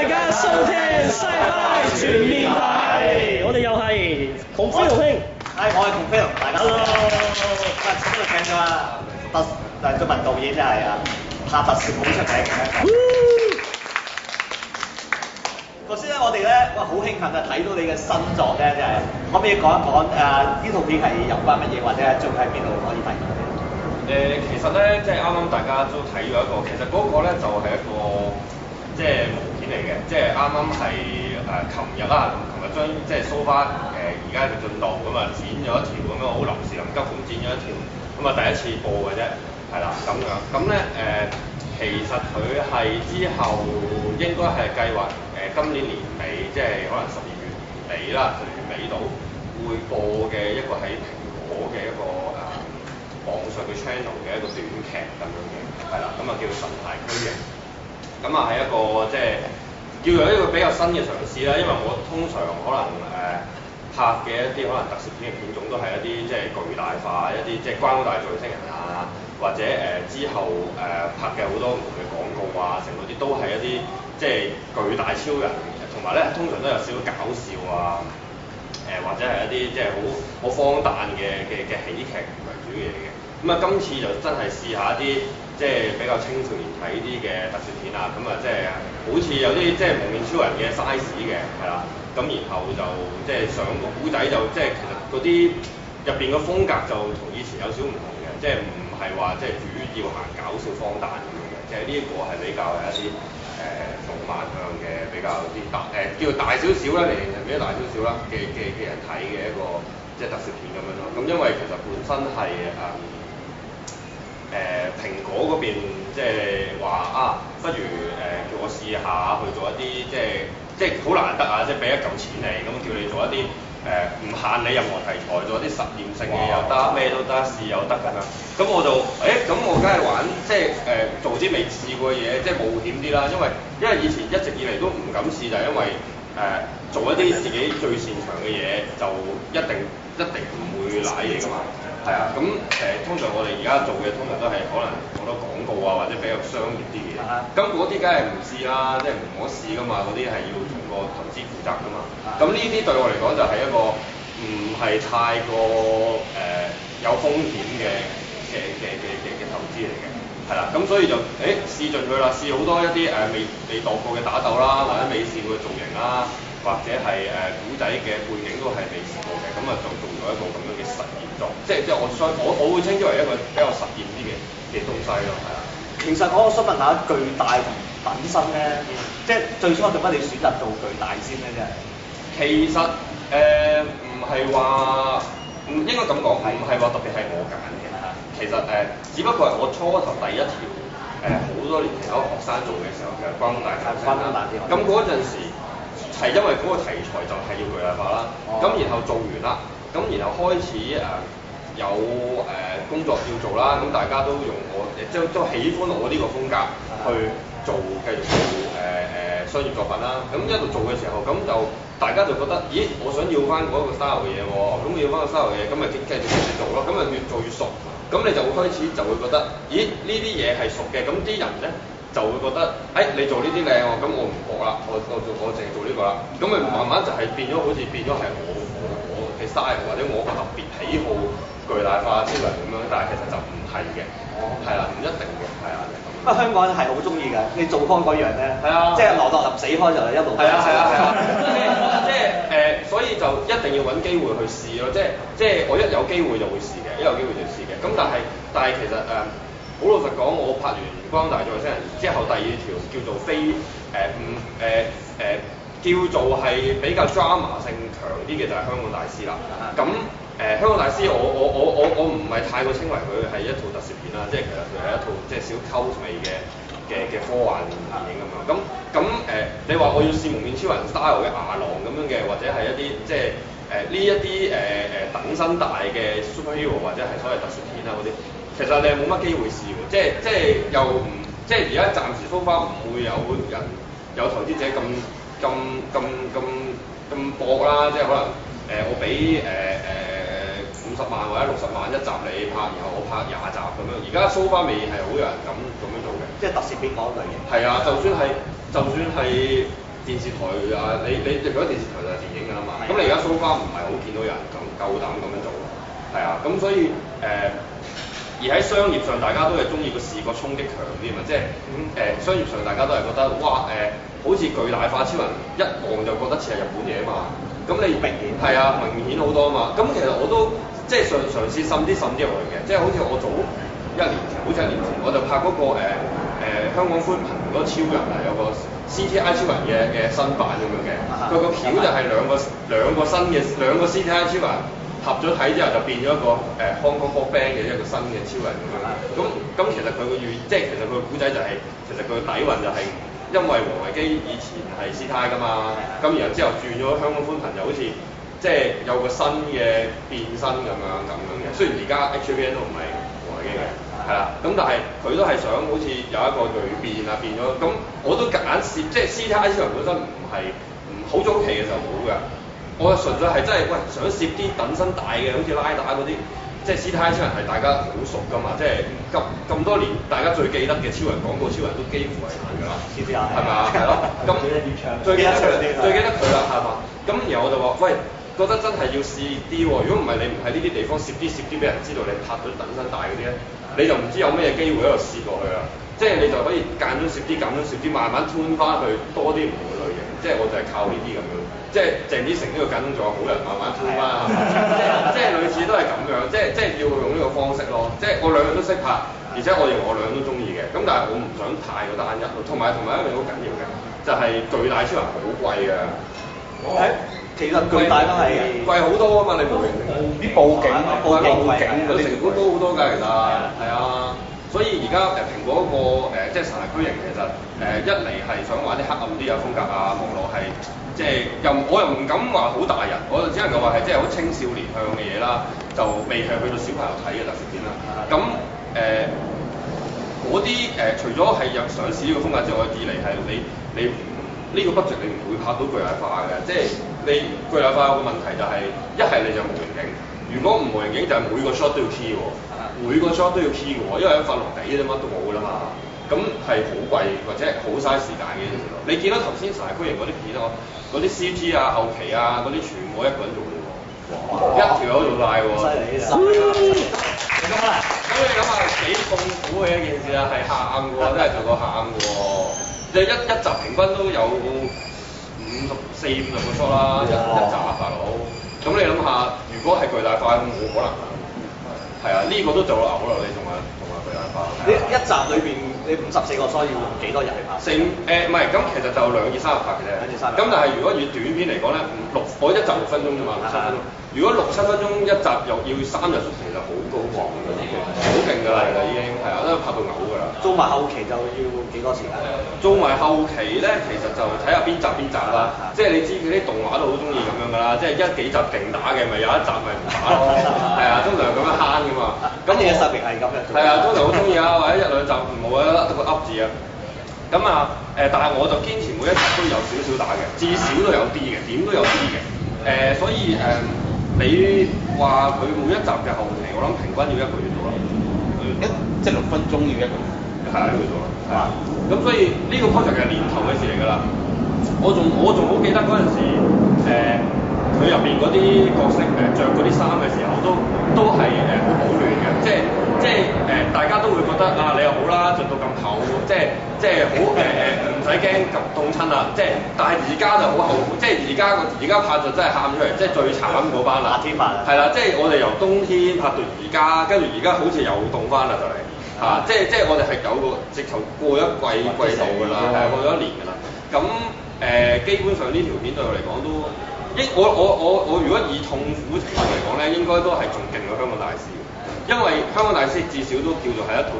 大家收聽《Sci-Fi 全面睇》，我哋又係洪飛龍兄。係，我係同飛龍，大家。Hello。今日請咗啊，特梁仲文導演係啊，拍特攝好出名。頭先咧，我哋咧，哇好興奮啊，睇到你嘅新作咧，真係可唔可以講一講誒？呢、啊、套片係有關乜嘢，或者仲喺邊度可以睇到？誒、呃，其實咧，即係啱啱大家都睇咗一個，其實嗰個咧就係、是、一個即係。就是嚟嘅，即係啱啱係誒，琴、呃、日啦，琴日將即係 so far 誒，而家嘅進度咁啊，so far, 呃嗯、剪咗一條咁樣好臨時臨急咁剪咗一條，咁、嗯、啊第一次播嘅啫，係啦，咁樣，咁咧誒，其實佢係之後應該係計劃誒，今年年尾即係可能十二月尾啦，十二月尾到會播嘅一個喺蘋果嘅一個誒、啊、網上嘅 channel 嘅一個短劇咁樣嘅，係啦，咁、嗯、啊叫《神骸軀形》。咁啊，係、嗯、一個即係叫做一個比較新嘅嘗試啦。因為我通常可能誒、呃、拍嘅一啲可能特攝片嘅片種都係一啲即係巨大化一啲，即係光大巨人啊，或者誒、呃、之後誒、呃、拍嘅好多唔同嘅廣告啊，成嗰啲都係一啲即係巨大超人，同埋咧通常都有少少搞笑啊，誒、呃、或者係一啲即係好好荒誕嘅嘅嘅喜劇為主嘅嘢嘅。咁、嗯、啊，今次就真係試下啲。即係比較青少年睇啲嘅特攝片啦，咁啊即係好似有啲即係蒙面超人嘅 size 嘅，係啦，咁然後就即係上個古仔就即係其實嗰啲入邊個風格就同以前有少唔同嘅，即係唔係話即係主要行搞笑荒誕咁樣嘅，即係呢個係比較係一啲誒動漫向嘅比較啲、呃、大誒叫大少少啦，嚟嚟比較大少少啦嘅嘅嘅人睇嘅一個即係特攝片咁樣咯，咁因為其實本身係誒。嗯誒、呃、蘋果嗰邊即係話啊，不如誒、呃、叫我試下去做一啲即係即係好難得啊！即係俾一嚿錢你，咁叫你做一啲誒唔限你任何題材，做一啲實驗性嘅又得，咩都得試又得咁樣！咁我就誒咁、欸、我梗係玩即係誒、呃、做啲未試過嘅嘢，即係冒險啲啦，因為因為以前一直以嚟都唔敢試，就係、是、因為誒、呃、做一啲自己最擅長嘅嘢，就一定一定唔會瀨嘢㗎嘛。嗯係啊，咁誒、呃、通常我哋而家做嘅通常都係可能好多廣告啊，或者比較商業啲嘅，咁嗰啲梗係唔試啦，即係唔可試噶嘛，嗰啲係要從個投資負責噶嘛。咁呢啲對我嚟講就係一個唔係太過誒、呃、有風險嘅嘅嘅嘅嘅嘅投資嚟嘅，係啦，咁所以就誒、欸、試盡佢啦，試好多一啲誒、呃、未未度過嘅打鬥啦，或者未試過嘅造型啦。或者係誒古仔嘅背景都係未試過嘅，咁啊就做咗一個咁樣嘅實驗作，即即我相我我會稱之為一個比較實驗啲嘅嘅東西咯，係啊。其實我想問下巨大本身咧，即最初做乜你選擇做巨大先咧啫、嗯？其實誒唔係話唔應該咁講，唔係話特別係我揀嘅，的其實誒、呃、只不過係我初頭第一條誒好多年級學生做嘅時候大大，就關大學生大學咁嗰陣係因為嗰個題材就係要佢額化啦，咁、oh。然後做完啦，咁然後開始誒、呃、有誒、呃、工作要做啦，咁大家都用我亦都都喜歡我呢個風格去做繼續做誒誒、呃呃、商業作品啦，咁一路做嘅時候，咁就大家就覺得，咦，我想要翻嗰個 style 嘢喎、哦，咁要翻個 style 嘢，咁咪繼繼續繼續做咯，咁咪越做越熟，咁你就會開始就會覺得，咦，呢啲嘢係熟嘅，咁啲人咧。就會覺得誒、欸，你做呢啲靚喎，咁我唔搏啦，我做我，我，我做我淨係做呢個啦。咁、嗯、咪、嗯、慢慢就係變咗，好似變咗係我我我嘅 size 或者我特別喜好巨大化之類咁樣，但係其實就唔係嘅，係啦、哦，唔一定嘅，係啊。就是、香港人係好中意嘅，你做開嗰樣咧，係啊，即係落落立死開就係一路。係啊係啊係啊，啊啊 即係即、呃、所以就一定要搵機會去試咯，即係即係我一有機會就會試嘅，一有機會就會試嘅。咁但係但係其實誒。呃好老實講，我拍完《光大眾衆人》之後，第二條叫做非誒唔誒誒叫做係比較 drama 性強啲嘅就係、是《香港大師》啦。咁、嗯、誒、呃《香港大師》，我我我我我唔係太過稱為佢係一套特攝片啦，即係其實佢係一套即係小溝味嘅嘅嘅科幻電影咁樣。咁咁誒，你話我要試蒙面超人 style 嘅牙狼咁樣嘅，或者係一啲即係誒呢一啲誒誒等身大嘅 superhero 或者係所謂特攝片啊嗰啲。其實你係冇乜機會試喎，即係即係又唔即係而家暫時 so far 唔會有人有投資者咁咁咁咁咁搏啦，即係可能誒、呃、我俾誒誒五十萬或者六十萬一集你拍，然後我拍廿集咁樣。而家 so far 未係好有人敢咁樣做嘅。即係特攝邊個類型？係啊，就算係就算係電視台啊，你你除咗電視台就係電影啦、啊、嘛。咁你而家 so far 唔係好見到有人咁夠膽咁樣做，係啊，咁所以誒。呃而喺商業上，大家都係中意個視覺衝擊強啲嘛，即係誒商業上大家都係覺得，哇誒、欸，好似巨大化超人一望就覺得似係日本嘢啊嘛，咁你明顯係啊，明顯好多啊嘛，咁其實我都即係、就是、嘗嘗試滲啲滲啲滲啲，甚至甚至落嚟嘅，即係好似我早一年前，好似一年前，我就拍嗰、那個誒、欸呃、香港寬頻嗰個超人啊，有個 C T I 超人嘅嘅新版咁樣嘅，佢個橋就係兩個兩個新嘅兩個 C T I 超人。合咗睇之後就變咗一個誒、呃、Hong Kong Broadband 嘅一個新嘅超人咁樣。咁咁其實佢個預，即係其實佢個古仔就係，其實佢個、就是、底韻就係因為王維基以前係師太噶嘛。咁的、嗯、然後之後轉咗香港寬頻又好似即係有個新嘅變身咁樣咁樣嘅。雖然而家 HBN 都唔係王維基嘅，係啦的。咁、嗯、但係佢都係想好似有一個蛻變啊，變咗。咁、嗯、我都夾硬涉，即係師太超人本身唔係唔好早期嘅就好冇嘅。我純粹係真係喂，想攝啲等身大嘅，好似拉打嗰啲，即係師太出嚟，係大家好熟噶嘛，即係咁咁多年大家最記得嘅超人廣告，超人都幾乎係佢啦，師太係咪啊？係咯，最記得、啊、最記得最記得佢啦，係嘛？咁 然後我就話，喂，覺得真係要試啲喎、哦，如果唔係你唔喺呢啲地方攝啲攝啲，俾人知道你拍咗等身大嗰啲咧，你就唔知有咩機會喺度試過去啦。即係、啊、 你就可以間中攝啲，間中攝啲，慢慢吞翻去多啲。即係我就係靠呢啲咁樣，即係鄭啲成都要跟咗，好人慢慢追翻，即係即係類似都係咁樣，即係即係要用呢個方式咯。即係我兩樣都識拍，而且我認我兩樣都中意嘅。咁但係我唔想太過單一咯。同埋同埋一樣好緊要嘅，就係巨大超人好貴㗎。誒，其實巨大都係貴好多啊嘛！你報警、報警嗰啲，成本都好多㗎，其實係啊。所以而家誒蘋果嗰個誒、呃、即係神骸軀形，其實誒、呃、一嚟係想玩啲黑暗啲嘅風格啊，套路係即係又我又唔敢話好大人，我就只能夠話係即係好青少年向嘅嘢啦，就未係去到小朋友睇嘅特攝片啦。咁誒嗰啲誒除咗係日上市呢個風格之外，二嚟係你你呢、呢個 budget 你唔會拍到巨大化嘅，即係你巨大化嘅問題就係一係你就冇環境。如果唔無人景，就係、是、每個 shot 都要 key 喎，每個 shot 都要 key 嘅喎，因為一瞓落底啫乜都冇啦嘛，咁係好貴，或者好嘥時間嘅、就是。你見到頭先晒軀形嗰啲片啊，嗰啲 CG 啊、後期啊嗰啲，全部一個人做嘅喎，哇一條喺度拉喎，犀利啦！咁啊、哦，咁你諗下幾痛苦嘅一件事啊，係喊嘅喎，真係做個喊嘅喎，你一一集平均都有五十四五六十個 shot 啦、啊嗯，一集啊，大、呃、佬。咁你諗下，如果係巨大化，冇可能係啊，呢、 這個都做到嘔啦，你仲話同埋巨大化。你一集裏邊你五十四個個衰要用幾多人嚟拍？四誒，唔係，咁其實就兩至三日拍嘅啫。兩至三。咁但係如果以短片嚟講咧，唔六我一集六分鐘啫嘛。六分鐘。6, 對對對如果六七分鐘一集又，又要三日，其實好高強嘅，好勁㗎啦，已經係啊，都拍到嘔㗎啦。做埋後期就要幾多時間？做埋後期咧，其實就睇下邊集邊集啦。啊啊、即係你知佢啲動畫都好中意咁樣㗎啦。啊、即係一幾集勁打嘅，咪有一集咪唔打，係啊，通常咁樣慳㗎嘛。咁嘅實力係咁嘅。係啊，通常好中意啊，或者一兩集唔好啊，得個噏字啊。咁啊，誒、呃，但係我就堅持每一集都有少少打嘅，至少都有啲嘅，點都有啲嘅。誒、呃，所以誒。嗯你話佢每一集嘅後期，我諗平均要一個月度啦。佢、嗯、一即係六分鐘要一個月，係一個月度，啦的。係嘛的？咁所以呢個 project 係年頭嘅事嚟㗎啦。我仲我仲好記得嗰陣時，佢入邊嗰啲角色誒著嗰啲衫嘅時候，都都係誒好亂嘅，即係。即係誒、呃，大家都會覺得啊，你又好啦，著到咁厚 即，即係即係好誒誒，唔使驚咁凍親啦。即係，但係而家就好後悔，即係而家而家拍攝真係喊出嚟，即係最慘嗰班啦。夏天拍係啦，即係我哋由冬天拍到而家，跟住而家好似又凍翻啦，就嚟、嗯，嚇、啊。即即係我哋係久過，直頭過一季季度㗎啦，係過咗一年㗎啦。咁誒、呃，基本上呢條片對我嚟講都，應我我我我，我，我如果以痛苦程度嚟講咧，應該都係仲勁過《香港大使》。因為香港大師至少都叫做係一套，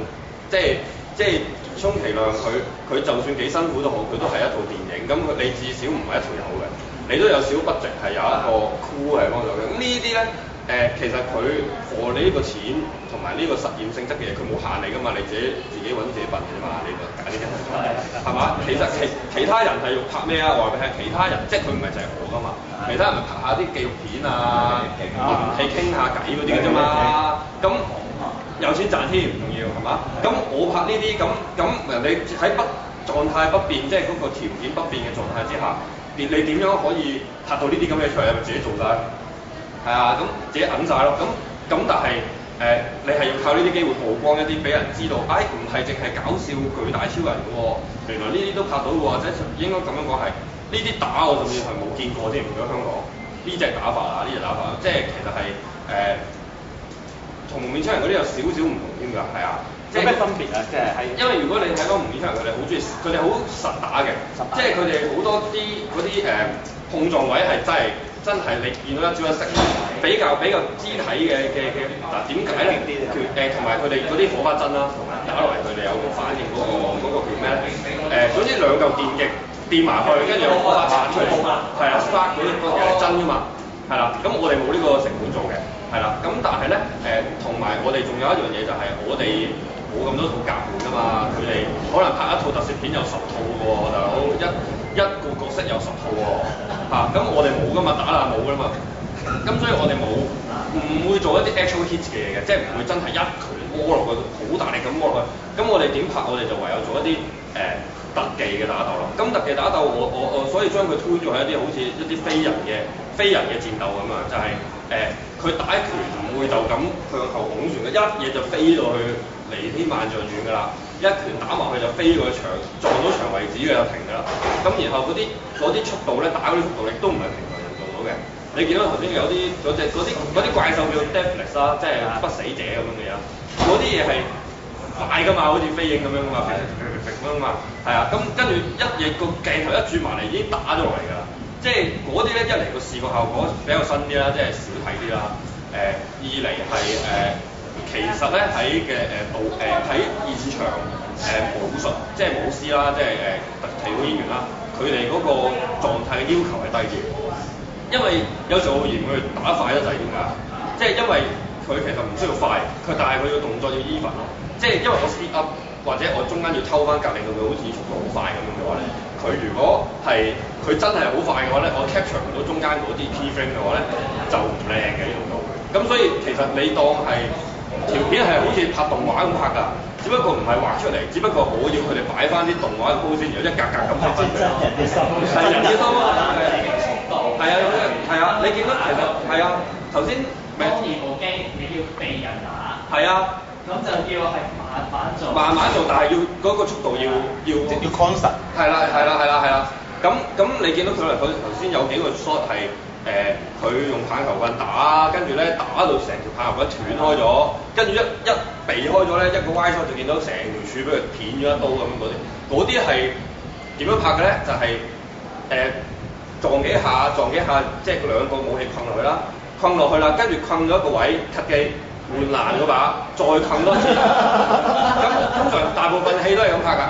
即係即係充其量佢佢，就算幾辛苦都好，佢都係一套電影。咁你至少唔係一條友嘅，你都有少不值係有一個 crew 係幫助嘅。咁呢啲咧。誒，其實佢我呢個錢同埋呢個實驗性質嘅嘢，佢冇限你噶嘛，你自己自己揾自己揾嘅啫嘛，你揀啲嘢係嘛？其實其其他人係拍咩啊？話俾你其他人即係佢唔係就係我噶嘛，其他人拍下啲紀錄片啊，傾傾下偈嗰啲嘅啫嘛，咁 有錢賺添唔重要係嘛？咁 我拍呢啲咁咁，人哋喺不狀態不變，即係嗰個條件不變嘅狀態之下，你點樣可以拍到呢啲咁嘅嘢出嚟？係咪自己做㗎？係啊，咁自己揞晒咯。咁咁但係誒，你係要靠呢啲機會曝光一啲俾人知道，唉，唔係淨係搞笑巨大超人嘅喎，原來呢啲都拍到嘅喎，或者應該咁樣講係呢啲打我仲係冇見過添，唔喺香港呢隻打法啊，呢隻打法，即係其實係誒同蒙面超人嗰啲有少少唔同添㗎，係啊，即係有咩分別啊？即係因為如果你睇到蒙面超人佢哋好中意，佢哋好實打嘅，即係佢哋好多啲嗰啲誒碰撞位係真係。真係你見到一招一式比較比較肢體嘅，嘅嘅嗱點解咧？誒同埋佢哋嗰啲火花針啦、啊，同埋打落嚟佢哋有個反應嗰、嗰個叫咩咧？誒、嗰個呃、總之兩嚿電極電埋去，跟住火花出嚟。係的啊 spark 嗰啲嗰誒針㗎、啊、嘛，係啦的。咁、啊、我哋冇呢個成本做嘅，係啦、啊。咁但係咧誒，同、呃、埋我哋仲有一樣嘢就係我哋，冇咁多套夾戲㗎嘛，佢哋可能拍一套特攝片有十套喎，大佬一一個角色有十套喎，咁、啊、我哋冇㗎嘛，打啦冇㗎嘛，咁所以我哋冇，唔會做一啲 actual hits 嘅嘢嘅，即係唔會真係一拳撲落去，好大力咁撲落去，咁我哋點拍我哋就唯有做一啲誒、呃、特技嘅打鬥啦，咁特技打鬥我我我所以將佢推咗喺一啲好似一啲非人嘅非人嘅戰鬥咁啊，就係誒佢打一拳唔會就咁向後拱船嘅，一嘢就飛落去。離天萬丈遠㗎啦，一拳打落去就飛過牆，撞到牆為止佢就停㗎啦。咁然後嗰啲啲速度咧，打嗰啲速度力都唔係平常人做到嘅。你見到頭先有啲嗰啲啲怪獸叫 Deathless、啊啦，即係不死者咁樣嘅嘢，嗰啲嘢係快㗎嘛，好似飛影咁樣㗎嘛，咁樣嘛，係啊的。咁跟住一嘢、個鏡頭一轉埋嚟，已經打咗落嚟㗎啦。即係嗰啲咧，一嚟個視覺效果比較新啲啦，即係少睇啲啦。誒、啊，二嚟係誒。啊其實咧喺嘅誒導誒喺現場誒、呃、武術即係武師啦，即係誒特技嗰啲演員啦，佢哋嗰個狀態嘅要求係低啲，因為有時候我會嫌佢打快一啲點解？即係因為佢其實唔需要快，佢但係佢嘅動作要 even 咯。即係因為我 speed up 或者我中間要偷翻隔離到佢好似速度好快咁樣嘅話咧，佢如果係佢真係好快嘅話咧，我 capture 唔到中間嗰啲 key frame 嘅話咧，就唔靚嘅呢種刀。咁、這個、所以其實你當係。條片係好似拍動畫咁拍㗎，只不過唔係畫出嚟，只不過我要佢哋擺翻啲動畫嘅高先，然後一格格咁拍翻嚟。人哋收，西人收啊！係啊，係啊，你見到其實係啊，頭先當然號機，你要避人打。係啊，咁就叫係慢慢做。慢慢做，但係要嗰個速度要要要 constant。係啦，係啦，係啦，係啦。咁咁你見到佢嚟，佢頭先有幾個 shot 係。誒，佢、呃、用棒球棍打，跟住咧打到成條棒球棍斷開咗，跟住一一避開咗咧，一個歪身就見到成條柱俾佢斷咗一刀咁嗰啲，嗰啲係點樣拍嘅咧？就係、是、誒、呃、撞幾下，撞幾下，即係兩個武器困落去啦，困落去啦，跟住困咗一個位，cut 機換爛嗰把，再困多次。咁通 常大部分戲都係咁拍㗎，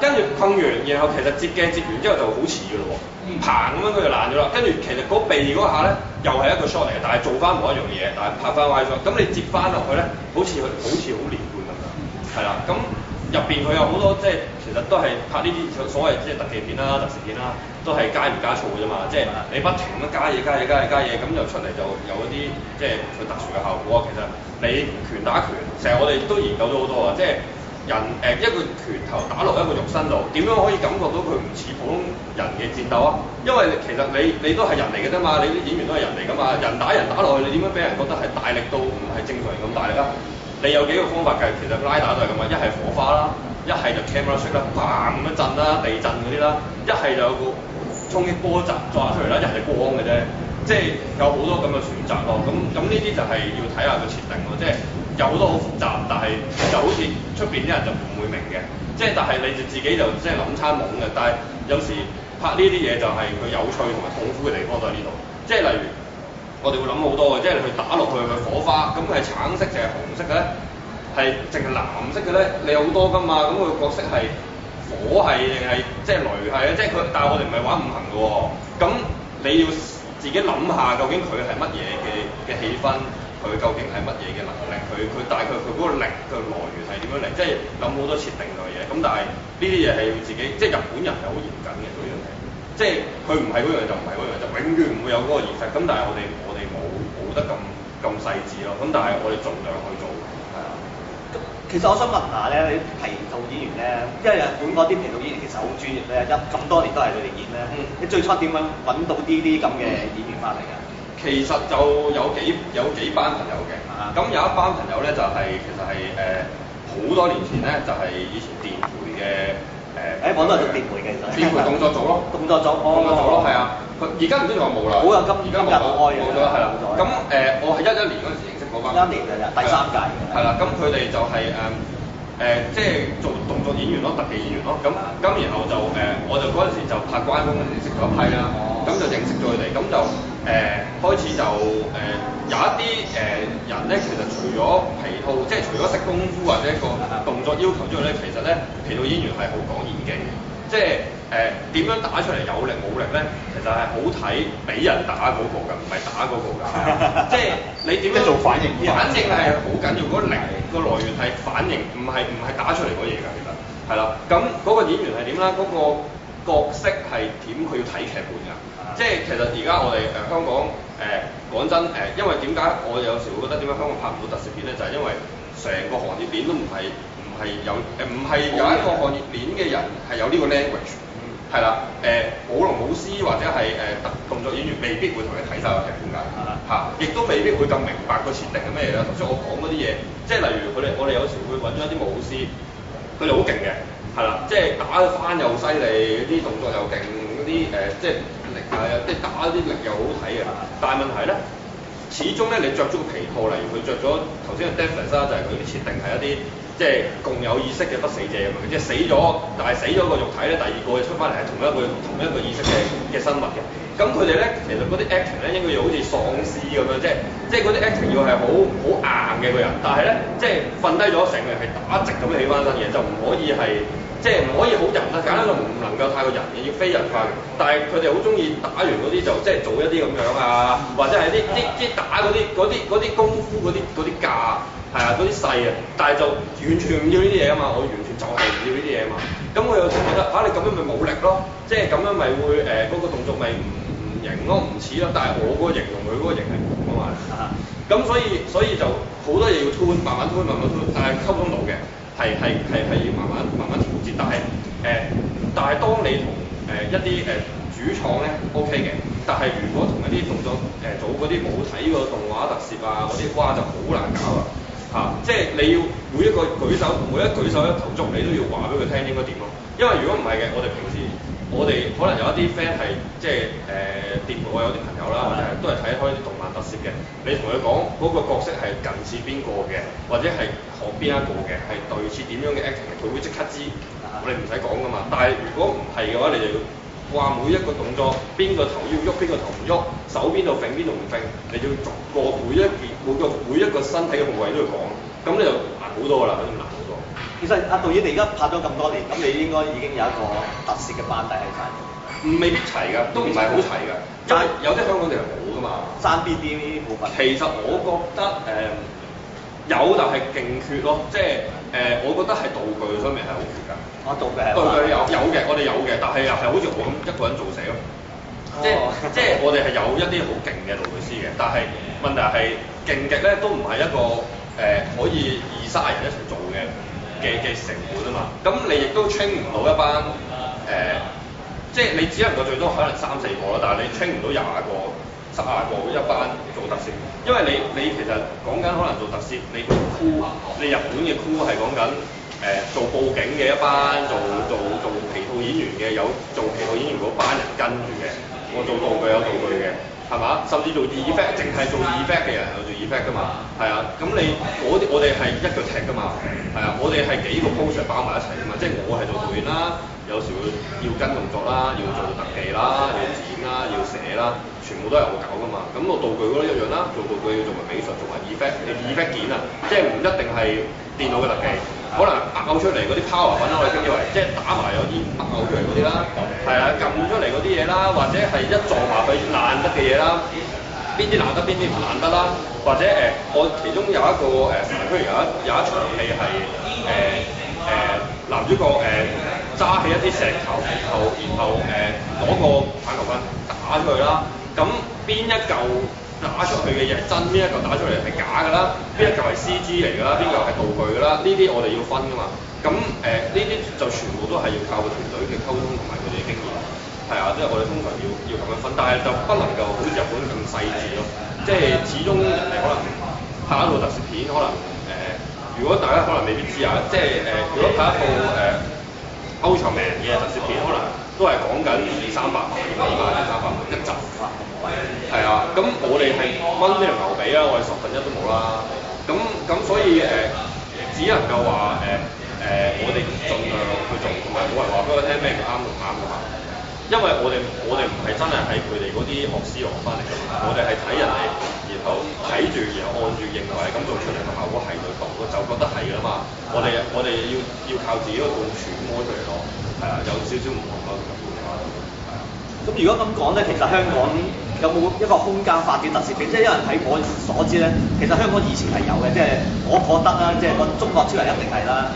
跟住困完，然後其實接鏡接完之後就好似㗎咯喎。棚咁樣佢就爛咗啦，跟住其實嗰鼻嗰下咧又係一個 shot 嚟嘅，但係做翻唔一樣嘢，但係拍翻壞咗。咁你接翻落去咧，好似好似好連貫咁樣，係啦。咁入邊佢有好多即係其實都係拍呢啲所謂即係特技片啦、特攝片啦，都係加唔加醋嘅啫嘛。即係你不停咁加嘢、加嘢、加嘢、加嘢，咁就出嚟就有一啲即係佢特殊嘅效果啊。其實你拳打拳，成日我哋都研究咗好多啊，即係。人誒、呃、一個拳頭打落一個肉身度，點樣可以感覺到佢唔似普通人嘅戰鬥啊？因為其實你你都係人嚟嘅啫嘛，你啲演員都係人嚟㗎嘛，人打人打落去，你點樣俾人覺得係大力到唔係正常人咁大力啊？你有幾個方法嘅，其實拉打都係咁啊，一係火花啦，一係就 camera shake 啦，嘭一震啦，地震嗰啲啦，一係就有個衝擊波震再出嚟啦，一係光嘅啫，即係有好多咁嘅選擇咯。咁咁呢啲就係要睇下個設定咯，即係。有好多好複雜，但係就好似出邊啲人就唔會明嘅，即係但係你就自己就即係諗差冇嘅。但係有時拍呢啲嘢就係佢有趣同埋痛苦嘅地方都喺呢度。即係例如我哋會諗好多嘅，即係你去打落去嘅火花，咁係橙色定係紅色嘅咧？係淨係藍色嘅咧？你好多㗎嘛？咁佢角色係火係定係即係雷係啊？即係佢，但係我哋唔係玩五行㗎喎、哦。咁你要自己諗下，究竟佢係乜嘢嘅嘅氣氛？佢究竟係乜嘢嘅能力？佢佢大概佢佢嗰個力嘅來源係點樣嚟？即係諗好多設定類嘢。咁但係呢啲嘢係要自己，即係日本人係好嚴謹嘅，嗰樣即係佢唔係嗰樣就唔係嗰樣，就永遠唔會有嗰個現實。咁但係我哋我哋冇冇得咁咁細緻咯。咁但係我哋盡量去做。係啊。咁其實我想問下咧，你皮套演員咧，因為日本嗰啲皮套演員其實好專業咧，一咁多年都係佢哋演咧。嗯、你最初點樣揾到呢啲咁嘅演員翻嚟㗎？嗯其實就有幾有幾班朋友嘅，咁有一班朋友咧就係、是、其實係誒好多年前咧就係、是、以前電培嘅誒，誒、呃哎、我都係做電培嘅，其實電培動作組咯，動作組，動作組咯，係啊，佢而家唔知仲有冇啦，冇啊、嗯，今而家冇冇開冇咗係啦，咁誒我係一一年嗰陣時認識嗰班，一一年㗎第三屆，係啦、嗯，咁佢哋就係、是、誒。誒、呃，即係做動作演員咯，特技演員咯，咁、嗯、咁然後就誒、呃，我就嗰陣時就拍《關公》嗰陣時識咗一批啦，咁就認識咗佢哋，咁就誒、呃、開始就誒、呃、有一啲誒、呃、人咧，其實除咗皮套，即係除咗識功夫或者一個動作要求之外咧，其實咧皮套演員係好講演技。即係誒點樣打出嚟有力冇力咧？其實係好睇俾人打嗰個㗎，唔係打嗰個㗎。 即係你點樣 做反應？反應係好緊要。嗰力個來源係反應，唔係唔係打出嚟嗰嘢㗎。其實係啦，咁、嗯、嗰、那個演員係點啦？嗰、那個角色係點？佢要睇劇本㗎。即係其實而家我哋誒、呃、香港誒講、呃、真誒、呃，因為點解我有時會覺得點解香港拍唔到特攝片咧？就係、是、因為成個行業片都唔係。係有誒，唔、呃、係有一個行業鏈嘅人係有呢個 language，係、嗯、啦，誒舞、呃、龍舞獅或者係誒特動作演員未必會同你睇晒個劇本㗎，嚇、嗯，亦都未必會咁明白個設定係咩嘢啦。頭先、嗯、我講嗰啲嘢，即係例如佢哋，我哋有時會揾咗一啲舞獅，佢哋好勁嘅，係啦，即係打翻又犀利，啲動作又勁，嗰啲誒即係力啊，即係打啲力又好睇嘅。但係問題咧，始終咧你着咗個皮套，例如佢着咗頭先嘅 defence 啦，就係佢啲設定係一啲。即係共有意識嘅不死者啊嘛，即係死咗，但係死咗個肉體咧，第二個出翻嚟係同一個同一個意識嘅嘅生物嘅。咁佢哋咧，其實嗰啲 acting 咧應該要好似喪屍咁樣，即係即係嗰啲 acting 要係好好硬嘅個人。但係咧，即係瞓低咗成個人係打直咁樣起翻身嘅，就唔可以係即係唔可以好人啊，簡單到唔能夠太過人，要非人化嘅。但係佢哋好中意打完嗰啲就即係做一啲咁樣啊，或者係啲啲即打嗰啲啲啲功夫啲嗰啲架。係啊，嗰啲細啊，但係就完全唔要呢啲嘢啊嘛，我完全就係唔要呢啲嘢啊嘛。咁我、啊、有時覺得嚇你咁樣咪冇力咯，即係咁樣咪會誒嗰、呃那個動作咪唔唔型咯，唔似咯。但係我個型同佢嗰個型係唔同啊嘛。咁所以所以就好多嘢要推，慢慢推，慢慢推，但係溝通到嘅，係係係係要慢慢慢慢調節。但係誒、呃，但係當你同誒、呃、一啲誒、呃、主創咧 OK 嘅，但係如果同一啲動作誒做嗰啲冇睇過動畫特攝啊嗰啲瓜就好難搞啊。嚇、啊！即係你要每一個舉手，每一個舉手一投足，你都要話俾佢聽應該點咯。因為如果唔係嘅，我哋平時我哋可能有一啲 friend 係即係誒，碟、呃、我有啲朋友啦，或者的都係睇開啲動漫特攝嘅。你同佢講嗰個角色係近似邊個嘅，或者係學邊一個嘅，係類似點樣嘅 acting，佢會即刻知。我哋唔使講㗎嘛。但係如果唔係嘅話，你就要。話每一個動作，邊個頭要喐，邊個頭唔喐；手邊度揈，邊度唔揈，你要逐個每一件每個每一個身體嘅部位都要講。咁你就難好多啦，肯定難好多。其實阿導演，你而家拍咗咁多年，咁你應該已經有一個特色嘅班底喺曬度。唔，未必齊㗎，都唔係好齊㗎。但係有啲香港地人冇㗎嘛。爭邊啲呢啲部分？其實我覺得誒。的有，就係勁缺咯，即係誒、呃，我覺得係道具方面係好缺㗎。我道具道具有有嘅，我哋有嘅，但係又係好似我咁一個人做死咯。哦、即、哦、即係我哋係有一啲好勁嘅道具師嘅，但係問題係勁極咧都唔係一個誒、呃、可以二三人一齊做嘅嘅嘅成本啊嘛。咁你亦都 train 唔到一班誒、呃，即係你只能夠最多可能三四個啦，但係你 train 唔到廿個。揸個一班做特攝，因為你你其實講緊可能做特攝，你箍你日本嘅箍係講緊誒做佈景嘅一班，做做做皮套演員嘅，有做皮套演員嗰班人跟住嘅，我做道具有道具嘅，係嘛？甚至做 effect，淨係做 effect 嘅人有做 effect 噶嘛？係啊，咁你嗰啲我哋係一腳踢噶嘛？係啊，我哋係幾個 position 包埋一齊噶嘛？即係我係做導演啦。有時會要跟動作啦，要做特技啦，要剪啦，要寫啦，全部都係我搞㗎嘛。咁個道具都一樣啦，做道具要做埋美術，做埋、e、effect，effect、e、件啊，即係唔一定係電腦嘅特技，可能爆出嚟嗰啲 power 品啦，我哋稱之為，即係打埋有啲爆出嚟嗰啲啦，係啊，撳出嚟嗰啲嘢啦，或者係一撞埋佢爛得嘅嘢啦，邊啲爛得邊啲唔爛得啦？或者誒、呃，我其中有一個誒，譬、呃、如有一有一場戲係誒誒男主角誒。呃揸起一啲石頭，然後，然後誒攞、呃、個棒球棍打出去啦。咁、啊、邊一嚿打出嚟嘅嘢係真，邊一嚿打出嚟係假㗎啦，邊一嚿係 CG 嚟㗎啦，邊一嚿係道具㗎啦，呢啲我哋要分㗎嘛。咁誒呢啲就全部都係要靠個團隊嘅溝通同埋佢哋嘅經驗，係啊，即、就、係、是、我哋通常要要咁樣分，但係就不能夠好似日本咁細緻咯。即係始終人哋可能拍一套特攝片，可能誒、呃，如果大家可能未必知啊，即係誒、呃，如果拍一套。誒、呃。歐洲名嘅特攝片，可能都係講緊二三百萬、二三百萬、三百萬一集，係啊。咁我哋係掹咩牛髀啊？我哋十分一都冇啦。咁咁所以誒，只能夠話誒誒、呃呃，我哋盡量去做，同埋冇人話俾佢聽咩啱同唔啱㗎嘛。因為我哋我哋唔係真係喺佢哋嗰啲學師學翻嚟，我哋係睇人哋。睇住，然後按住認為係咁做出嚟嘅效果係佢當我就覺得係㗎嘛。的我哋我哋要要靠自己個部署摸出嚟咯。係啊的，的有少少唔同咯。咁如果咁講咧，其實香港有冇一個空間發展特色？即係有人睇我所知咧，其實香港以前係有嘅。即係我覺得啦，即係個中國超人一定係啦。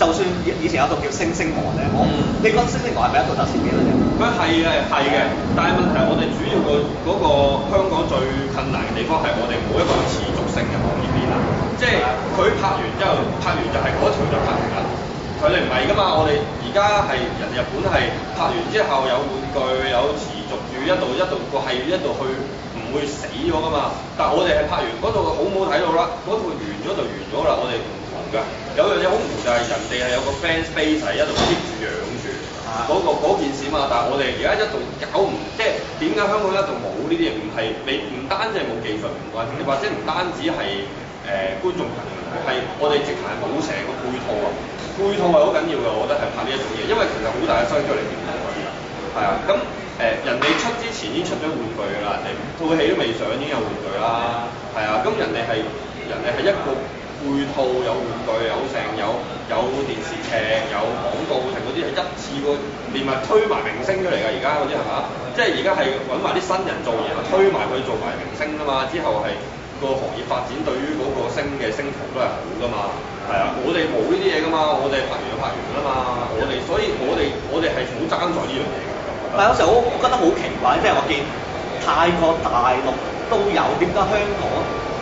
就算以以前有套叫星星王嘅，嗯、我你講星星王係咪一套特攝片嚟嘅？佢係嘅，係嘅，但係問題係我哋主要、個嗰、個香港最困難嘅地方係我哋冇一個持續性嘅行業嚟啦，即係佢拍完之後拍完就係嗰一場就拍完啦，佢哋唔係噶嘛，我哋而家係人日本係拍完之後有玩具有持續住一路一路個係一路去唔會死咗噶嘛，但係我哋係拍完嗰度好唔好睇到啦？嗰度完咗就完咗啦，我哋。有、就是、有樣嘢好唔同就係人哋係有個 fans base 喺度，keep 住養住，嗰個件事嘛。但係我哋而家一度搞唔，即係點解香港一度冇呢啲嘢？唔係你唔單止係冇技術唔關，亦或者唔單止係誒、呃、觀眾朋友，係我哋直頭係冇成個配套啊。配套係好緊要㗎，我覺得係拍呢一種嘢，因為其實好大嘅商機喺度。係啊，咁、嗯、誒、嗯、人哋出之前已經出咗玩具㗎啦，人哋套戲都未上已經有玩具啦。係啊，咁、嗯、人哋係人哋係一個。配套有玩具，有成有有電視劇，有廣告成嗰啲係一次過，連埋推埋明星出嚟㗎。而家嗰啲係嘛？即係而家係揾埋啲新人做嘢，推埋佢做埋明星㗎嘛。之後係個行業發展對於嗰個星嘅星球都係好㗎嘛。係啊的，我哋冇呢啲嘢㗎嘛，我哋拍完就拍完㗎嘛。我哋所以我哋我哋係冇爭在呢樣嘢。但有時候我我覺得好奇怪，即係我見泰國、大陸都有，點解香港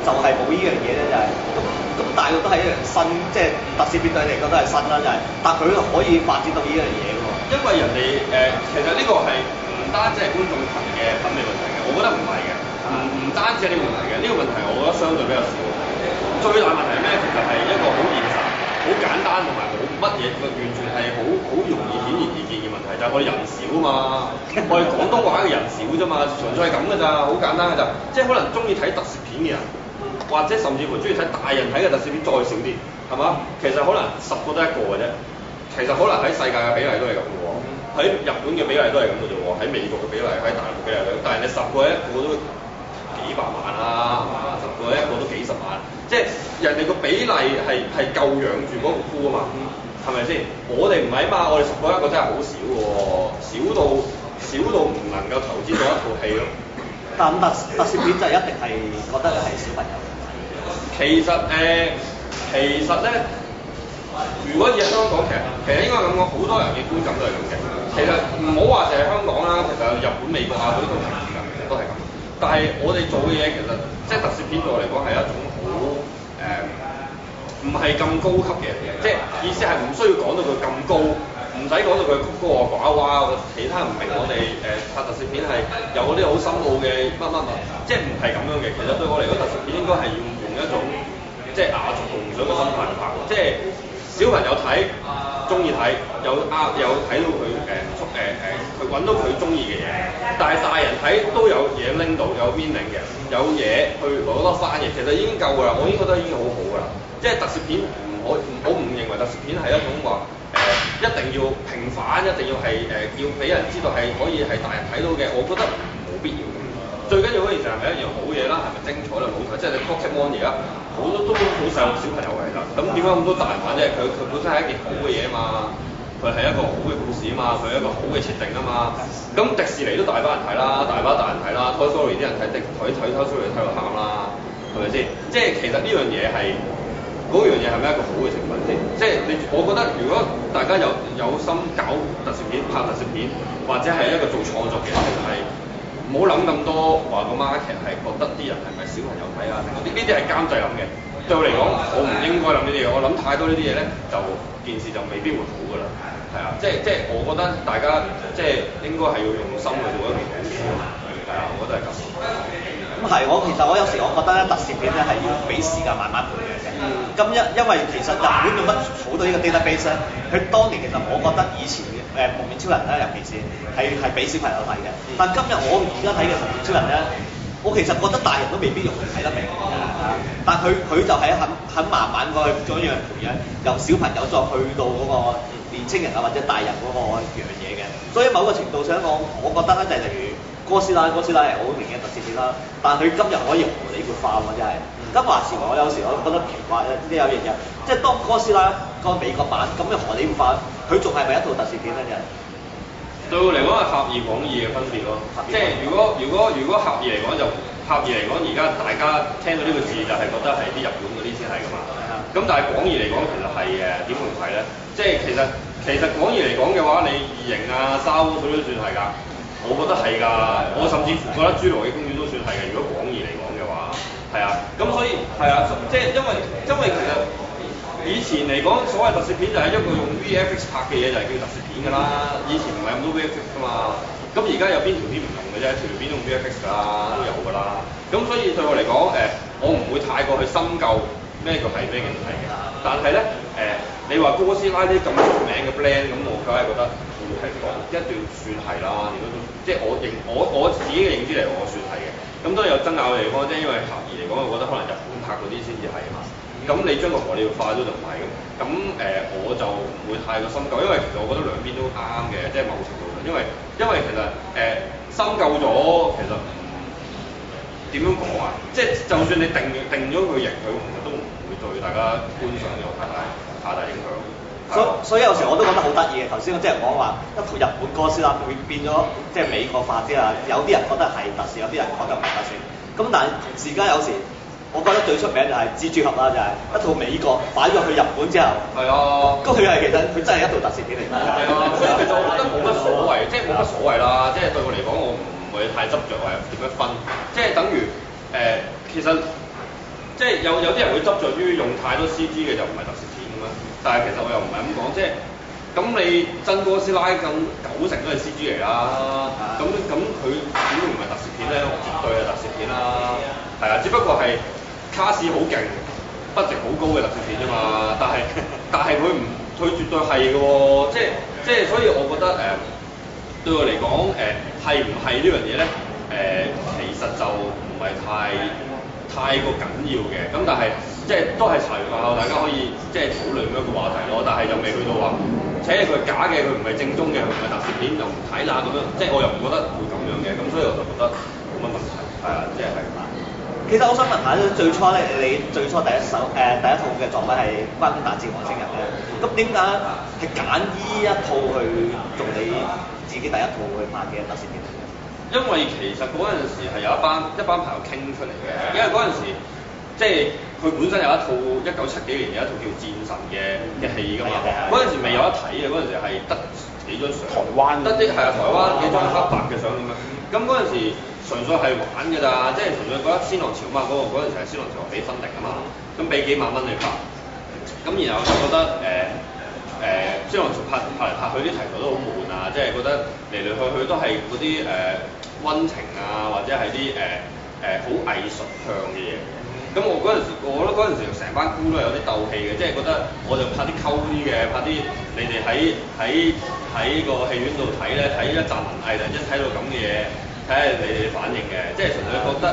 就係冇呢樣嘢咧？就係。大陸都係一樣新，即係特攝片對你嚟講都係新啦，就係，但佢可以發展到依樣嘢嘅喎。因為人哋誒，其實呢個係唔單止係觀眾群嘅品味問題嘅，我覺得唔係嘅，唔唔單止係呢個問題嘅，呢個問題我覺得相對比較少。最大問題係咩？其實係一個好現實、好簡單同埋好乜嘢嘅，完全係好好容易顯而易見嘅問題，就係我哋人少啊嘛， 我哋廣東話嘅人少啫嘛，純粹係咁㗎咋，好簡單嘅咋，即係可能中意睇特攝片嘅人。或者甚至乎中意睇大人睇嘅特攝片再少啲，係嘛？其實可能十個得一個嘅啫。其實可能喺世界嘅比例都係咁嘅喎，喺日本嘅比例都係咁嘅啫喎，喺美國嘅比例係喺大陸嘅比例，但係你十個一個都幾百萬啦、啊，十個一個都幾十萬，即係人哋個比例係係夠養住嗰個庫啊嘛，係咪先？我哋唔係嘛，我哋十個一個真係好少喎、哦，少到少到唔能夠投資到一套戲咯。 但係特特攝片就一定係覺得係小朋友。其實誒、呃，其實咧，如果以香港其實其實應該咁講，好多人嘅觀感都係咁嘅。其實唔好話淨係香港啦，其實日本、美國啊，呢都係咁，都係咁。但係我哋做嘅嘢其實，即係特攝片對我嚟講係一種好誒，唔係咁高級嘅，即係意思係唔需要講到佢咁高，唔使講到佢曲高和寡哇！其他唔明我哋誒、呃、拍特攝片係有啲好深奧嘅乜乜乜，即係唔係咁樣嘅。其實對我嚟講，特攝片應該係要一種即係雅俗共賞嘅心態嚟，即係小朋友睇中意睇，有啊有睇到佢誒觸誒佢揾到佢中意嘅嘢。但係大人睇都有嘢拎到，有 meaning 嘅，有嘢去攞得多翻嘅，其實已經夠㗎啦。我應該覺得已經好好㗎啦。即係特攝片唔可，我唔認為特攝片係一種話誒、呃，一定要平反，一定要係誒、呃、要俾人知道係可以係大人睇到嘅。我覺得冇必要最緊要嗰件事係咪一樣好嘢啦？係咪精彩嘅舞台？即係你《Frozen》而家好多都好受小朋友嚟啦。咁點解咁多大人睇啫？佢佢本身係一件好嘅嘢啊嘛，佢係一個好嘅故事啊嘛，佢係一個好嘅設定啊嘛。咁迪士尼都大把人睇啦，大把大人睇啦，《Toy s o r y 啲人睇《t o 睇，Toy s o r y 睇到喊啦，係咪先？即係其實呢樣嘢係嗰樣嘢係咪一個好嘅成分先？即係你我覺得，如果大家有有心搞特攝片、拍特攝片，或者係一個做創作嘅，係、就是。唔好諗咁多，話個 market 係覺得啲人係咪小朋友睇啊？呢啲呢啲係監製諗嘅。對我嚟講，我唔應該諗呢啲嘢。我諗太多呢啲嘢咧，就件事就未必會好㗎啦。係啊，即係即係，我覺得大家即係應該係要用心去做一件事。係啊、嗯，我都係咁。咁係，我其實我有時我覺得咧，特攝片咧係要俾時間慢慢培養嘅。咁因、嗯、因為其實日本做乜好多呢個 database 咧？佢當年其實我覺得以前嘅誒《幪面超人》咧，尤其是係係俾小朋友睇嘅。但今日我而家睇嘅《幪面超人》咧，我其實覺得大人都未必容易睇得明。但係佢佢就係肯肯慢慢過去做一樣培養，由小朋友再去到嗰個年青人啊，或者大人嗰個樣嘢嘅。所以某個程度上講，我覺得咧就例如。哥斯拉，哥斯拉係好明顯嘅特攝片啦，但佢今日可以合理活化喎，真係。咁話時話，我有時我都覺得奇怪，即有樣嘢，即當哥斯拉個美國版咁嘅合理活化，佢仲係咪一套特攝片咧？對我嚟講係狹義廣義嘅分別咯，即如果如果如果狹義嚟講就狹義嚟講，而家大家聽到呢個字就係覺得係啲日本嗰啲先係㗎嘛。咁的但係廣義嚟講，其實係誒點會唔係咧？即其實其實廣義嚟講嘅話，你異形啊、沙烏都算係㗎。我覺得係㗎，我甚至乎覺得侏羅紀公園都算係㗎。如果廣義嚟講嘅話，係啊。咁所以係啊，即係因為因為其實以前嚟講，所謂特攝片就係一個用 VFX 拍嘅嘢就係叫特攝片㗎啦。以前唔係咁多 VFX 噶嘛。咁而家有邊條片唔同嘅啫？條片用 VFX 噶啦，都有㗎啦。咁所以對我嚟講，誒、呃，我唔會太過去深究咩叫係咩嘅唔係嘅。但係咧，誒、呃，你話哥斯拉啲咁出名嘅 plan 咁我梗係覺得。一定算係啦，如果即係我認我我自己嘅認知嚟，我算係嘅。咁都有爭拗嘅地方啫，即因為狹義嚟講，我覺得可能日本拍嗰啲先至係啊嘛。咁你將個荷里活化咗就唔係咁。咁、呃、我就唔會太過深究，因為其實我覺得兩邊都啱嘅，即、就、係、是、某程度上，因為因為其實誒、呃、深究咗，其實點、嗯、樣講啊？即係就算你定定咗佢型，佢其實都唔會對大家觀賞有太大太大影響。所以所以有時我都覺得好得意嘅，頭先、就是、我即係講話一套日本歌先啦，會變咗即係美國化之後。有啲人覺得係特色，有啲人覺得唔係特色。咁但係，而家有時我覺得最出名就係蜘蛛俠啦，就係、是、一套美國擺咗去日本之後。係啊。咁佢係其實佢真係一套特色片嚟㗎。係啊，啊啊所以、啊、其實我就覺得冇乜、啊、所謂，啊、即係冇乜所謂啦。即係、啊、對我嚟講，我唔會太執着，係點樣分。即、就、係、是、等於誒、呃，其實即係有有啲人會執着於用太多 C G 嘅，就唔係特色。但係其實我又唔係咁講，即係咁你真哥斯拉咁九成都係 CG 嚟啦，咁咁佢點會唔係特攝片咧？絕對係特攝片啦，係啊，只不過係卡士好勁、budget 好高嘅特攝片啫嘛。但係但係佢唔佢絕對係嘅喎，即即係所以我覺得誒、呃、對我嚟講誒係唔係呢樣嘢咧？誒、呃、其實就唔係太。 太過緊要嘅，咁但係即係都係茶餘飯後大家可以即係討論一個話題咯。但係又未去到話，而且佢假嘅，佢唔係正宗嘅，佢唔係特攝片又唔睇啦咁樣？即係我又唔覺得會咁樣嘅，咁所以我就覺得冇乜問題，係啊，即係係。其實我想問下最初咧，你最初第一首誒、呃、第一套嘅作品係《關公大戰外星人》咧、啊，咁點解係揀依一套去做你自己第一套去拍嘅特攝片？因為其實嗰陣時係有一班 一班朋友傾出嚟嘅，因為嗰陣時即係佢本身有一套一九七幾年嘅一套叫《戰神》嘅嘅戲㗎嘛，嗰陣、 啊、時未有得睇嘅，嗰陣 時係得幾張相。台灣得啲係啊，台灣幾張黑白嘅相咁樣。咁嗰陣時純粹係玩㗎咋，即係純粹覺得鮮浪、嗰個《鮮浪潮》啊嘛，嗰個嗰陣時係《鮮浪潮》話俾分定啊嘛，咁俾幾萬蚊你拍。咁 然後就覺得誒誒，呃呃《鮮浪潮》拍嚟拍去啲題材都好悶啊，即、就、係、是、覺得嚟嚟去去都係嗰啲誒。呃溫情啊，或者係啲誒誒好藝術向嘅嘢。咁我嗰陣時，我覺得嗰陣時成班姑都係有啲鬥氣嘅，即係覺得我就拍啲溝啲嘅，拍啲你哋喺喺喺個戲院度睇咧，睇一集文藝就一睇到咁嘅嘢，睇下你哋反應嘅，即係純粹覺得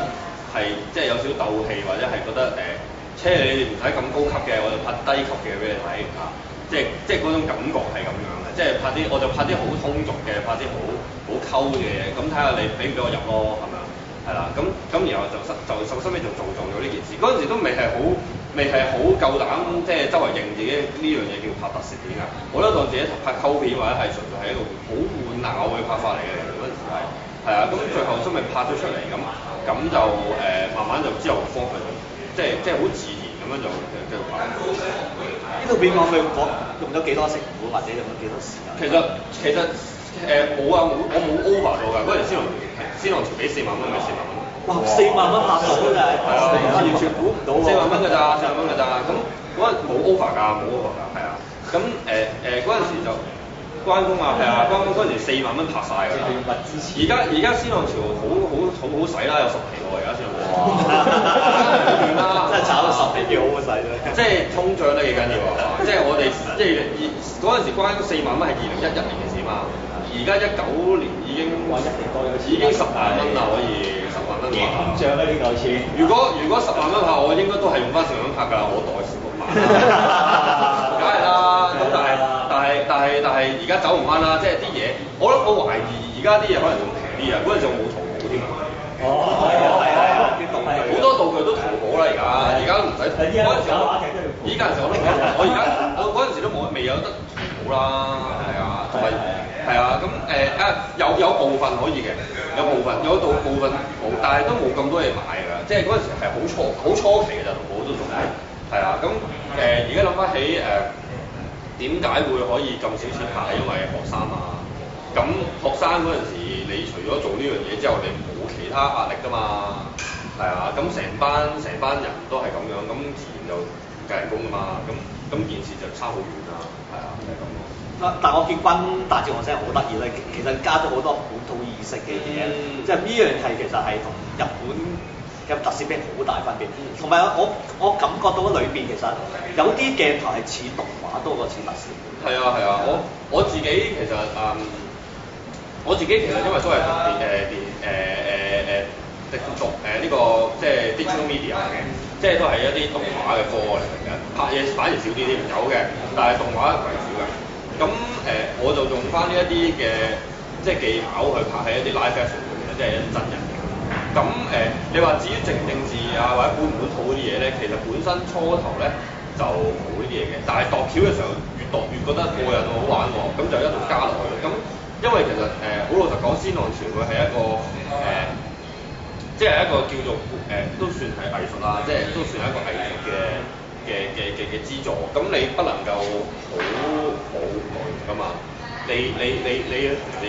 係，即係有少少鬥氣，或者係覺得誒車、呃、你哋唔使咁高級嘅，我就拍低級嘅俾你睇嚇。啊即係即係嗰種感覺係咁樣嘅，即係拍啲我就拍啲好通俗嘅，拍啲好好溝嘅，嘢。咁睇下你俾唔俾我入咯，係咪啊？係啦，咁咁然後就失就後身尾就做做咗呢件事。嗰陣時都未係好未係好夠膽，即係周圍認自己呢樣嘢叫拍特攝片啊！我都當自己拍溝片或者係純粹喺度好胡鬧嘅拍法嚟嘅，嗰陣時係係啊，咁、嗯、最後身尾拍咗出嚟咁咁就誒、呃、慢慢就知道方向，即係即係好自然。咁樣就繼續講。呢套片我佢用咗幾多成本，或者用咗幾多時間？其實其實誒冇啊冇，我冇、啊、over 到噶。嗰陣時先龍，先龍俾四萬蚊咪四萬蚊。哇！四萬蚊拍到㗎，完全估唔到四萬蚊噶咋，四萬蚊噶咋。咁嗰陣冇 over 噶，冇 over 噶。係啊。咁誒誒，嗰、呃、陣、呃、時就。關公啊，係啊，關公嗰陣時四萬蚊拍晒，曬嘅。而家而家先浪潮好好好好使啦，有十期喎，而家先浪。哇！ 在真係炒到十期票好好使，即係通脹都幾緊要啊！ 即係我哋即係二嗰陣時關公四萬蚊係二零一一年嘅事嘛。而家一九年已經年已經十萬蚊啦，可以。萬通脹咧，呢嚿錢。如果如果十萬蚊拍，我應該都係用翻十萬蚊拍㗎，我袋少咗。梗係 啦，咁但係。 但係但係而家走唔翻啦，即係啲嘢，我諗我懷疑而家啲嘢可能仲平啲啊，嗰陣時仲冇淘寶添哦，係啊，好多道具都淘寶啦，而家而家都唔使。淘。嗰陣時依家陣時我都，我而家我嗰陣時都冇未有得淘寶啦，係啊，同埋係啊，咁誒啊有有部分可以嘅，有部分有到部分淘寶，但係都冇咁多嘢買㗎，即係嗰陣時係好初好初期嘅就淘寶都仲係係啊，咁誒而家諗翻起誒。點解會可以咁少錢拍？因為學生嘛，咁學生嗰陣時，你除咗做呢樣嘢之後，你冇其他壓力㗎嘛，係啊，咁成班成班人都係咁樣，咁自然就計人工㗎嘛，咁咁件事就差好遠啦，係啊，就係咁咯。嗱啊！但我結婚，大字學生好得意啦，其實加咗好多本土意識嘅嘢，嗯、即係呢樣係其實係同日本。其實特攝片好大分別，同埋我我感覺到裏面其實有啲鏡頭係似動畫多過似特攝。係啊係啊，我我自己其實嗯，我自己其實因為都係讀誒電誒誒誒讀誒呢個、呃這個、即係 digital media，嘅，即係都係一啲動畫嘅科嚟嘅，拍嘢反而少啲啲，有嘅，但係動畫為主嘅。咁誒、呃、我就用翻呢一啲嘅即係技巧去拍喺一啲 live action 裏邊，即係一啲真人。咁誒、呃，你話至於政唔政治啊，或者本唔本土啲嘢咧，其實本身初頭咧就冇呢啲嘢嘅，但係度橋嘅時候越度越覺得過癮好玩喎，咁、嗯、就一路加落去。咁 因為其實誒好、呃、老實講，鮮浪潮佢係一個誒，即、呃、係、就是、一個叫做誒、呃，都算係藝術啦，即、就、係、是、都算係一個藝術嘅嘅嘅嘅嘅資助。咁你不能夠好好耐可以你你你你你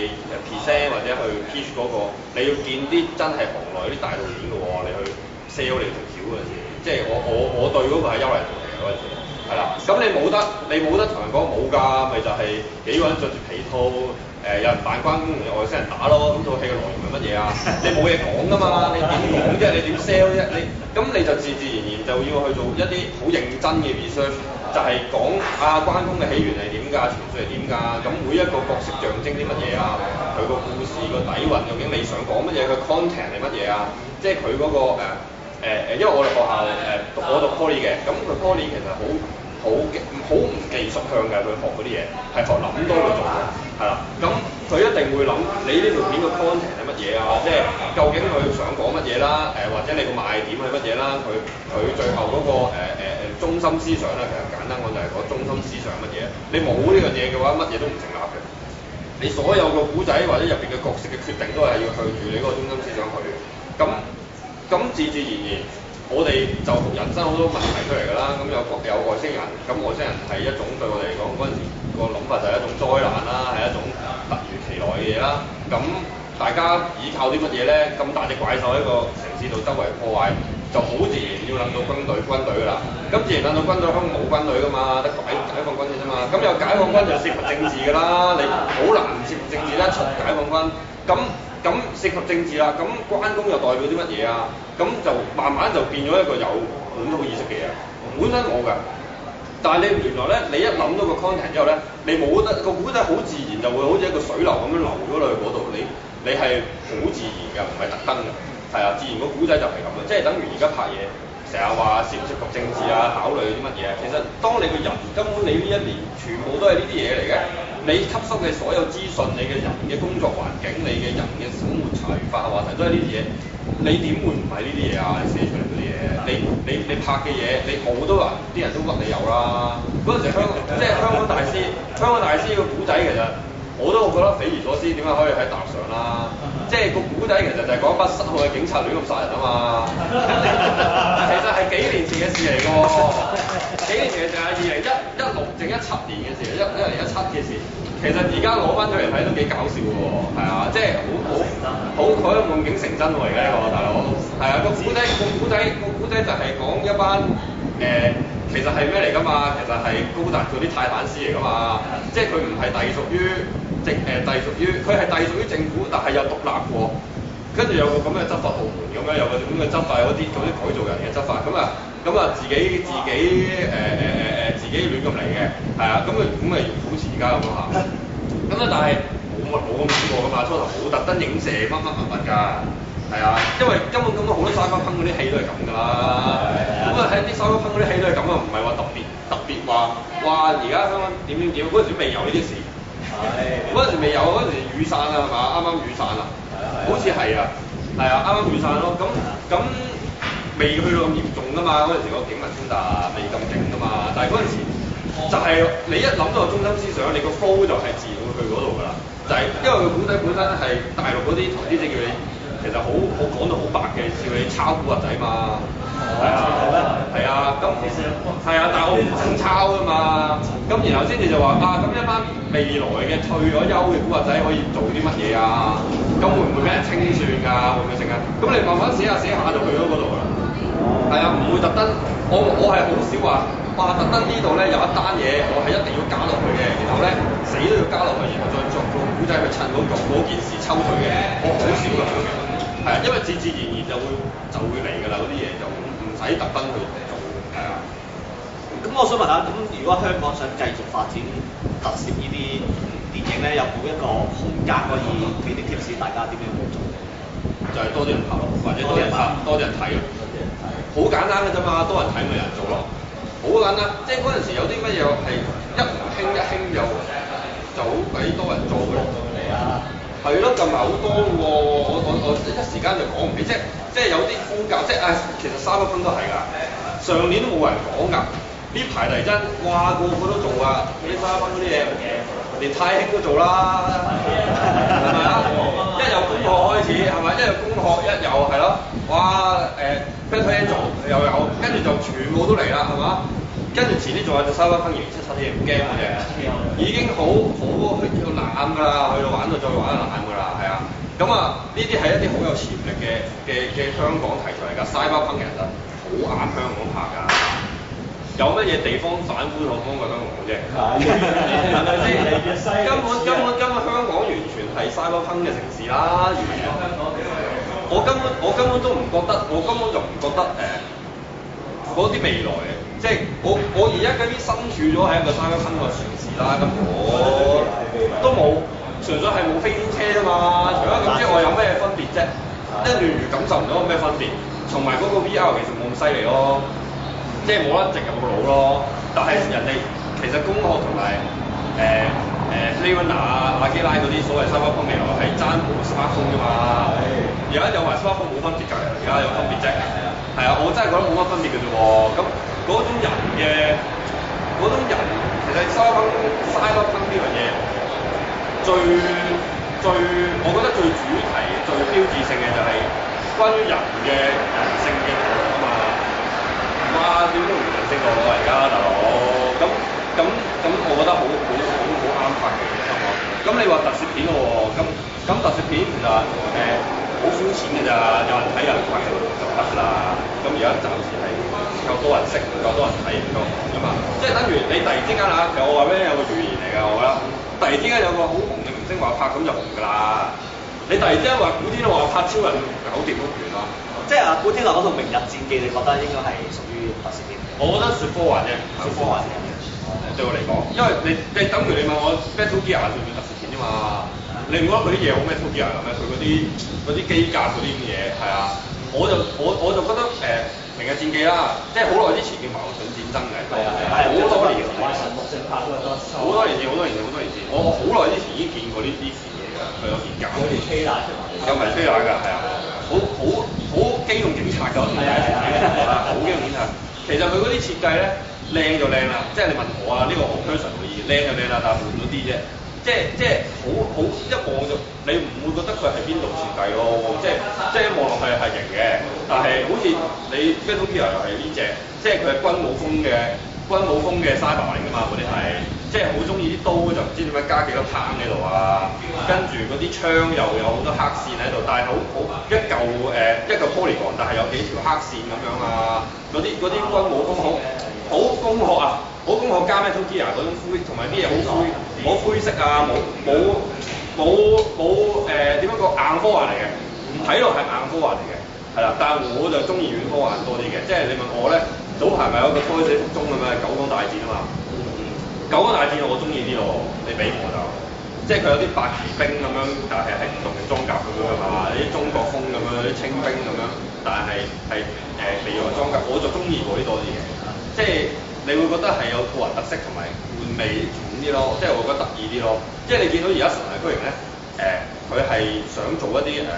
present 或者去 pitch 嗰個，你要見啲真係行內啲大導演嘅喎，你去 sell 你條橋嗰陣時，即係我我我對嗰個係優惠良嚟嘅嗰陣時，係啦，咁你冇得你冇得同人講冇㗎，咪就係幾個人着住皮套，誒、呃，有人扮關公同外星人打咯，咁套戲嘅內容係乜嘢啊？你冇嘢講㗎嘛，你點講啫？你點 sell 啫？你咁你就自自然然就要去做一啲好認真嘅 research。就係講啊，關公嘅起源係點噶？傳說係點噶？咁每一個角色象徵啲乜嘢啊？佢個故事個底蘊究竟你想講乜嘢？佢 content 係乜嘢啊？即係佢嗰個誒誒誒，因為我哋學校誒讀、呃、我讀 poly 嘅，咁佢 poly 其實好。好嘅，好唔技術向嘅，去學嗰啲嘢係學諗多過做嘅，係啦。咁佢一定會諗你呢條片嘅 content 係乜嘢啊？即係究竟佢想講乜嘢啦？誒，或者你個賣點係乜嘢啦？佢佢最後嗰個誒誒誒中心思想啦，其實簡單講就係個中心思想係乜嘢？你冇呢樣嘢嘅話，乜嘢都唔成立嘅。你所有嘅故仔或者入邊嘅角色嘅決定都係要向住你嗰個中心思想去嘅。咁咁自自然然。我哋就人生好多問題出嚟㗎啦，咁有國有外星人，咁外星人係一種對我哋嚟講嗰陣時個諗法就係一種災難啦，係一種突如其來嘅嘢啦。咁大家依靠啲乜嘢咧？咁大隻怪獸喺個城市度周圍破壞，就好自然要諗到軍隊軍隊㗎啦。咁自然諗到軍隊，香港冇軍隊㗎嘛，得解解放軍啫嘛。咁有解放軍就涉及政治㗎啦，你好難唔涉及政治啦，除解放軍咁。咁涉及政治啦，咁關公又代表啲乜嘢啊？咁就慢慢就變咗一個有本土意識嘅嘢。本身冇㗎，但係你原來咧，你一諗到個 content 之後咧，你冇得個古仔好自然就會好似一個水流咁樣流咗落去嗰度，你你係好自然㗎，唔係特登㗎。係啊，自然個古仔就係咁樣，即係等於而家拍嘢。成日話涉唔涉及政治啊，考慮啲乜嘢？其實，當你個人根本你呢一年全部都係呢啲嘢嚟嘅，你吸收嘅所有資訊，你嘅人嘅工作環境，你嘅人嘅生活財富嘅話題都係呢啲嘢，你點會唔係呢啲嘢啊？你寫出嚟啲嘢，你你你拍嘅嘢，你好多人啲人都話你有啦。嗰陣時香港，即係香港大師，香港大師個古仔其實。我都會覺得匪夷所思，點解可以喺搭上啦、啊？即係、個古仔其實就係講一班失誤嘅警察亂咁殺人啊嘛！ 其實係幾年前嘅事嚟嘅喎， 幾年前就係二零一一六定一七年嘅事，一一零一七嘅事。其實而家攞翻出嚟睇都幾搞笑喎、啊，係啊，即係好好好好一個夢境成真喎！而家呢個大佬係啊，個古仔、啊個古仔、個古仔、個、就係講一班誒、呃，其實係咩嚟㗎嘛？其實係高達嗰啲泰坦斯嚟㗎嘛， 即係佢唔係隸屬於。政誒，隸屬於佢係隸屬於政府，但係又獨立過，跟住有個咁嘅執法部門咁樣，有個咁嘅執法嗰啲做啲改造人嘅執法，咁啊咁啊自己自己誒誒誒誒自己亂咁嚟嘅，係啊，咁啊咁啊好似而家咁嚇，咁咧但係冇冇咁試過噶嘛，初頭好、bon、特登影射乜乜乜物㗎，係啊，因為根本咁多好多沙發烹嗰啲戲都係咁㗎啦，係、嗯、啊，咁啊喺啲沙發烹嗰啲戲都係咁啊，唔係話特別特別話話而家點點點，嗰陣時未有呢啲事。嗰陣、嗯、時未有，嗰陣時雨傘啦，係嘛？啱啱雨傘啦，的好似係啊，係啊的，啱啱雨傘咯。咁咁未去到咁嚴重噶嘛，嗰陣時個警民衝突未咁勁噶嘛。但係嗰陣時就係你一諗到中心思想，你個 flow 就係自然會去嗰度㗎啦。的就係因為佢古仔本身係大陸嗰啲投資者叫你。其實好好講到好白嘅，叫你抄古惑仔嘛，係、哦、啊，係嗎啊，咁其實係啊，但係我唔肯抄㗎嘛，咁然後先至就話啊，咁一班未來嘅退咗休嘅古惑仔可以做啲乜嘢啊？咁會唔會俾人清算㗎？會唔會剩啊？咁你慢慢寫下寫下就去咗嗰度啦，係、哦、啊，唔會特登，我我係好少話，哇！特登呢度咧有一單嘢，我係一定要加落去嘅，然後咧死都要加落去，然後再做個古仔去趁嗰個某件事抽佢嘅，我好少㗎。係，因為自自然然就會就會嚟㗎啦，嗰啲嘢就唔使特登去做。係啊。咁我想問下，咁如果香港想繼續發展特色呢啲電影咧，有冇一個空間可以俾啲 Tips 大家點樣去做？就係多啲人拍咯，或者多啲人拍，多啲人睇。多啲人睇。好簡單㗎啫嘛，多人睇咪有人做咯。好撚啊！即係嗰陣時有啲乜嘢係一興一興就就好鬼多人做㗎。嚟、嗯、啊！係咯，近排好多喎！我我我一時間就講唔起，即即有啲風格，即啊、哎，其實沙律分都係㗎。上年都冇人講㗎，呢排嚟真，哇個，個個都做啊！你啲沙分嗰啲嘢，連太興都做啦，係咪啊？ 一有工學開始係咪？一有工學一有係咯，哇誒 p e t n d 做又有，跟住就全部都嚟啦，係嘛？跟住前啲仲有隻沙包烹人七七添，唔驚嘅，已經好好鍋去到冷㗎啦，去到玩到再玩得冷㗎啦，係啊。咁啊，呢啲係一啲好有潛力嘅嘅嘅香港題材嚟㗎，沙包烹人啊，好啱香港拍㗎。有乜嘢地方反烏托邦嘅香港啫？係咪先？根本根本根本香港完全係沙包烹嘅城市啦。完全。香港，我根本我根本都唔覺得，我根本就唔覺得誒。嗰啲未來，即係我我而家嗰啲身處咗喺一個三級分嘅城市啦，咁我都冇，純粹係冇飛天車啫嘛，除咗咁之外有咩分別啫？一亂感受唔到有咩分別，同埋嗰個 VR 其實冇咁犀利咯，即係冇得植入腦咯。但係人哋其實工學同埋誒誒 Blade Runner 啊、馬、欸欸、基拉嗰啲所謂三級分未來係爭模式差唔多啫嘛。而家有埋三級分冇分別㗎，而家有分別啫。係啊，我真係覺得冇乜分別嘅啫喎。咁、嗯、嗰種人嘅嗰種人，其實分《三等三粒星》呢樣嘢，最最我覺得最主題、最標誌性嘅就係關於人嘅人性嘅討論啊嘛。哇、啊，點都唔認識我、啊，而家大佬。咁咁咁，我覺得好好好好啱發嘅，咁、嗯嗯嗯嗯、你話特攝片喎？咁咁特攝片其實誒。嗯嗯嗯好膚淺㗎咋，有人睇有人，人拍就得啦。咁而家暫時係夠多人識，夠多人睇咁啊。即係等於你突然之間嚇，其、啊、實我話咩有個語言嚟㗎，我覺得。突然之間有個好紅嘅明星話拍，咁就紅㗎啦。你突然之間話古天樂話拍超人掂都盤咯，即係啊古天樂嗰套《明日戰記》，你覺得應該係屬於特攝片？我覺得算科幻嘅，算科幻先係嘅。嗯、對我嚟講，因為你即係等於你問我 Battle Gear 算唔算特攝片啫嘛。你唔覺得佢啲嘢好咩複雜咩？佢嗰啲嗰啲機甲嗰啲咁嘢係啊，我就我我就覺得，誒明日戰記啦，即係好耐之前叫矛盾戰爭嘅。係啊係好多年，話拍好多，年前，好多年前，好多年前。我好耐之前已經見過呢啲事嘢㗎，佢有件甲，有埋飛彈㗎係啊，好好好機動警察㗎，係好機動警察。其實佢嗰啲設計咧靚就靚啦，即係你問我啊，呢個好 personal 嘅嘢，靚就靚啦，但係慢咗啲啫。即即好好一望就你唔會覺得佢係邊度設計咯，即即一望落去係型嘅，但係好似你呢種機器人係邊隻？即佢係軍武風嘅軍武風嘅沙發嚟㗎嘛，我哋係即好中意啲刀就唔知點解加幾多棒喺度啊？跟住啲槍又有好多黑線喺度，但係好好一嚿誒、呃、一嚿 polygon 但係有幾條黑線咁樣啊？啲啲軍武風好。 好工學啊！好工學家咩 computer 嗰種灰，同埋啲嘢好灰，冇灰色啊，冇冇冇冇誒點樣個硬科幻嚟嘅，睇落係硬科幻嚟嘅，係啦。但係我就中意軟科幻多啲嘅，即係你問我咧，早排咪有個胎死腹中咁樣嘅《九江大戰》啊嘛，《九江大戰》我中意啲喎，你俾我就，即係佢有啲八旗兵咁樣，但係係唔同嘅裝甲咁樣噶嘛，啲中國風咁樣，啲清兵咁樣，但係係誒譬如話裝甲，我就中意嗰啲多啲嘅。即係你會覺得係有個人特色同埋換味重啲咯，即係我覺得得意啲咯。即係你見到而家神話居型咧，誒、呃，佢係想做一啲誒、呃、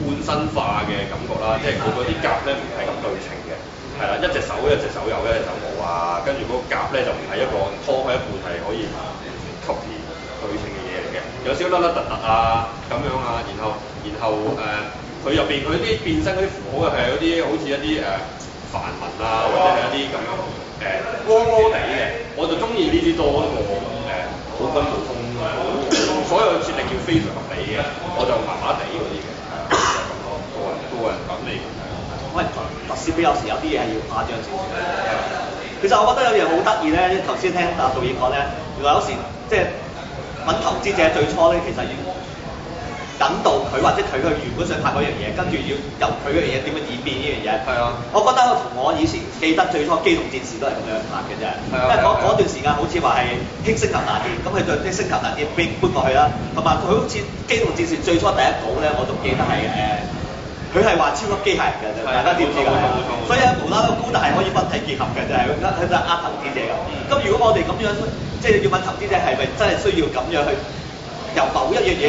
半身化嘅感覺啦，即係佢嗰啲甲咧唔係咁對稱嘅，係啦，一隻手一隻手有，一隻手冇啊，跟住嗰個甲咧就唔係一個拖佢一半係可以吸住對稱嘅嘢嚟嘅，有少粒粒突突啊咁樣啊，然後然後誒，佢入邊佢啲變身嗰啲符號係有啲好似一啲誒。啊繁文啊，或者係一啲咁樣誒，樸樸地嘅，我就中意呢啲多啲喎。誒，好均衡，好所有嘅設定要非常合理嘅，我就麻麻地嗰啲嘅。係咁多多人，多人揾你嘅。喂，投資者有時有啲嘢係要誇張少少。其實我覺得有啲嘢好得意咧。頭先聽阿導演講咧，原來有時即係揾投資者最初咧，其實已經。等到佢或者佢佢原本想拍嗰樣嘢，跟住要由佢嗰樣嘢點樣演變呢樣嘢。係啊的，我覺得同我以前記得最初《機動戰士》都係咁樣拍嘅啫。係啊的。因為嗰的段時間好似話係《星際大戰》啲，咁佢就《星際大戰》搬搬過去啦。同埋佢好似《機動戰士》最初第一稿咧，我仲記得係誒，佢係話超級機械人㗎啫。的大家知唔知㗎？冇錯冇錯。所以無啦啦高達係可以分體結合㗎，就係睇得阿投資者咁。嗯。咁如果我哋咁樣，即係要問投資者係咪真係需要咁樣去？嗯是由某一樣嘢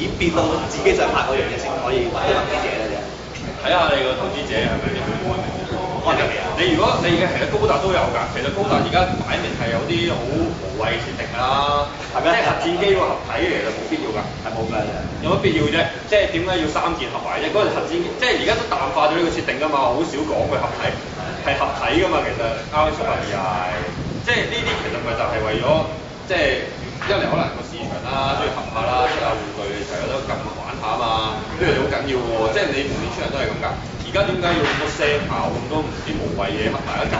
演變到自己想拍嗰樣嘢先可以揾投資者嘅啫。睇下你個投資者係咪你如果你嘅，其實高達都有㗎，其實高達而家擺明係有啲好無謂設定啦，係咪？即係合戰機喎，合體其實冇必要㗎，係冇嘅。有乜必要啫？即係點解要三件合埋啫？嗰個合戰即係而家都淡化咗呢個設定㗎嘛，好少講佢合體係合體㗎嘛，其實。哎呀，即係呢啲其實咪就係為咗即係。出嚟可能個市場啦，合場場都要撳下啦，出下玩具，成日都撳玩下嘛。呢樣嘢好緊要喎，即係你年出嚟都係咁㗎。而家點解要個聲效咁多唔知無謂嘢，合埋一嚿，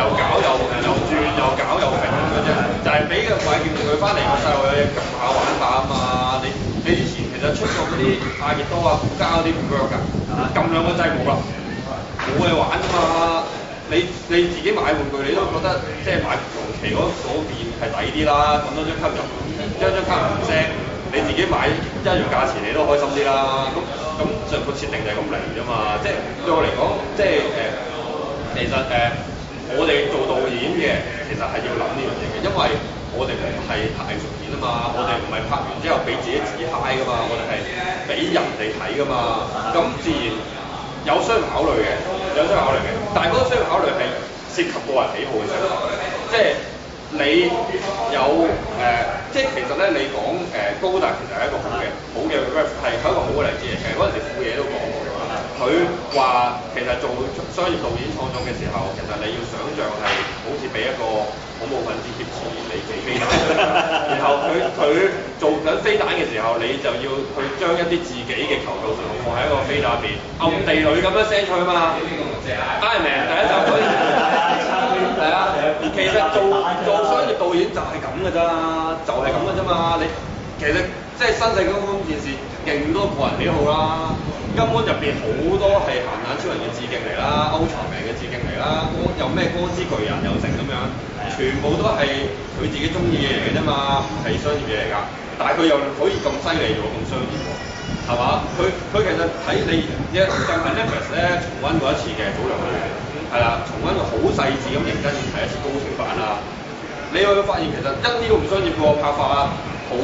又搞又又轉 又搞又平咁嘅啫？ 就係俾個鬼叫住佢翻嚟，個細路有嘢撳下玩下啊嘛。你你以前其實出過嗰啲亞熱多啊、顧家嗰啲唔 work 㗎，撳兩個掣冇啦，冇去玩啊嘛。你你自己買玩具，你都覺得即係買同期嗰邊係抵啲啦。咁多張卡入，一張卡唔聲，你自己買一樣價錢，你都開心啲啦。咁咁就個設定就係咁嚟噶嘛。即係對我嚟講，即係誒，其實誒、呃，我哋做導演嘅，其實係要諗呢樣嘢嘅，因為我哋唔係拍藝術片啊嘛，我哋唔係拍完之後俾自己自己 high 噶嘛，我哋係俾人哋睇噶嘛，咁自然。有需要考慮嘅，有需要考慮嘅，但係嗰個需要考慮係涉及個人喜好嘅嘢，即係你有誒、呃，即係其實咧，你講誒、呃、高達其實係一個好嘅，好嘅係、係一個好嘅例子嚟嘅，嗰陣時富野都講。佢話其實做商業導演創作嘅時候，其實你要想像係好似俾一個恐怖分子劫持你俾飛彈， 然後佢佢做緊飛彈嘅時候，你就要去將一啲自己嘅求救信放喺一個飛彈入面，暗地裏咁樣 send 佢嘛。Iron 第一集，所 啊，其實做 做商業導演就係咁嘅啫，就係咁嘅啫嘛，你。其實即係新世紀金剛戰士勁多個人喜好啦。金剛入邊好多係咸蛋超人嘅致敬嚟啦，歐柴明嘅致敬嚟啦，又咩歌之巨人又成咁樣，全部都係佢自己中意嘅嘢嚟㗎嘛，唔係商業嘢嚟㗎。但係佢又可以咁犀利做咁商業，係嘛？佢佢其實睇你一最近 Netflix 咧重溫過一次嘅早兩年，係啦，重溫到好細緻咁，認真去睇一次高清版啊。你會發現其實一啲都唔商業個拍法啊，好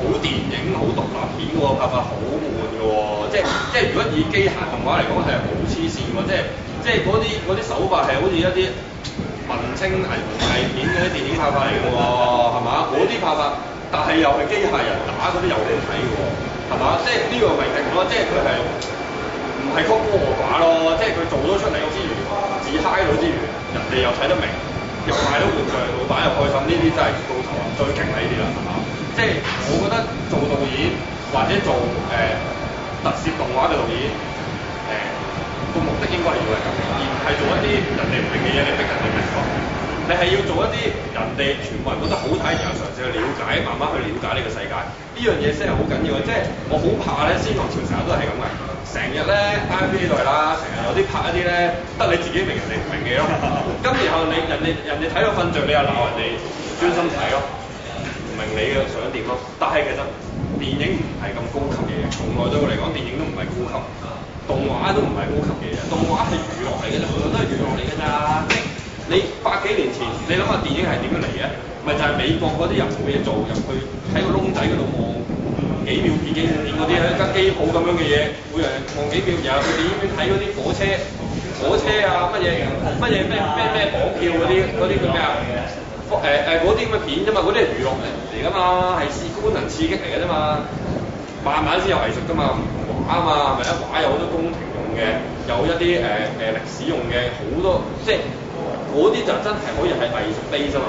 好電影好獨立片個拍法，好悶嘅喎、哦，即係即係如果以機械動畫嚟講係好黐線喎，即係即係嗰啲啲手法係好似一啲文青藝術片嗰啲電影拍法嚟嘅喎，係嘛？嗰啲拍法，但係又係機械人打嗰啲又好睇嘅喎，係嘛？即係呢個咪勁咯，即係佢係唔係曲高和寡咯？即係佢做咗出嚟之餘，自嗨到之餘，人哋又睇得明。又賣到玩具，老闆又開心，呢啲真係做台最勁係呢啲啦嚇。即係我覺得做導演或者做誒、欸、特攝動畫嘅導演誒個、欸、目的應該係要係咁，而唔係做一啲人哋唔明嘅嘢，你逼人哋明講。你係要做一啲人哋全部人覺得好睇，然後嘗試去了解，慢慢去了解呢個世界，呢樣嘢先係好緊要嘅。即係我好怕咧，先皇朝成日都係咁嘅，成日咧 I P 呢代啦，成日有啲拍一啲咧，得你自己明，人哋唔明嘅咯。咁然後你人哋人哋睇到瞓著，你又鬧人哋專心睇咯，唔明你嘅想點咯。但係其實電影唔係咁高級嘅嘢，從來對我嚟講，電影都唔係高級，動畫都唔係高級嘅嘢，動畫係娛樂嚟嘅啫，全部都係娛樂嚟㗎咋。你百幾年前，你諗下電影係點樣嚟嘅？咪就係美國嗰啲人冇嘢做，入去睇個窿仔嗰度望幾秒片幾秒片嗰啲咧，一間機鋪咁樣嘅嘢，每人望幾秒。然後佢哋電影院睇嗰啲火車、火車啊乜嘢、乜嘢咩咩咩綁票嗰啲嗰啲叫咩啊？誒誒嗰啲咁嘅片啫嘛，嗰啲係娛樂嚟嚟㗎嘛，係官能刺激嚟㗎啫嘛。慢慢先有藝術㗎嘛，畫啊嘛，係咪一畫有好多宮廷用嘅，有一啲誒誒歷史用嘅，好多即係。嗰啲就真係可以係藝術 base 啊嘛，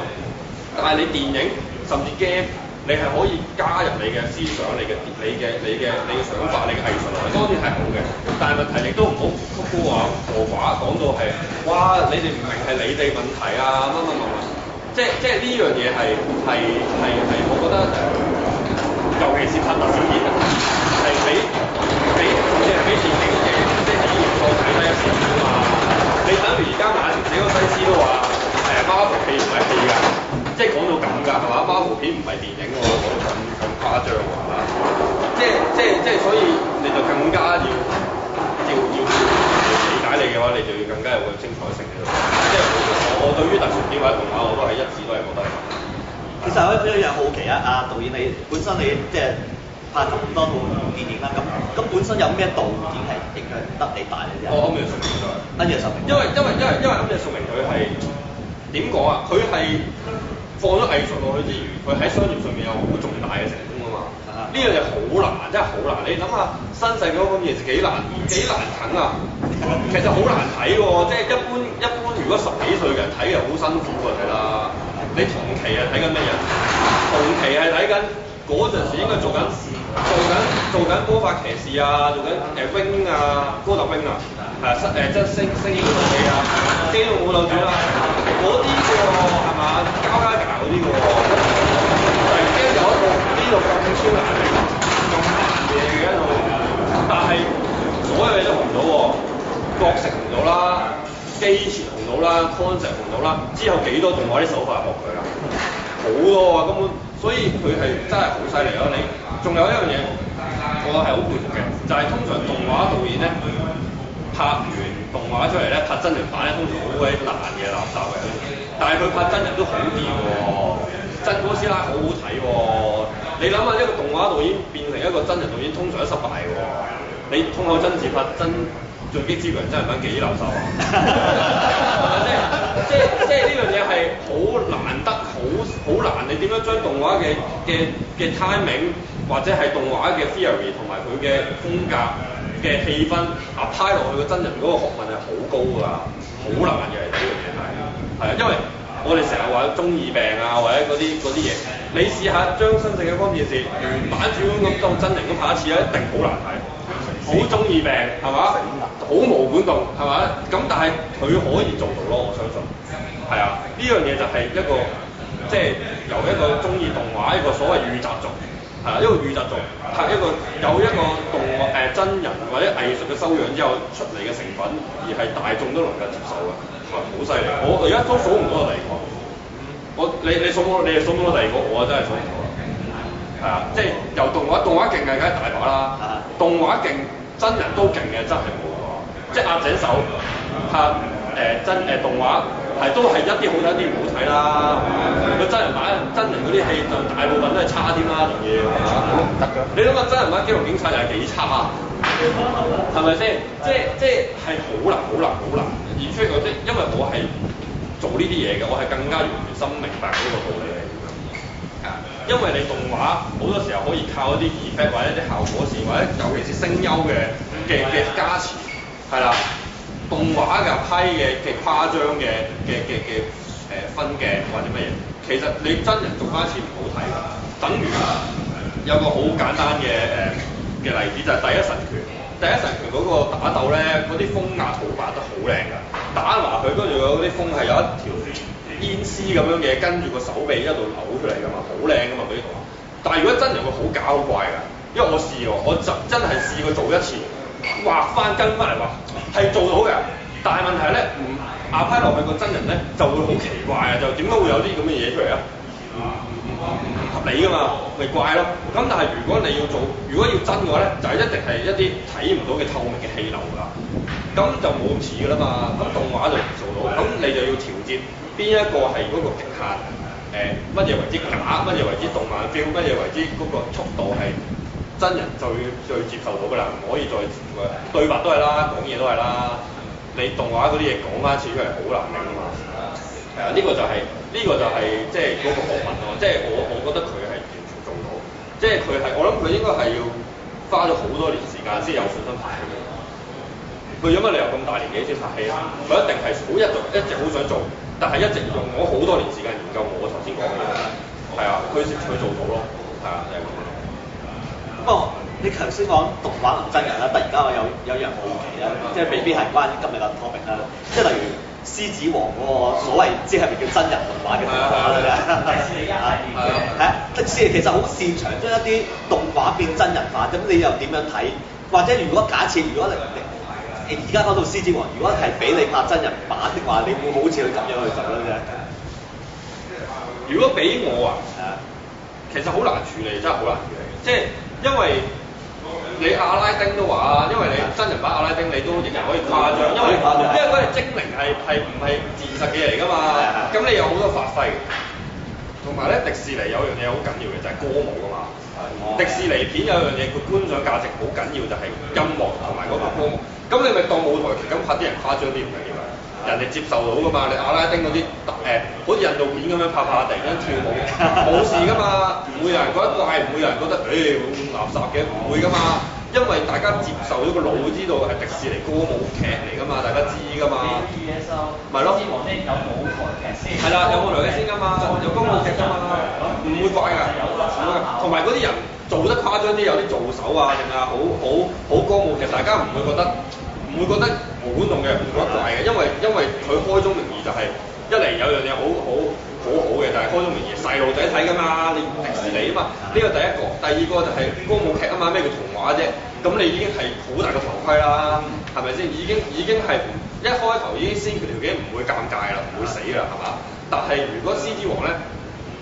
但係你電影甚至 game，你係可以加入你嘅思想、你嘅你嘅你嘅你嘅想法、你嘅藝術，當然係好嘅。但係問題亦都唔好曲高和寡，講到係哇，你哋唔明係你哋問題啊乜乜乜，即係即係呢樣嘢係係係係，我覺得尤其是拍特攝，係俾俾即係俾電影嘅，即係啲熱播睇低一少少啊。你等於而家馬條仔嗰個西施都話：誒、欸，貓湖片唔係戲㗎，即係講到咁㗎，係嘛？貓湖片唔係電影我講到咁咁誇張，係嘛？即係即係即係，所以你就更加要要要理解你嘅話，你就要更加有個精彩性喺度。即係我我對於特殊片或者動畫，我都係一致都係覺得。其實我我有好奇啊，阿導演你本身你即係。拍咁多套電影啦，咁咁本身有咩導演係令佢得你大嘅啫？我咁就證明啦。跟住就證明。因為因為因為因為咁就證明佢係點講啊？佢係放咗藝術落去之餘，佢喺商業上面有好重大嘅成功啊嘛。呢樣嘢好難，真係好難。你諗下，新世紀嗰個嘢幾難幾難啃啊？ 其實好難睇喎，啊，即係一般一般如果十幾歲嘅人睇就好辛苦啊。睇啦。 你同期係睇緊咩嘢？同期係睇緊嗰陣時應該做緊。做緊做緊魔法騎士啊，做緊、欸、wing 啊，高達 wing 啊，係、欸、啊，誒即係星星戰器啊，機動武鬥傳啊，嗰啲嘅喎係嘛，膠膠帶嗰啲嘅喎，突然間有一個呢度咁超難嘅咁嘅嘢嘅，但係所有嘢都紅到喎、啊，角色紅到啦，機設紅到啦，concept 紅到啦，之後幾多動畫啲手法係學佢啊，好多啊根本。所以佢係真係好犀利咯！你仲有一樣嘢，我係好佩服嘅，就係、是、通常動畫導演咧拍完動畫出嚟咧拍真人版咧，通常好鬼難嘅垃圾嘅，但係佢拍真人都好啲喎，真哥斯拉好好睇喎！你諗下一個動畫導演變成一個真人導演，通常都失敗喎！你通口真字拍真。最激之人真係揾幾流手啊！係咪先？即係即係呢樣嘢係好難得，好好難。你點樣將動畫嘅嘅嘅 timing 或者係動畫嘅 theory 同埋佢嘅風格嘅氣氛啊拍落去個真人嗰個學問係好高㗎，好難嘅係呢樣嘢睇。係啊，因為我哋成日話中二病啊，或者嗰啲啲嘢，你試下將新《新世紀光之戰士》原版主咁當真人咁拍一次啊，一定好難睇。好中意病係嘛？好毛管動係咪？咁但係佢可以做到咯，我相信係啊。呢樣嘢就係一個即係、就是、由一個中意動畫一個所謂御宅族係啊，一個御宅族拍一個有一個動誒、呃、真人或者藝術嘅修養之後出嚟嘅成品，而係大眾都能夠接受嘅，係好犀利。我而家都數唔到第二個。我你你數唔到你係數唔到第二個，我真係數唔到啦。係啊，即、就、係、是、由動畫動畫勁係梗係大把啦。動畫勁。真人都勁嘅，真係冇，即係押井守拍誒、呃、真誒、呃呃、動畫係，都係一啲好睇一啲唔好睇啦。個真人版真人嗰啲戲就大部分都係差啲啦、啊，樣嘢唔得㗎。你諗下真人版《機動警察、啊》又係幾差，係咪先？即即係好難好難好難，難而非一個，即因為我係做呢啲嘢嘅，我係更加完全深明白呢個道理。因為你動畫好多時候可以靠一啲 effect 或者一啲效果線或者尤其是聲優嘅嘅嘅加持，係啦，動畫入批嘅嘅誇張嘅嘅嘅嘅誒分鏡或者乜嘢，其實你真人做翻一次唔好睇嘅，等於有個好簡單嘅誒嘅例子就係、係《第一神拳》，《第一神拳》嗰個打鬥咧，嗰啲風壓好畫得好靚㗎，打埋佢跟住有嗰啲風係有一條，煙絲咁樣嘅跟住個手臂一路扭出嚟㗎嘛，好靚噶嘛嗰啲圖。但係如果真人會好搞、好怪㗎，因為我試過，我就真係試過做一次，畫翻跟翻嚟話係做到嘅。但係問題係咧、嗯，壓返落去個真人咧就會好奇怪啊，就點解會有啲咁嘅嘢出嚟啊？唔合理㗎嘛，咪怪咯。咁但係如果你要做，如果要真嘅話咧，就一定係一啲睇唔到嘅透明嘅氣流㗎，咁就冇咁似㗎啦嘛。咁動畫就唔做到，咁你就要調節。邊一個係嗰個極限？誒、呃，乜嘢為之假？乜嘢為之動漫 feel？乜嘢為之嗰個速度係真人最最接受到嘅啦？唔可以再對白都係啦，講嘢都係啦。你動畫嗰啲嘢講翻一次出嚟，好難聽啊嘛。係、呃、啊，呢、呢個就係、係、呢、呢個就係、係、即係嗰個學問咯。即係我我覺得佢係完全做到，即係佢係我諗佢應該係要花咗好多年時間先有信心拍戲。佢有乜理由咁大年紀先拍戲啊？佢一定係好一直一直好想做。但係一直用我好多年時間研究我頭先講嘅嘢，啊、嗯，佢先佢做到咯，係啊，就係咁樣咯。不過你頭先講動畫成真人啦，突然間我有有一樣好奇咧、嗯嗯，即係未必係關於今日嘅 topic 啦。即係例如獅子王嗰個所謂即係咪叫真人動畫嘅變化係啊，迪士尼其實好擅長將一啲動畫變真人化嘅，咁你又點樣睇？或者如果假設如果你？ 你而家返到獅子王，如果係俾你拍真人版的話，你會好似佢咁樣去走嘅啫。如果俾我啊，uh. 其實好難處理，真係好難處理。即係因為你阿拉丁都話啊，因為你真人版阿拉丁，你都仍然可以誇張，uh. 因為嗰啲、uh. 精靈係係唔係現實嘅嚟㗎嘛。咁、uh. 你有好多發揮。同埋咧，迪士尼有樣嘢好緊要嘅就係歌舞㗎嘛。迪士尼片有樣嘢，佢觀賞價值好緊要，就係音樂同埋嗰個光。咁的你咪當舞台劇咁，拍啲人誇張啲唔緊要啊！人哋接受到噶嘛？你阿拉丁嗰啲誒，好似印度片咁樣拍拍突然間跳舞，冇事噶嘛？唔會有人覺得怪，唔會有人覺得，誒好垃圾嘅，唔會噶嘛。因為大家接受咗個腦，知道係迪士尼歌舞劇嚟㗎嘛，大家知㗎嘛。咪咯。先有舞台劇先。係啦，有舞台劇先㗎嘛？有歌舞劇㗎嘛？唔、嗯、 會怪㗎。同埋嗰啲人做得誇張啲，有啲做手啊，定啊，好好好歌舞劇，大家唔會覺得，唔不會覺得無觀嘅，唔覺得怪嘅，因為因為佢開宗明義就係、是、一嚟有樣嘢好好。Un, 好好嘅，但係高中未而細路仔睇㗎嘛，你迪士尼啊嘛，呢個第一個，第二個就係歌舞劇啊嘛，咩叫童話啫？咁你已經係好大個頭盔啦，係咪先？已經已經係一開頭已經先佢條頸，唔會尷尬啦，唔會死啦，係嘛？但係如果獅子王咧，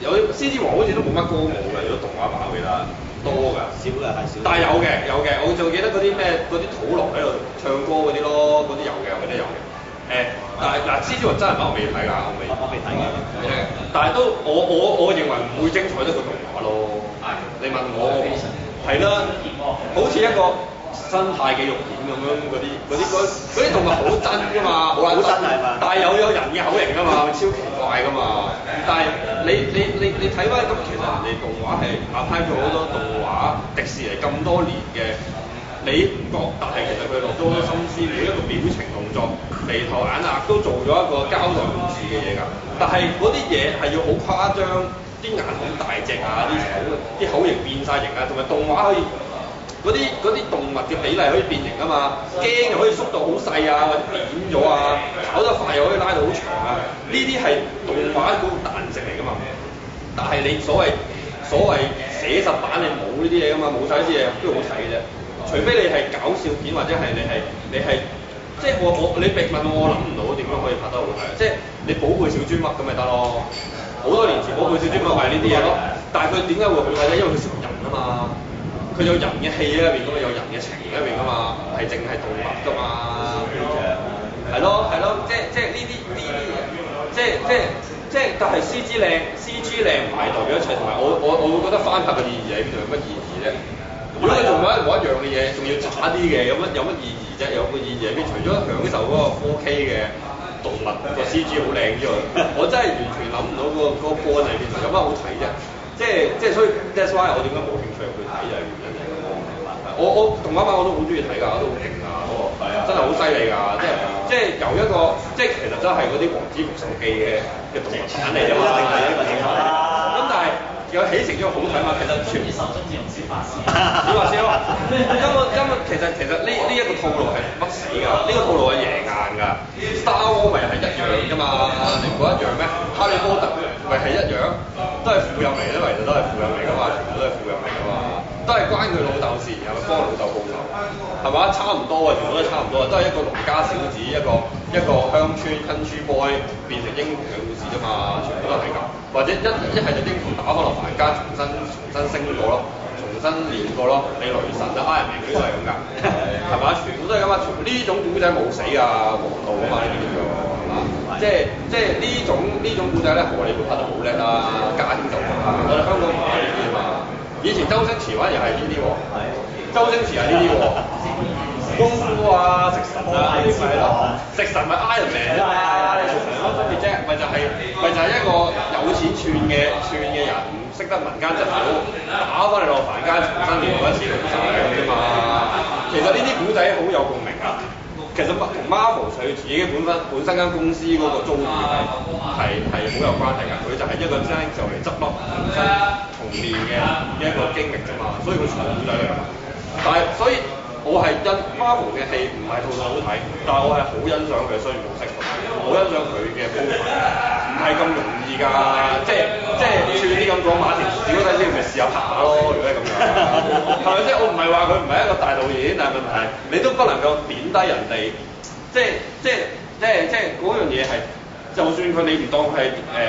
有獅子王好似都冇乜歌舞嘅，如果動畫版嘅啦，多㗎，少嘅，係少。但係有嘅有嘅，我就記得嗰啲咩嗰啲土狼喺度唱歌嗰啲咯，嗰啲有嘅，我記得有。有誒、欸，但係嗱，蜘蛛人真人版我未睇㗎，我未，我未睇嘅。啊、但係都，我我我認為唔會精彩得過動畫咯。係的，你問我，係啦，吧好似一個生態嘅肉片咁樣，嗰啲嗰啲啲動物好真㗎嘛，好真係嘛，的但係有有人嘅口型㗎嘛，超奇怪㗎嘛。但係你你你你睇翻咁，其實人哋動畫係拍咗好多動畫，迪士尼咁多年嘅。你覺得，但係其實佢落咗好多心思，每一個表情動作、眉頭眼額都做咗一個交代故事嘅嘢㗎。但係嗰啲嘢係要好誇張，啲眼好大隻啊，啲口、啲口型變曬型啊，同埋動畫可以嗰啲嗰啲動物嘅比例可以變形啊嘛，驚又可以縮到好細啊，或者扁咗啊，跑得快又可以拉到好長啊。呢啲係動畫嗰個彈性嚟㗎嘛。但係你所謂所謂寫實版你冇呢啲嘢㗎嘛，冇曬呢啲嘢，都好睇嘅啫。除非你係搞笑片，或者係你係你係，即係我我你逼問我我諗唔到點樣可以拍得好睇啊！的即係你寶貝小豬乜咁咪得咯？好多年前寶貝小豬咪係呢啲嘢咯。但係佢點解會好睇咧？因為佢似人啊嘛，佢有人嘅戲喺入面，咁啊有人嘅情喺入面啊嘛，唔係淨係動物㗎嘛。係咯的，係咯，即係即係呢啲呢啲，即係即係即係，但係 CG 靚，CG 靚唔係代表一切。同埋我我我會覺得翻拍嘅意義喺邊度？有乜意義咧？如果你仲一模一樣嘅嘢，仲要渣啲嘅，有乜有乜意義啫？有乜意義？你除咗享受嗰個 4K 嘅動物個 CG 好靚之外，我真係完全諗唔到、嗰個、嗰個過程其實有乜好睇啫！即係即係所以 That's why 我點解冇興趣去睇就係原因。我我動畫版我都好中意睇㗎，我都好勁㗎嗰個，真係好犀利㗎！即係即係由一個即係其實都係嗰啲王子復仇記嘅嘅動畫片嚟㗎嘛。佢起成張好睇嘛，其實。全手術字唔知話事，唔話事咯。因為因為其實 其實呢呢一個套路係唔死㗎，呢、這個套路係贏硬㗎。Star Wars 咪係一樣㗎嘛，你唔覺一樣咩？ 哈利波特咪係一樣，都係負入迷咯，咪就都係負入迷㗎嘛。全部都都係關佢老豆事，然後幫老豆報仇，係嘛？差唔多啊，全部都差唔多啊，都係一個農家小子，一個一個鄉村 country boy 變成英雄嘅故事啫嘛，全部都係咁。或者一一係就英雄打開落凡間重新重新升過咯，重新練過咯，你雷神啊，啊，人哋都係咁㗎，係嘛？全部都係咁啊，全部呢種古仔冇死啊，黃道啊嘛呢啲叫做嚇，即係即係呢種呢種古仔咧，荷里活拍到好叻啦，加啲手法啦。以前周星馳玩又係呢啲喎，周星馳係呢啲喎，功夫啊、食神啊，係咯，食神咪 Iron Man 啊，食神乜分別啫？咪 就係、係、咪就係一個有錢串嘅串嘅人，唔識得民間疾苦，打翻嚟落凡間，新年攞錢嚟耍嘅啫嘛。 其實呢啲古仔好有共鳴啊！其實同 Marvel 佢自己本身本身間公司嗰個宗旨係係係好有關係噶，佢就係一個聲就嚟執笠同同連嘅嘅一個經歷啫嘛，所以佢傳好犀利，但係所以。我係因 Marvel 嘅戲唔係套套好睇，但係我係好欣賞佢嘅商業模式，我欣賞佢嘅部分，唔係咁容易㗎，即係即係似啲咁講，馬田如果睇先，咪試下拍咯，如果係咁樣，係咪？ 即係我唔係話佢唔係一個大導演，但係問題係你都不能夠貶低人哋，即係即係即係即係嗰樣嘢係，就算佢你唔當佢係誒，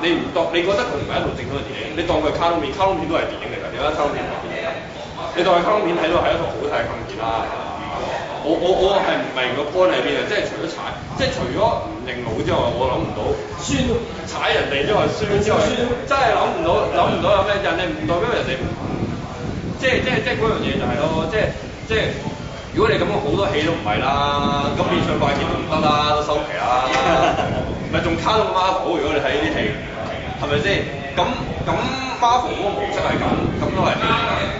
你唔當你覺得佢唔係一套正宗嘅電影，你當佢卡通片，卡通片都係電影嚟㗎，你覺得電影 你卡通片係咩啊？ 你當佢卡通片睇到係一套好睇嘅卡通片啦，啊，我我我係唔明個 point 喺邊啊？即係除咗踩，即係除咗唔認老之外，我諗唔到。輸了踩人哋之外，輸之外，了真係諗唔到諗唔、嗯、到有咩人哋唔代表人哋，即係即係即係嗰樣嘢就係咯，即係即係如果你咁講，好多戲都唔係啦，今年上快件都唔得啦，都收皮啦，咪仲 卡到個 master 如果你睇呢啲戲，係咪先？咁咁。Marvel 嗰個模式係咁，咁都係。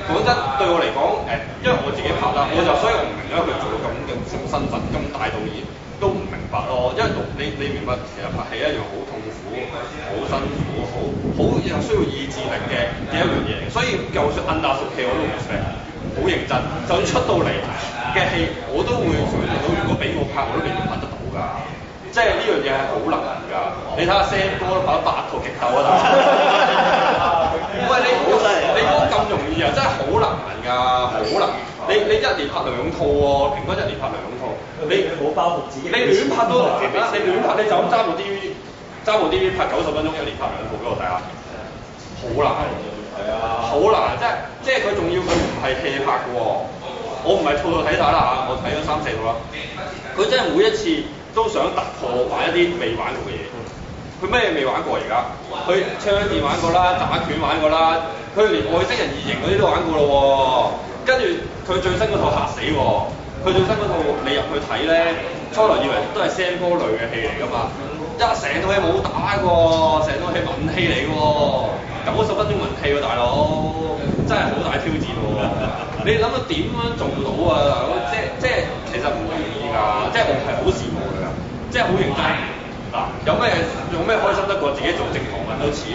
本身對我嚟講，誒，因為我自己拍啦，我就所以我唔明咧，佢做咁嘅身份、咁大導演都唔明白咯。因為讀你你明白，其實拍戲一樣好痛苦、好辛苦、好好又需要意志力嘅嘅一樣嘢。所以就算摁 n d e 戲我都唔識，好認真。就算出到嚟嘅戲，我都會做到。如果俾我拍，我都未必拍得到㗎。即係呢樣嘢係好難人㗎。哦、你睇下 Sam 哥都拍咗八套極鬥啊！哦 喂你，好犀利，你講咁容易啊！真係好難㗎，好難。你你一年拍兩套喎，平均一年拍兩套。你冇包袱紙，你亂拍都，你亂拍你就咁揸部 D V，揸部 D V 拍九十分鐘，一年拍兩套俾我睇下。好難，係啊，好難，真係，即係佢仲要佢唔係戲拍嘅喎。我唔係套套睇晒啦嚇，我睇咗三四套啦。佢真係每一次都想突破玩一啲未玩過嘅嘢。佢咩未玩過而家？佢槍戰玩過啦，打拳玩過啦，佢連外星人異形嗰啲都玩過咯喎。跟住佢最新嗰套嚇死喎！佢最新嗰套未入去睇咧，初來以為都係聲波類嘅戲嚟噶嘛，一成套戲冇打過，成套戲運氣嚟嘅喎，九十分鐘運氣喎大佬，真係好大挑戰喎！你諗下點樣做到啊？即即，即其實唔容易噶，即係我係好羨慕佢噶，即係好認真。嗱，有咩用咩開心得過自己做正堂揾到錢，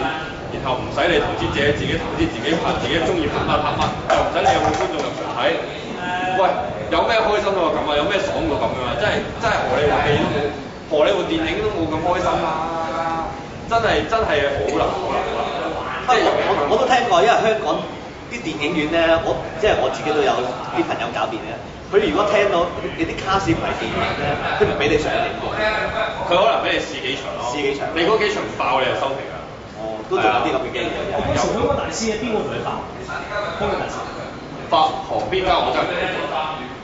然後唔使你投資者，自、自己投資自己拍，自己中意拍乜拍乜，又唔使你有冇觀眾入場睇。喂，有咩開心過咁啊？有咩爽過咁樣啊？真係真係荷里活部電荷里活部電影都冇咁開心啊！真係真係好難好難好難。難難我、我，我都聽過，因為香港啲電影院咧，我即係、就是，我自己都有啲朋友搞別嘅。佢如果聽到你啲卡士唔係點，佢唔俾你上嚟。佢、哦、可能俾你試幾場咯。試幾場？場你嗰幾場爆你就收皮啦。哦，都仲有啲咁嘅機會。有。嗰時、哦、大師嘅邊個同你爆？香港大師。發行邊家我真係唔記得。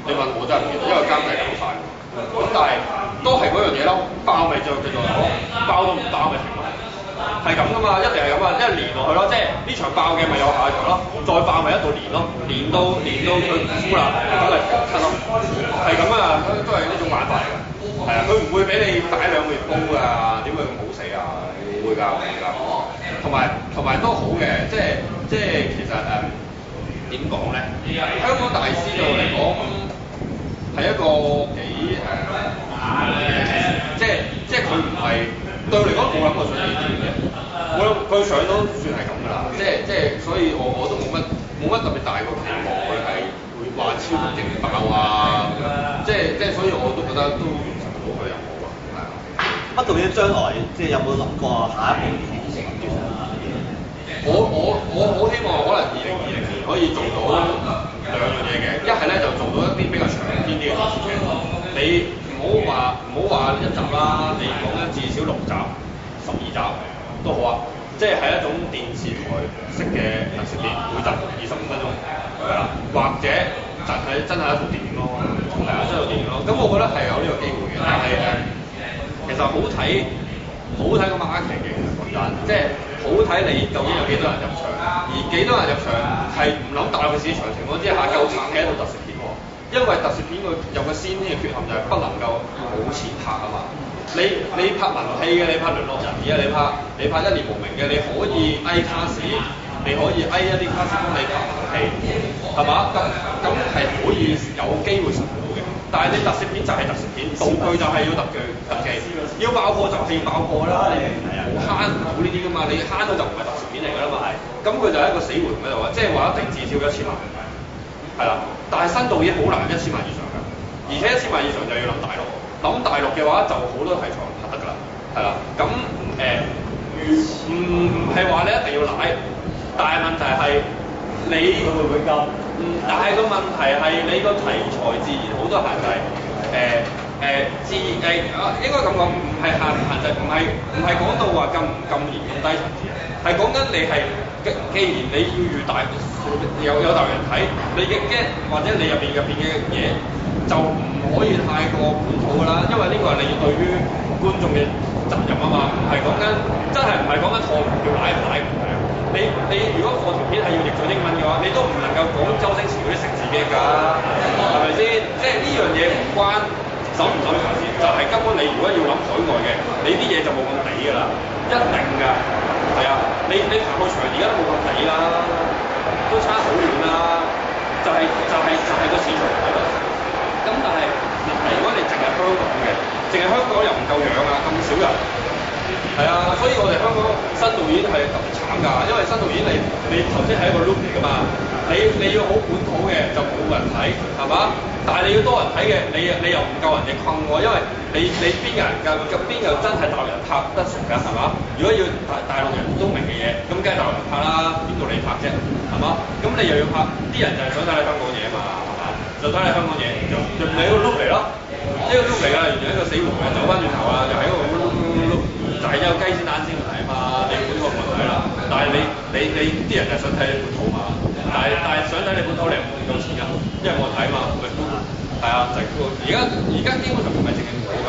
你問我真係唔記得，因為監製唔搞好咁，但係都係嗰樣嘢咯，爆咪就繼續講，包、這個、都唔包嘅情況。係咁噶嘛，一定係咁啊，一係連落去咯，即係呢場爆嘅咪有下場咯，再爆咪一度連咯，連到連到佢輸啦，梗係係咁啊，都都係呢種玩法嚟嘅，係啊、嗯，佢唔會俾你擺兩個月煲㗎，點會咁好死啊？唔會㗎，唔會㗎，同埋同埋都好嘅，即係即係其實誒點講咧？呃、呢香港大師道嚟講，係一個幾誒、uh, 即係即係佢唔係對我嚟講冇諗過上嚟嘅，我諗佢上到算係咁㗎啦，即係即係，所以我我都冇乜冇乜特別大個期望佢係會話超級勁爆啊， 即係即係，所以我都覺得都完成唔到佢任何啊。不對於將來即係有冇諗過下一遍？我我我好希望可能二零二零年可以做到兩樣嘢嘅，一係咧就做到一啲比較長篇啲嘅電視劇，你唔好話唔好話一集啦，你講一至少六集、十二集都好啊，即係一種電視台式嘅特色片，每集二十五分鐘，或者就係真係一部電影咯，真係一部電影咯，咁我覺得係有呢個機會嘅，但係其實好睇好睇個 market。即係好睇你究竟有幾多人入場，而幾多人入場係唔諗大陸嘅市場情況之下夠撐嘅一套特攝片喎。因為特攝片佢有個先天嘅缺陷就係不能夠冇錢拍啊嘛。你你拍文戲嘅，你拍淪落人嘅，你拍，你拍，你，拍你拍一年無名嘅，你可以 A 卡士，你可以 A 一啲卡士幫你拍文戲，係嘛？咁咁係可以有機會。但係你特色片就係特色片，道具就係要特技，特技要爆破就係要爆破啦， 你明唔明啊？慳唔到呢啲噶嘛，你慳到就唔係特色片嚟噶啦嘛係，咁佢的就係一個死活唔喺度啊，即係話一定至少一千萬，係啦。但係新導演好難一千萬以上㗎，而且一千萬以上就要諗大陸，諗大陸嘅話就好多題材拍得㗎啦，係啦。咁誒唔係話你一定要奶，但係問題係。你會唔會禁？嗯，但係個問題係你個題材自然好多限制，誒、呃。誒、呃，自誒啊、呃，應該咁講，唔係限唔限制，唔係唔係講到話咁咁嚴重低層次，係講緊你係既，既然你要遇大有有大眾睇，你嘅 gag 或者你入邊入邊嘅嘢就唔可以太過本土㗎啦，因為呢個係你對於觀眾嘅責任啊嘛，唔係講緊真係唔係講緊放條奶唔奶唔奶啊！你你如果放條片係要譯做英文嘅話，你都唔能夠講周星馳啲食字嘅㗎，係咪先？吧即係呢樣嘢唔關。走唔走呢個就係根本你如果要諗海外嘅，你啲嘢就冇咁抵㗎啦，一定㗎，係啊，你你行到長而家都冇咁抵啦，都差好遠啦，就係就係就係個市場嚟啦，咁但係，如果你淨係香港嘅，淨係香港又唔夠養啊，咁少人。係啊，所以我哋香港新導演係特別慘㗎，因為新導演嚟，你頭先係一個 loop 嚟㗎嘛，你你要好本土嘅就冇人睇，係嘛？但係你要多人睇嘅，你你又唔夠人哋困喎，啊，因為你你邊有人㗎？咁邊又真係大陸人拍得成㗎，係嘛？如果要大大陸人都明嘅嘢，咁梗係大陸人拍啦，邊度你拍啫，係嘛？咁你又要拍啲人就係想睇你香港嘢啊嘛，係嘛？就睇你香港嘢，就入嚟一個 loop 嚟咯，這個一，個就是，一個 loop 嚟㗎，完全一個死 loop 走翻轉頭啊，又喺嗰個係有雞子蛋先睇嘛，你本土團隊啦，但係你你你啲人就係想睇你本土嘛，但係但係想睇你本土，你有冇見到錢㗎？因為冇人睇嘛。係啊，就係嗰個，而家而家基本上唔係淨係冇㗎，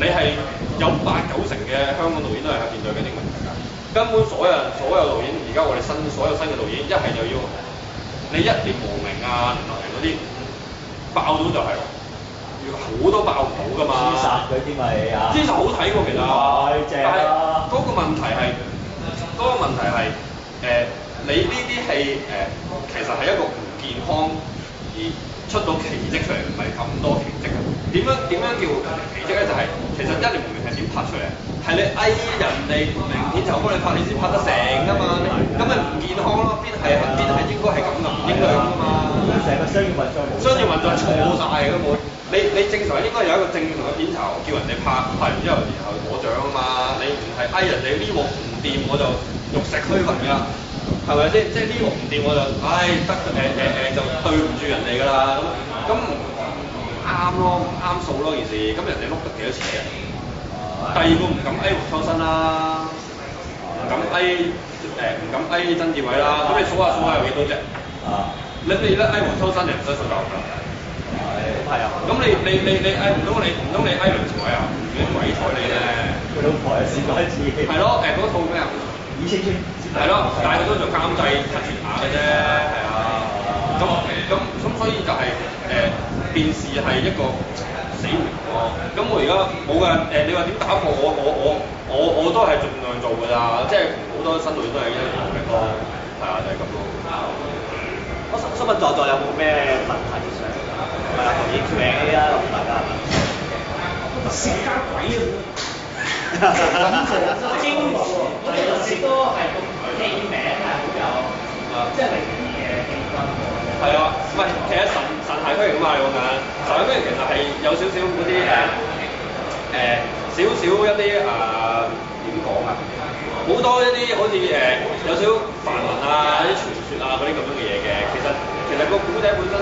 你係有八九成嘅香港導演都係喺面對緊啲問題㗎，根本所有人所有導演，而家我哋新所有新嘅導演，一係就要你一連無名啊，連落嗰啲爆咗就係啦。好多爆肚噶嘛，黐殺佢啲咪啊，黐殺好睇喎，其實，太正啦。但係嗰個問題係，嗰個問題係，你呢啲係誒，其實係一個唔健康而出到奇蹟出嚟，唔係咁多奇蹟啊。點樣點樣叫奇蹟咧？就係其實一年年係點拍出嚟？係你偽人哋名片就幫你拍，你先拍得成噶嘛？咁咪唔健康咯，邊係邊係應該係咁噶？唔應該咁噶嘛。咁成個商業運作，商業運作錯晒啊！我。你你正常應該有一個正常嘅片酬，叫人哋拍拍完之後然後攞獎啊嘛，你唔係誒人哋呢鑊唔掂我就玉石俱焚㗎，係咪先？即係呢鑊唔掂我就，唉、哎、得誒誒誒就對唔住人哋㗎啦，咁咁啱咯，啱數咯件事，咁人哋碌得幾多錢啊？第二個唔敢哀黃秋生啦，唔敢誒唔、呃、敢誒曾志偉啦，咁你數下數下有幾多隻？啊，你你你哀黃秋生你唔使數就夠。係 啊，咁、哎、你、嗯、你你你誒唔通你唔通你誒亂裁啊？唔鬼睬你咧，佢老婆係蝕底自己。係、嗯、咯，誒嗰套咩啊？意識先。係咯，但係佢都做監製拍攝下嘅啫，係啊。咁咁咁，所以就係誒電視係一個死胡同。哦、嗯。咁我而家冇㗎，誒你話點打破我我我我我都係盡量做㗎啦，即係好多新女都係一樣嘅。係啊，就係咁咯。我想問在座有冇咩問題想問啊？同意提名 A 啦，咁大家家鬼啊！我喎，我哋就最多係名係好有，啊，即係靈異嘅氣氛喎。係啊，唔係其實神神骸軀形啊嘛，我講緊神骸軀形其實係有少少啲誒。誒少少一啲啊點講啊，好多一啲好似誒有少範文啊，有啲傳說啊，嗰啲咁樣嘅嘢嘅，其實其實個古仔本身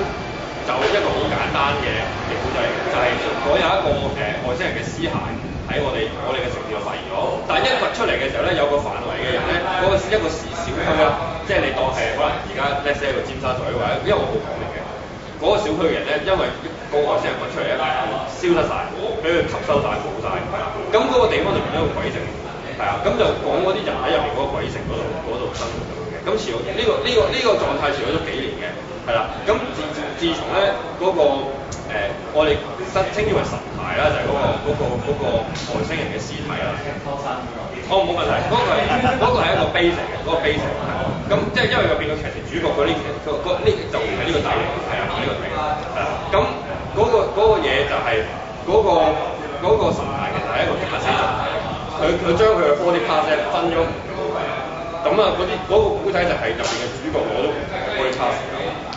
就一個好簡單嘅嘅古仔，就係、是、我有一個誒、呃、外星人嘅屍骸喺我哋我哋嘅城市度發現咗，但係一掘出嚟嘅時候咧，有個範圍嘅人咧嗰、那個一個時小區啊，即係你當係可能而家，l e s 個尖沙咀或者呢個。因為我嗰個小區嘅人咧，因為個外星人滾出嚟咧，消失晒，俾佢吸收晒，冇晒。咁嗰個地方就變咗個鬼城，係啊，咁的就講嗰啲人喺入面嗰個鬼城嗰度，度生活嘅。咁前呢個呢、呢個呢、呢個呢個狀態持續咗幾年嘅，係啦。咁自自，自從咧嗰、嗰個。誒、呃，我哋稱之為神骸啦，就係、是、嗰、那個、嗰、那個那個、外星人嘅屍體啦。康、哦、冇問題，嗰個係嗰 一個 basic 嘅，嗰、那個 basic。咁即係因為佢變到其實主角嗰啲，嗰個呢就係呢個底嚟，係啊，呢的、那個底。係咁嗰個嘢就係、是、嗰、那個那個神骸其實係一個假死神骸，佢佢將佢嘅 body parts 分咗。咁、那、啊、個，嗰啲嗰個 body 就係入邊嘅主角我都可以差時間。那個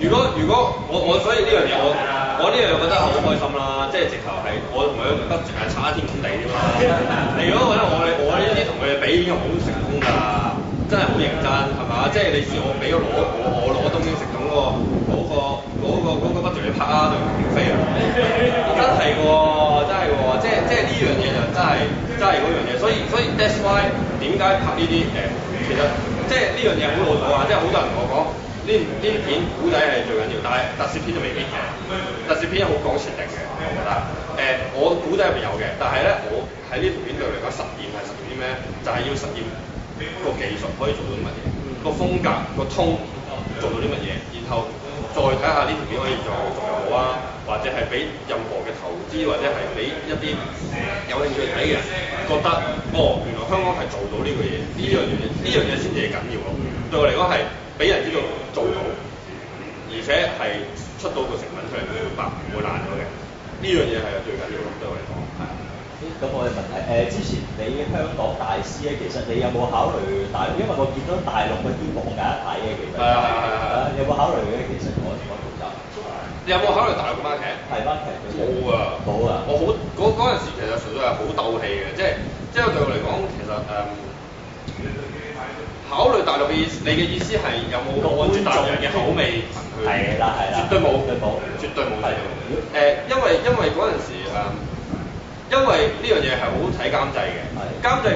如果如果我我所以呢樣嘢我我呢樣嘢覺得好開心啦、啊，即係直頭係我同佢不筆直係差天共地啫嘛。如果覺得我我呢啲同佢比已經好成功㗎，真係好認真係咪？即係你試我比咗攞，我我攞到啲石桶喎，嗰、嗰個嗰、嗰個嗰、嗰個筆直、嗰個、拍啊對唔住飛啊！真係喎、哦、真係喎、哦，即係即係呢樣嘢就真係真係嗰樣嘢，所以所以 that's why 點解拍呢啲誒，其實即係呢樣嘢好老土啊，即係好多人同我講。呢啲片古仔係最緊要，但係特攝片就未必嘅。特攝片好講設定嘅，我覺得。誒、呃，我古仔入邊有嘅，但係咧，我喺呢條片度嚟講，實驗係實驗啲咩？就係、是、要實驗個技術可以做到啲乜嘢，個、嗯、風格個通做到啲乜嘢，然後再睇下呢條片可以做做唔好啊，或者係俾任何嘅投資或者係俾一啲有興趣睇嘅人覺得，哦，原來香港係做到呢個嘢，呢樣嘢呢樣嘢先至係緊要咯。對我嚟講係。俾人知道做到，而且係出到個成品出嚟，百唔會,會爛咗嘅。呢樣嘢係最緊要對我嚟講。係。咁我哋問題，誒、呃、之前你香港大師咧，其實你有冇考慮大陸？因為我見到大陸嘅啲網咖大嘅幾多。係係係係。有冇考慮咧？其實我哋點樣做你有冇考慮大陸嘅番茄？係番茄。冇啊！冇啊！我好嗰嗰陣時其，其實純粹係好鬥氣嘅，即係即係對我嚟講，其實誒。 考慮大陸嘅意思，你嘅意思係有冇尊住大陸人嘅口味？係啦，係啦，絕對冇，絕對冇。誒，因為因為嗰陣時因為呢樣嘢係好睇監製嘅的，監製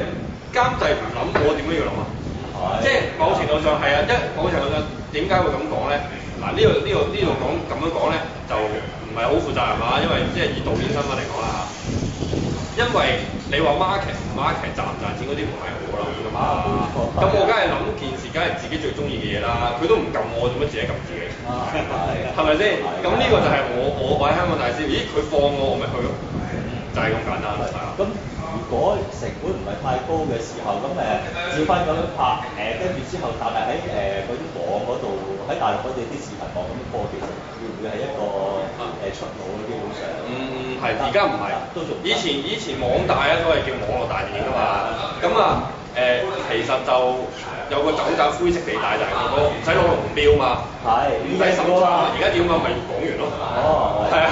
監製唔諗，我點解要諗啊？即係某程度上係啊，的一某程度上，點解會咁講咧？嗱、啊，這個這個這個、呢度呢度呢度講咁樣講咧，就唔係好負責任啊，因為即係以導演身份嚟講啦嚇。因為你話 market market 賺唔賺錢嗰啲唔係我諗啦，咁我梗係諗件事，梗係自己最中意嘅嘢啦。佢都唔撳我，做乜自己撳自己？係咪先？咁呢個就係我我擺喺香港大師。咦，佢放我，我咪去咯，就係咁簡單。咁如果成本唔係太高嘅時候，咁誒照翻咁樣拍誒，跟住之後，但係喺誒嗰啲網嗰度，喺大陸嗰度啲視頻網咁播完，會唔會係一個誒出路？基本上。係，而家唔係。都以前以前網大咧都係叫網絡大電影噶嘛。咁啊，誒、呃，其實就有個酒盞灰色地帶就係冇、那個，唔使攞龍標嘛。係。唔使審查。而家點解啊？咪講完咯。哦。係啊。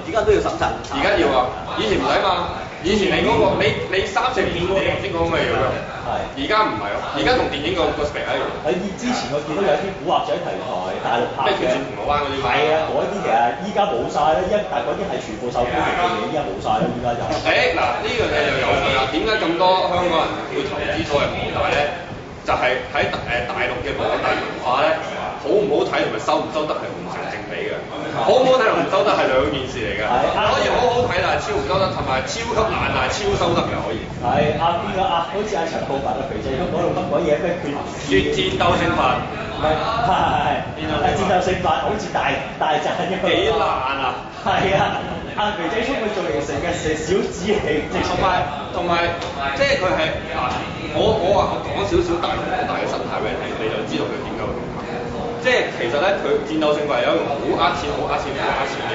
而家都要審查。而家要啊。以前唔使嘛。以前你嗰個，你你三四年前你頭先講咁嘅樣，係，而家唔係咯，而家同電影個個 setting 一樣。係，之前我見到有啲古惑仔題材，大陸拍嘅，即係橋仔、銅鑼灣嗰啲拍。係啊，嗰啲其實依家冇晒啦，依家但係嗰啲係全部受歡迎嘅嘢，依家冇晒啦，依家就。誒，嗱呢樣嘢就有。係啊，點解咁多香港人會投資咗入恒大咧？就係喺誒大陸嘅某個大文化咧，好唔好睇同埋收唔收得係唔成正比嘅。好唔好睇同唔收得係兩件事嚟嘅。係可以好好睇但超唔收得，同埋超級爛但超收得嘅可以。係阿邊個啊？好似阿陳浩白嘅肥仔，咁講到乜鬼嘢咩決決戰鬥勝法，係戰鬥勝法，好似大大賺咁。幾爛啊！係啊！阿肥仔出佢做嘢成嘅，成小子氣，同埋同埋即係佢係，我我話我講少少大嘅大嘅生態背景，你就知道佢點解會咁。即係其實咧，佢戰鬥性佛係有一個好呃錢、好呃錢、好呃錢嘅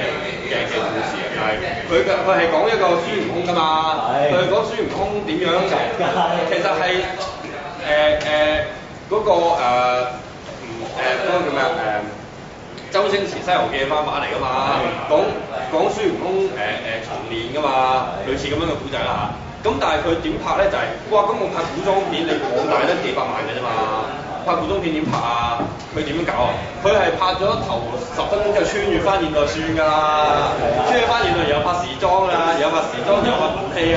嘅嘅故事嘅，但佢嘅佢係講一個孫悟空噶嘛，佢係講孫悟空點樣，其實係誒誒嗰個誒誒嗰個叫咩誒？呃那個周星馳《西遊記》翻版嚟噶嘛，講講孫悟空誒誒重練噶嘛，類似咁樣嘅古仔啦嚇。咁但係佢點拍咧？就係、是，哇！咁我拍古裝片，你好大得幾百萬嘅啫嘛。拍古裝片點拍啊？佢點樣搞啊？佢係拍咗頭十分鐘之後穿越翻現代算㗎，啊、穿越翻現代又拍時裝啊，又拍時裝、啊、又拍武戲啊。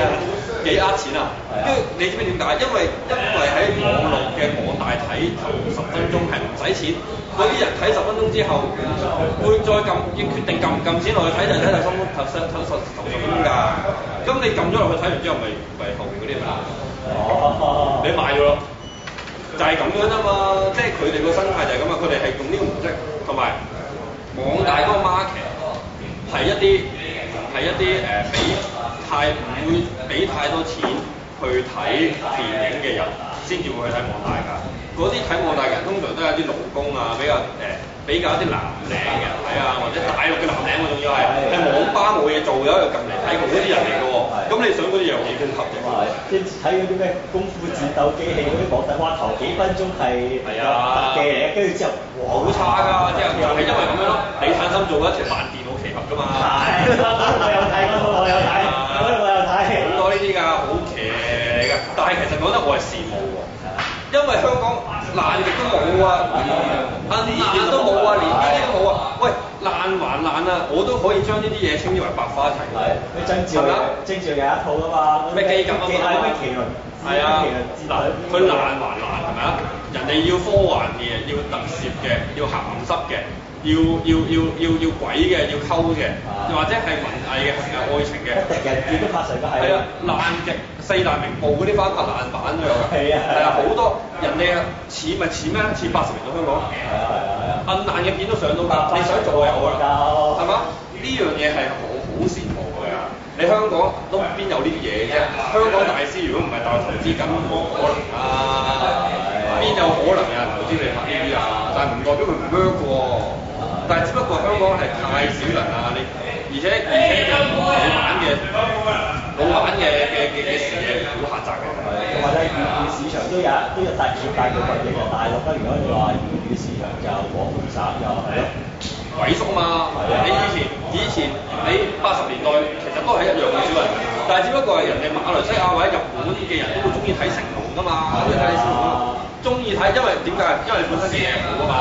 幾呃錢啊？因為你知唔知點解？因為因為喺網絡嘅網大睇頭十分鐘係唔使錢，嗰啲人睇十分鐘之後，會再撳要決定撳唔撳錢落去睇定睇睇十分、十十十分鐘㗎。咁你撳咗落去睇完之後，咪咪後面嗰啲咪，哦，你買咗咯，就係咁樣啫嘛。即係佢哋個生態就係咁啊。佢哋係用呢個模式，同埋網大嗰個 market 係一啲。係一啲誒俾太唔會俾太多錢去睇電影嘅人先至會去睇網大㗎。嗰啲睇網大嘅人通常都係一啲勞工啊，比較誒比較一啲藍領嘅睇啊，或者大陸嘅藍領喎，仲要係喺網吧冇嘢做嘅一個近嚟睇網嗰啲人嚟㗎喎。係。咁你想嗰啲遊戲都合點啊？即係睇嗰啲咩功夫戰鬥機器嗰啲網大，哇頭幾分鐘係係啊特技嚟嘅，跟住之後好差㗎，即係又係因為咁樣咯，底薪深做嘅就慢點。㗎嘛，我有睇我有睇，我有睇。好多呢啲㗎，好邪㗎，但係其實我覺得我係羨慕喎，因為香港爛極都冇啊，爛都冇啊，連呢啲都冇啊。喂，爛還爛啊，我都可以將呢啲嘢稱之為百花齊開。佢正照，正 照樂有一套啊嘛。咩機甲啊？咩奇係啊，佢爛，爛還爛係咪啊？人哋要科幻嘅，要特攝嘅，要鹹濕嘅。要要要要要鬼嘅，要溝嘅，又或者係文藝嘅，係啊愛情嘅，一定嘅，都拍成嘅係啊爛極，四大名捕嗰啲翻拍爛版都有嘅，係啊係啊，好多，人哋啊，似咪似咩？似八十年代香港，係啊係啊係啊，暗爛嘅片都上到架，你想做又啊，啦，夠，係嘛？呢樣嘢係好好羨慕佢啊。你香港都邊有呢啲嘢啫？香港大師如果唔係大投資噉冇可能啊。邊有可能有人投資嚟拍呢啲啊？但係唔代表佢唔 work 過，但係只不過香港係太少人啦。你而且而且冇玩嘅冇玩嘅嘅嘅嘅嘢好狹窄嘅，係又或者粵語市場都有都有，但係絕大部分嘅大陸嗰種話粵語市場就廣東省又係咯，萎縮啊嘛！你以前以前你八十年代其實都係一樣嘅少人，但係只不過係人哋馬來西亞或者日本嘅人都會中意睇成龍㗎嘛，中意睇成龍。中意睇，因為點解？因為你本身嘢好啊嘛，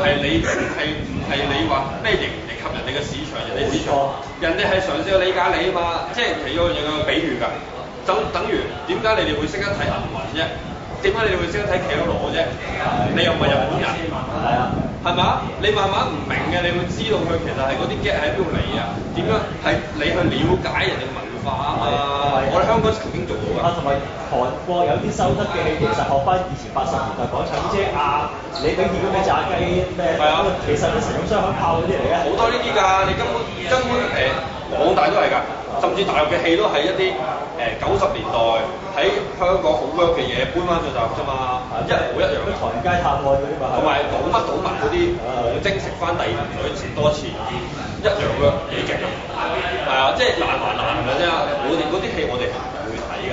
係你係唔係你話咩型嚟吸人哋嘅市場？人哋市場，人哋係嘗試去理解你啊嘛，即係其中有一個比喻㗎。就等於點解你哋會識得睇銀魂啫？點解你哋會識得睇騎樓嘅啫？你又唔係日本人，係啊，係嘛？你慢慢唔明嘅，你會知道佢其實係嗰啲 get 係喺邊度嚟啊？點樣係你去了解人哋嘅文化？係係，係哇，我哋香港曾經做到啊！同埋韓國有啲收得嘅戲。其實學翻以前八十年代港產啫，啊，你炳憲嗰啲咩炸雞咩？係啊，對其實你成日用雙響炮嗰啲嚟嘅。好多呢啲噶。你根本根本誒。廣大都係㗎，甚至大陸嘅戲都係一啲誒九十年代喺香港好 work 嘅嘢搬翻上大陸啫嘛，一模一樣嘅。唐人街探案嗰啲嘛，同埋賭乜賭物嗰啲，黃精食翻第二嘴，賺多次，一樣嘅幾勁啊！係啊，即係難還難㗎啫。我哋嗰啲戲我哋唔會睇㗎，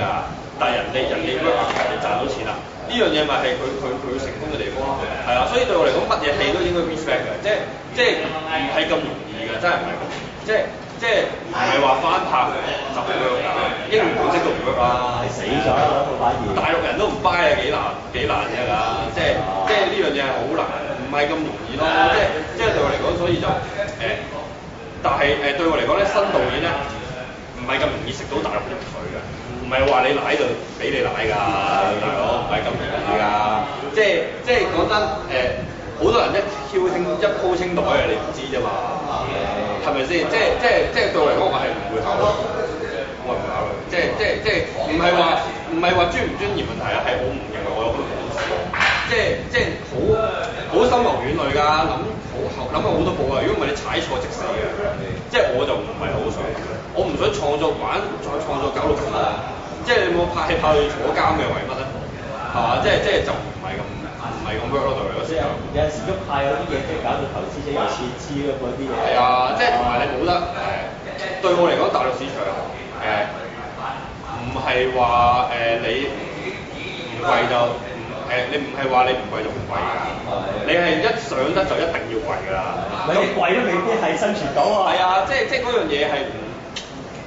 但係人哋人哋 work 係賺到錢啦。呢樣嘢咪係佢佢佢成功嘅地方咯。係啊，所以對我嚟講，乜嘢戲都應該 respect 嘅，即係即係唔係咁容易㗎，真係唔係？即係。即係唔係話翻拍就咁樣，英文本身都唔得啦，啊、死咗。 大陸人都唔 buy 啊，幾難幾難啫㗎。即係即係呢樣嘢係好難，唔係咁容易咯。即係即係對我嚟講，所以就誒、欸，但係誒對我嚟講咧，新導演咧，唔係咁容易食到大陸肉的腿㗎，唔係話你奶就俾你奶㗎， 大佬唔係咁容易㗎。即係即係講真。誒、欸。好多人一挑清一鋪清袋啊！你唔知啫嘛，係咪先？即即即對我嚟講，我係唔會考慮，我係唔考慮。即即即唔係話唔係話專唔專業問題啊！係我唔認為我有咁嘅本事，即即好好深謀遠慮㗎，諗好後諗好多步㗎。如果唔係你踩錯即死嘅，即我就唔係好想，我唔想創作玩再創作搞到咁。即即你冇派派去坐監嘅為乜咧？係嘛？即即就唔係咁。唔係咁樣咯，同埋我先有。有陣時都派嗰啲嘢，就搞到投資者又設置嗰啲嘢。係啊，嗯、啊即係同埋你冇得、呃。對我嚟講，大陸市場誒，唔係話誒你唔貴就誒、呃，你唔係話你唔貴就唔貴㗎、啊。你係一上得就一定要貴㗎啦。咁貴都未必係生存到啊。係啊，啊，即係即係嗰樣嘢係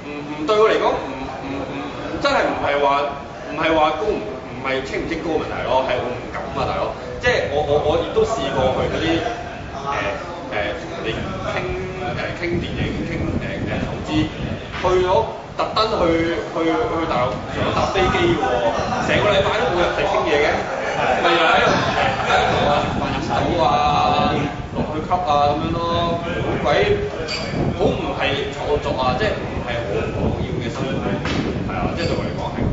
唔唔唔對我嚟講，唔唔唔真係唔係話唔係話供唔係清唔清高嘅問題咯，係我唔敢、呃呃呃呃、啊，大佬。即係我我我亦都試過去嗰啲誒誒，你傾誒傾電影傾誒誒投資，去咗特登去去去大陸，仲要搭飛機嘅喎，成個禮拜都冇入嚟傾嘢嘅，咪又喺喺度啊，飲酒啊，落去吸啊咁樣咯，好鬼好唔係創作啊，即係唔係我我要嘅生活係啊，即係對我嚟講係。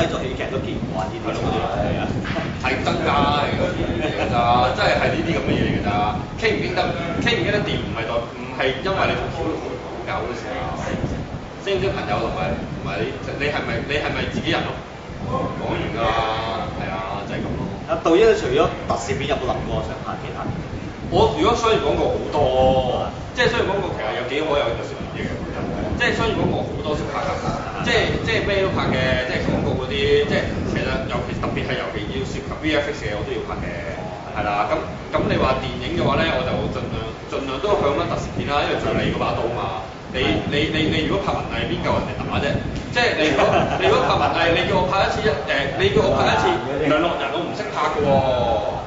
睇咗戲劇都見唔慣啲台龍啊！係啊，係增加嚟㗎真係，係呢啲咁嘅嘢其實。傾唔傾得，傾唔傾得掂，唔係在，唔係因為你同小龍好狗嘅時候，識唔識朋友？同埋同埋你，你係咪你係咪自己人咯？講完啦，係啊，就係咁咯。阿導演，你除咗特攝片有冇諗過想拍其他？我如果商業廣告好多，即係商業廣告其實有幾可有有特攝嘢嘅，即係商業廣告好多識拍嘅，即係即係咩都拍嘅，即係廣告嗰啲，即係其實尤其特別係尤其要涉及 VFX 嘅我都要拍嘅，係啦、哦，咁咁你話電影嘅話咧，我就盡量盡量都向乜特攝片啦，因為最尾嗰把刀嘛，你的你你你如果拍文藝邊夠人哋打啫，即係你如果 你如果拍文藝，你叫我拍一次誒、呃，你叫我拍一次兩個人我唔識拍嘅喎。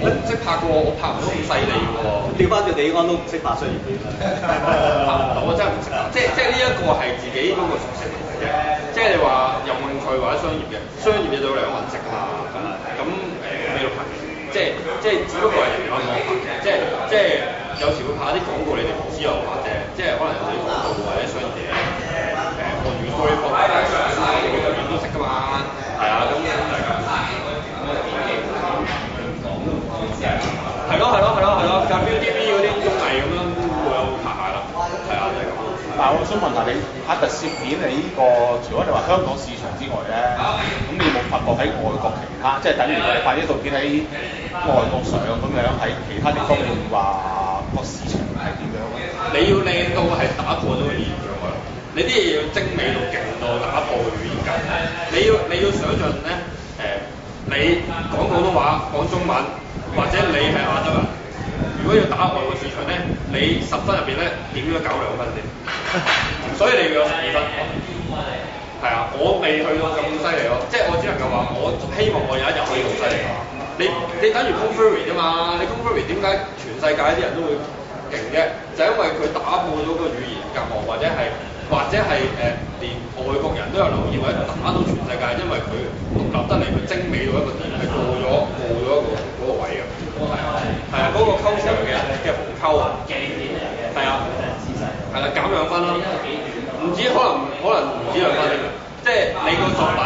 我我你唔識拍嘅我，拍唔到咁犀利嘅喎。調翻轉個地方都唔識拍商業片 拍唔到，我真係唔識拍即。即即呢一個係自己嗰個熟悉嘅。即你話有興趣或者商業嘅，商業嘅就嚟我揾食啊。咁咁誒未錄屏，即即只不過係如果我拍，即即有時會拍一啲廣告，你哋唔知有冇拍，即即可能有啲廣告或者商業嘅。按、呃、住 storyboard、啊啊啊啊架 B D B 嗰啲綜藝咁樣會有拍下啦，係啊，就係咁。但係我想問下你拍特攝片你呢、呢個，除咗你話香港市場之外咧，咁、啊、你有冇發覺喺外國其他，啊、即係等於你拍啲圖片喺外國上咁樣，喺其他地方面話個市場係點樣你你？你要靚到係打破咗現象啊！你啲嘢要精美到勁到打破個現今。你要像呢、欸、你要想像咧，誒，你講廣東話講中文，嗯、或者你係亞洲人。嗯啊如果要打入外國市場咧，你十分入邊咧點都搞兩分先，所以你要有十二分。係啊，我未去到咁犀利咯，即係我只能夠話我希望我有一日可以咁犀利。你你等於 conferry 啫嘛，你 conferry 點解全世界啲人都會勁嘅？就因為佢打破咗個語言隔膜或者係。或者係誒、呃，連外國人都有留意，或者打到全世界，因為佢獨立得嚟，佢精美到一個點，係過咗過咗一個嗰個位㗎。係啊，嗰個溝長嘅嘅紅溝啊。係、啊、啊，係啦、啊，減兩分啦。唔止可能可能唔止兩分，即係你個作品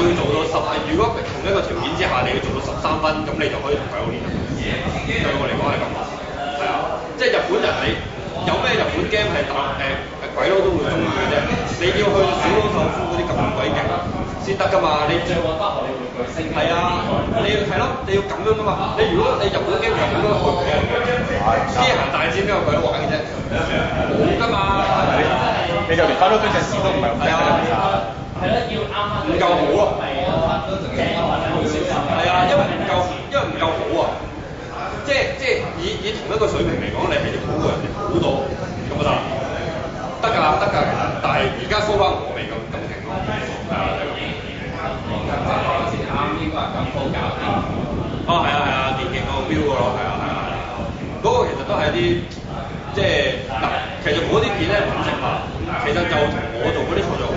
要做到十，如果同一個條件之下，你要做到十三分，咁你就可以攞到年啦。對 Yeah, yeah, 我嚟講係咁啊。係啊，即係日本人，你有咩日本 game 係打誒？欸鬼佬都會中意嘅啫，你要去小老豆夫嗰啲咁鬼勁先得㗎嘛！你就話你會去？係啊，你係咯，你要咁樣㗎嘛！你如果你入到機場咁多台機，機械大戰邊個鬼玩嘅啫？冇㗎嘛！你就連翻到一隻屎都唔係好得。係咯，要啱啱。唔夠好啊。係啊，因為唔夠，因為唔夠好啊！即即以以同一個水平嚟講，你係要好過人哋好多，明得。得㗎，得㗎，但係而家收翻，我未夠感情咯。啊，就係。啱啱先啱啱應該係咁好搞哦，係啊，係啊，年勁嗰個標個咯，係啊、嗯。嗰個其實都係啲，即係嗱，其實啲片咧唔值嘛。其實就同我做嗰啲創作。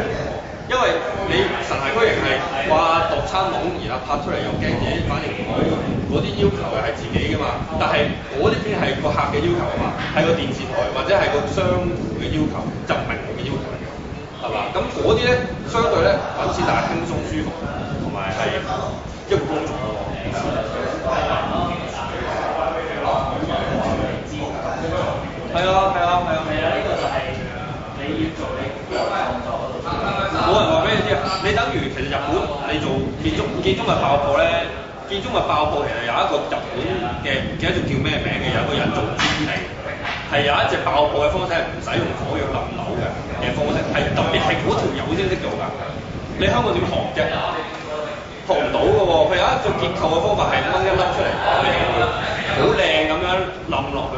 你神骸軀形，居然係話獨餐懵，而啊拍出嚟又驚嘢，反應正嗰啲要求係自己噶嘛。但係嗰啲邊係個客嘅要求啊嘛，係 個電視台或者係個商戶嘅要求，就唔係我嘅要求嚟嘅，係嘛吧？咁嗰啲咧，相對咧揾錢但係輕鬆舒服，同埋係一個工作咯。係啊，係啊。你等於其實日本你做建築，建築物爆破咧，建築物爆、爆破其實有一個日本嘅唔記得仲叫咩名嘅有一個人做專利，係有一隻爆破嘅方式係唔使用火藥冧樓嘅嘅方式，係特別係嗰條友先識做㗎。你香港點學啫？學唔到嘅喎，哦。佢有一種結構嘅方法係掹一粒出嚟，好靚咁樣冧落去。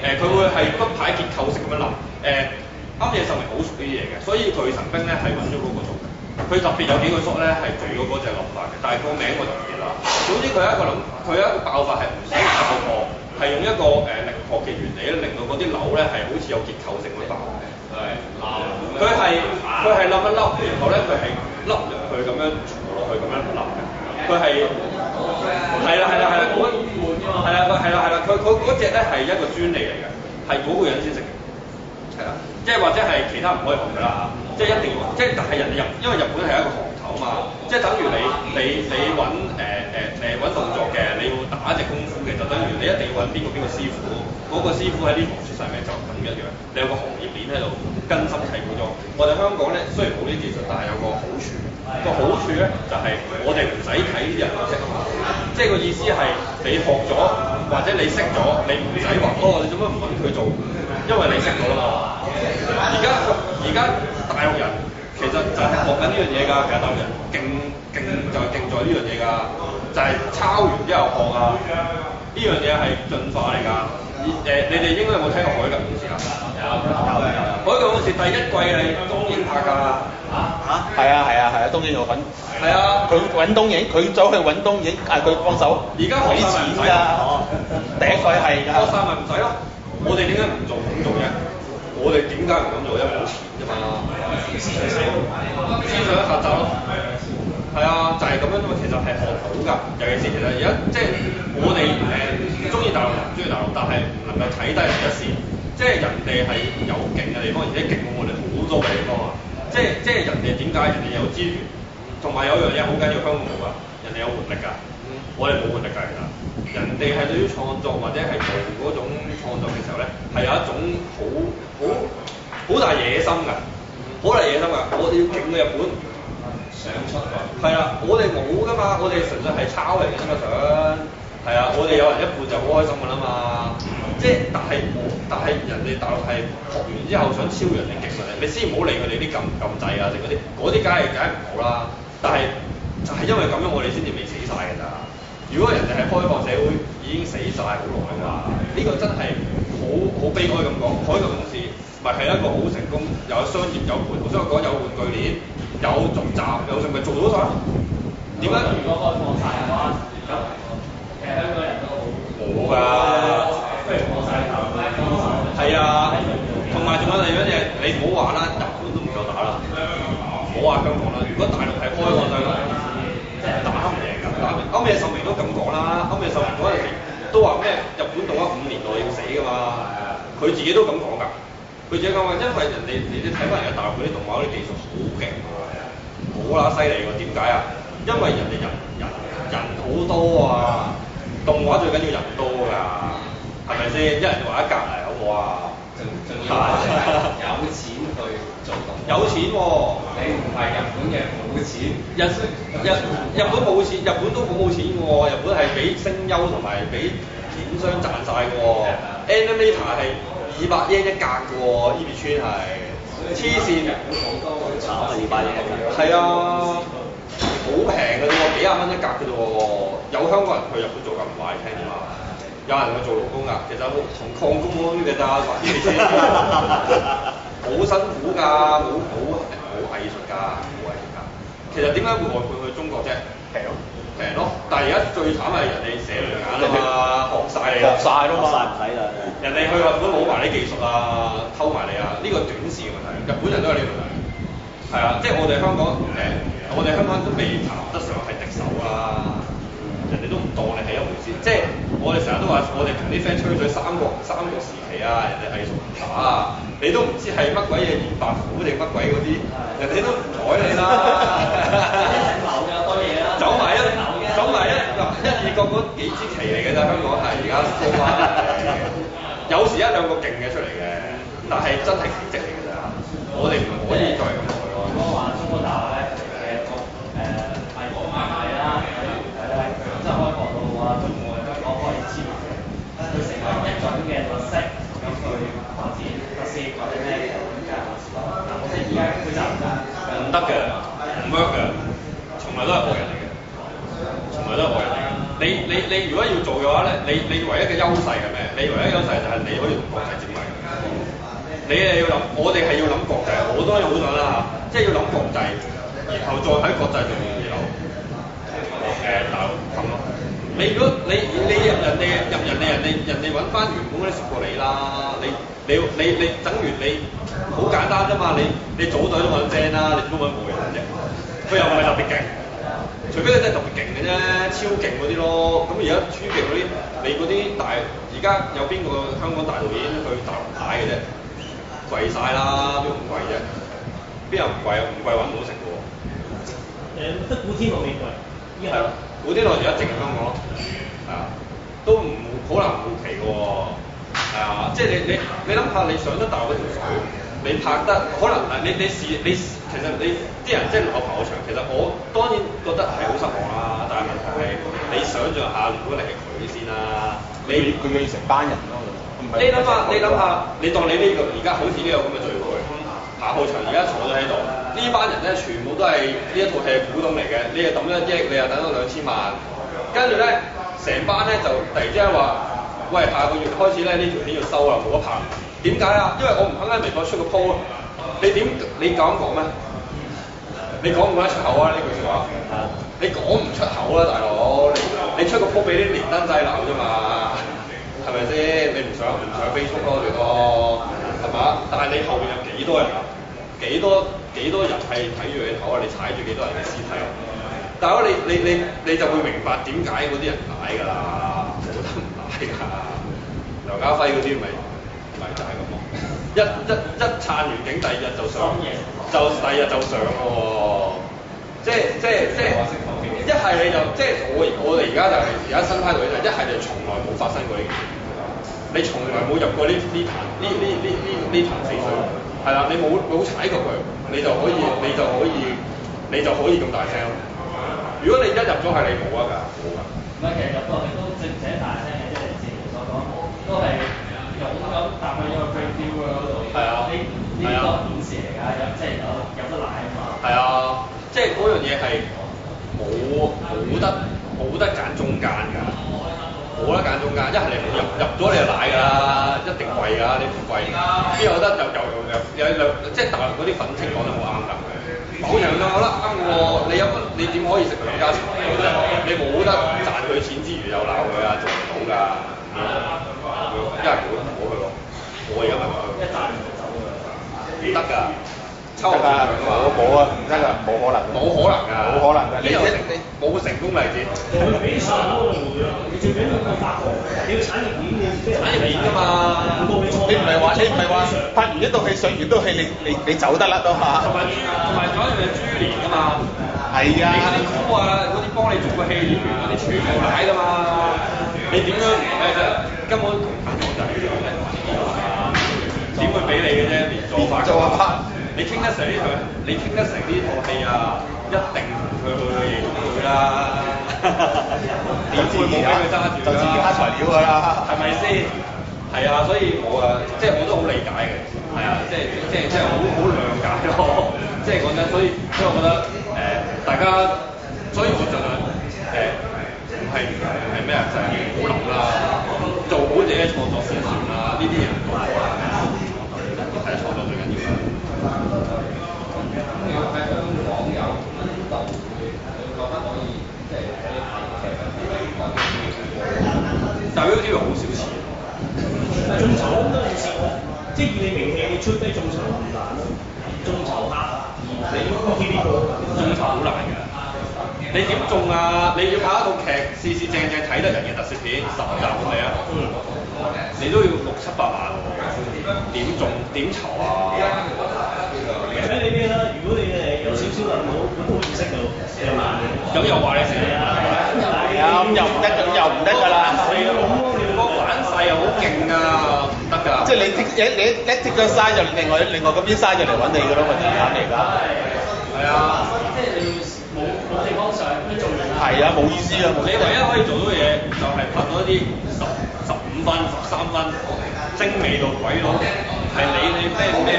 誒，佢、呃、會係不排結構式咁樣冧。誒、呃，啱嘢壽命好熟啲嘢嘅，所以佢神兵咧係揾咗嗰個做。佢特別有幾個縮咧係做咗嗰隻諗法嘅，但係個名我就唔記得啦。總之佢有一個諗，佢有一個爆發係唔使爆破，係、嗯、用一個誒力學嘅原理咧，令到嗰啲樓咧係好似有結構性咁樣爆。係，佢係佢係凹一凹，然後咧佢係凹入去咁樣坐落去咁樣凹嘅。佢係係啦係啦係啦，係啊，係啦係啦，佢佢嗰隻咧係一個專利嚟嘅，係嗰個人先食嘅，係啦。即係或者係其他唔可以學嘅啦，即係一定要，即係但係人哋日，因為日本係一個行頭啊嘛，即係等於你你你揾誒誒誒揾動作嘅，你要打一隻功夫嘅，就等於你一定要揾邊個邊個師傅，嗰、那個師傅喺呢行出上面就咁一樣，你有個行業鏈喺度根深蒂固咗。我哋香港咧雖然冇呢啲技術，但係有個好處，個好處咧就係、是、我哋唔使睇呢啲人嘅啫，即係個意思係你學咗或者你識咗，你唔使話哦，你做乜唔揾佢做？因為你識我啦嘛，而家而家大陸人其實就係學緊呢樣嘢㗎，其實大陸人勁勁就係勁在呢樣嘢㗎，就係、是就是、抄完之後學啊，呢樣嘢係進化嚟㗎。誒、啊呃，你哋應該有冇聽過海嘯嗰時啊？有，海嘯係啊。海嘯嗰時第一季係東映拍㗎，嚇嚇。係啊係啊係啊，東映有份。係啊。佢揾東映，佢走去揾東映，係、啊、佢幫手。而家揾錢啊？第一季係㗎。咪唔使咯。嗯生我哋點解唔做唔做嘢？我哋點解唔敢做？因為冇錢啫嘛。思想思想狹窄咯，係啊，就係、是、咁樣咯。其實係學到㗎，尤其是其實而家即係我哋唔中意大陸，唔中意大陸，但係唔能夠睇低佢一線。即係人哋係有勁嘅地方，而且勁過我哋好多嘅地方啊！即係即係人哋點解人哋有資源，同埋有樣嘢好緊要，香港冇㗎，人哋有活力㗎。我哋冇咁嘅計啦。人哋係對於創作或者係做嗰種創作嘅時候咧，係有一種好好好大野心噶，好大野心噶。我哋要勁嘅日本，想出嚟。係啦，我哋冇㗎嘛，我哋純粹係抄嚟嘅啫嘛，想係啊。我哋有人一半就好開心㗎啦嘛。即係但係，但係人哋大陸係學完之後想超人哋勁啊。你先唔好理佢哋啲撳撳掣啊，定嗰啲，嗰啲梗係梗係唔好啦。但係就係、是、因為咁樣，我哋先至未死晒㗎咋。如果人哋係開放社會，已經死曬好耐啦。呢個真係好好悲哀咁講。海賊電視唔係係一個好成功，有商業有盤，我想講有玩具鏈，有續集，有係咪做到咗曬？點解？如果開放曬嘅話，其實香港人都好冇㗎。不如放曬頭。係啊，同埋仲有第二樣嘢，你唔好話啦，日本都唔夠打啦。唔好話香港啦，如果大陸係開放曬。歐美壽命都咁講啦，歐美壽命嗰陣時都話咩日本動畫五年內要死噶嘛，佢自己都咁講噶。佢自己講話因為你你你睇翻人哋大陸嗰啲動畫嗰啲技術好勁喎，好乸犀利喎，點解啊？因為人哋人人人好多啊，動畫最緊要人多㗎，係咪先？一人畫一格嚟好唔好啊？仲仲有錢去做到。 有錢喎、啊，你唔係日本嘅冇錢。日日 日本冇錢，日本都好冇錢嘅、啊、喎。日本係俾聲優同埋俾片商賺曬嘅喎。Animator 係二百 yen 一格嘅喎、啊，伊甸村係。黐線以。日本好多嘅，炒啊二百 yen 一格。係 啊，好平嘅啫喎，幾廿蚊一格嘅啫喎。有香港人去日本做咁貴聽你話？有人去做勞工㗎，其實同礦工嗰啲嘅啫，凡之嘅啫，好辛苦㗎，好好好藝術㗎，好藝術㗎。其實點解會外判去中國啫？係咯了，平咯。但係而家最慘係人哋社會啊，學晒，學你啦，學曬都嘛，學曬體啦。人哋去日本冇埋啲技術啊，偷埋你啊，呢個短視嘅問題。日本人都有呢個問題。係、嗯嗯、啊，即係我哋香港誒、嗯，我哋香港都未談得上係敵手啊。人哋都唔當你係一回事，即係我哋成日都話，我哋同啲 friend 吹水三國三國時期啊，人哋係傻啊，你都唔知係乜鬼嘢嚴白虎定乜鬼嗰啲，人哋都唔睬你啦。走埋一走埋一，嗱、啊，一二個嗰幾支旗嚟嘅啫，香港係而家。有時一兩個勁嘅出嚟嘅，但係真係奇蹟嚟㗎啫，我哋唔可以再咁去咯。嗯。你你你如果要做嘅話咧，你你唯一嘅優勢係咩？你唯一優勢就係你可以同國際接軌。你係要諗，我哋係要諗國際，好多有隊啦嚇，即係要諗國際，然後再喺國際上面有嘅大陸分咯。你如果你你入人哋入人哋人哋人哋揾翻員工熟過你啦，你你你你等於你好簡單啫嘛，你你組隊都揾 friend 啦，你都揾冇人啫，佢又唔係特別勁。除非你真係特別勁嘅啫，超勁嗰啲咯。咁而家超勁嗰啲，你嗰啲大而家有邊個香港大導演去大陸買嘅啫？貴晒啦，都唔貴啫？邊有唔貴啊？唔貴揾唔到食嘅喎。誒，得古天樂未貴？依係。 古天樂而家淨係香港咯，係啊， 都唔好難好奇嘅喎，係啊，即係你你你諗下，你，想想你上得大陸嗰條水。你拍得可能係你你試你其實你啲人即係我拍我場，其實我當然覺得係好失望啦、啊。但係問題係，你想象下，唔好理佢先啦，佢佢要成班人咯唔係。你諗下，你諗下，你當你呢、呢個而家好似呢個咁嘅聚會，拍好場在在，而家坐咗喺度，呢班人咧全部都係呢一套戲嘅股東嚟嘅，你又抌咗一億，你又抌咗兩千萬，跟住咧成班咧就突然之間話，喂，下個月開始咧呢條片要收啊，冇得拍。點解啊？因為我唔肯喺微博出個 po，你點你咁講咩？你講唔出口啊呢句說話，你講唔出口啦，大佬，你你出個 po 俾啲連登仔鬧啫嘛，係咪先？你唔上唔上飛速咯，最多係嘛？但係你後邊有幾多人啊？幾多幾多人係睇住你頭啊？你踩住幾多人嘅屍體啊？大佬，你你你你就會明白點解嗰啲人唔買㗎啦，都唔買㗎，劉家輝嗰啲咪。咪就係咁一一一，一撐完景第二日就上，就第日就上喎。哦，即即即一係 你就即我我哋而家就係而家新派女仔，一係就從來冇發生過呢件事。你從來冇入過呢呢壇呢呢呢呢呢壇次序，係啦，你冇冇踩過佢，你就可以你就可以你就可以咁大聲。如果你一入咗係你冇啊㗎。唔係，其實入到你都正正大聲嘅，即正如所講，都係。咁好夠搭喺個 g r e 嗰度，係啊，呢呢即係有得奶啊嘛，係啊，即係嗰樣嘢係冇冇得冇得揀中間㗎，冇得揀中間，一係你入入咗你就奶㗎啦，一定貴㗎，你唔貴，邊有得又又又有兩即係大陸嗰啲粉青講得好啱㗎，冇人啦，啱我，你有乜你點可以食兩家？你冇得賺佢錢之餘又鬧佢啊，做唔到㗎。因為冇，冇去過。我而家咪話，一賺完就走㗎。幾得㗎？抽㗎我冇啊，唔得㗎，冇可能。冇可能㗎，冇可能㗎。而且冇成功例子。佢比賽嗰度，你最緊要拍行。你要產業鏈，你產業鏈㗎嘛，你唔係話，你唔係話拍完一套戲，上完一套戲，你你你走得甩都嘛？同埋同埋仲有一樣係豬年㗎嘛。係啊，你啲哥啊，嗰啲幫你做個戲完，嗰啲全部奶㗎嘛。你點樣誒啫？ 根本同朋友就係、啊、一樣嘅，點會俾你嘅啫？連做法，你傾得成呢場？你傾得成呢套戲啊？一定佢會去，佢會啦。點 知冇俾佢揸住㗎？就自己攞材料㗎、啊、啦，係咪先？係啊，所以我誒，即係我都好理解嘅，係啊，即係即係即係好好諒解咯。即係講真，所以所以，我覺得誒、呃，大家，所以我就。係咩啊？就係努力啦，做好自己創作先算啦。呢啲嘢唔講啦，係創作最緊要啦。咁你話係香港有邊度會會覺得可以即係可以拍佢，但係嗰好少錢啊，眾籌咁多錢啊，即係要你名氣要吹低眾籌唔難咯，眾籌難，呢啲眾籌好難㗎。你點種啊？你要拍一套劇，四四正正睇得人嘅特攝片，十集咁嚟啊？嗯。你都要六七百萬喎。點種？點籌啊？睇你咩啦？如果你係有少少能耐，我都好意識到。四萬。咁又話你四萬？又係啊！咁又唔得，咁又唔得㗎啦。咁你哥玩曬又好勁啊，唔得㗎。即係你跌，你一跌咗曬，就另外另外嗰邊嘥咗嚟揾你㗎咯，問題嚟㗎。係啊，即係你要。冇地方上都做唔到。係啊，冇意思啊！你唯一可以做到嘅嘢，就係拍到一啲十十五分、十三分，精美到鬼佬，係你你咩咩土本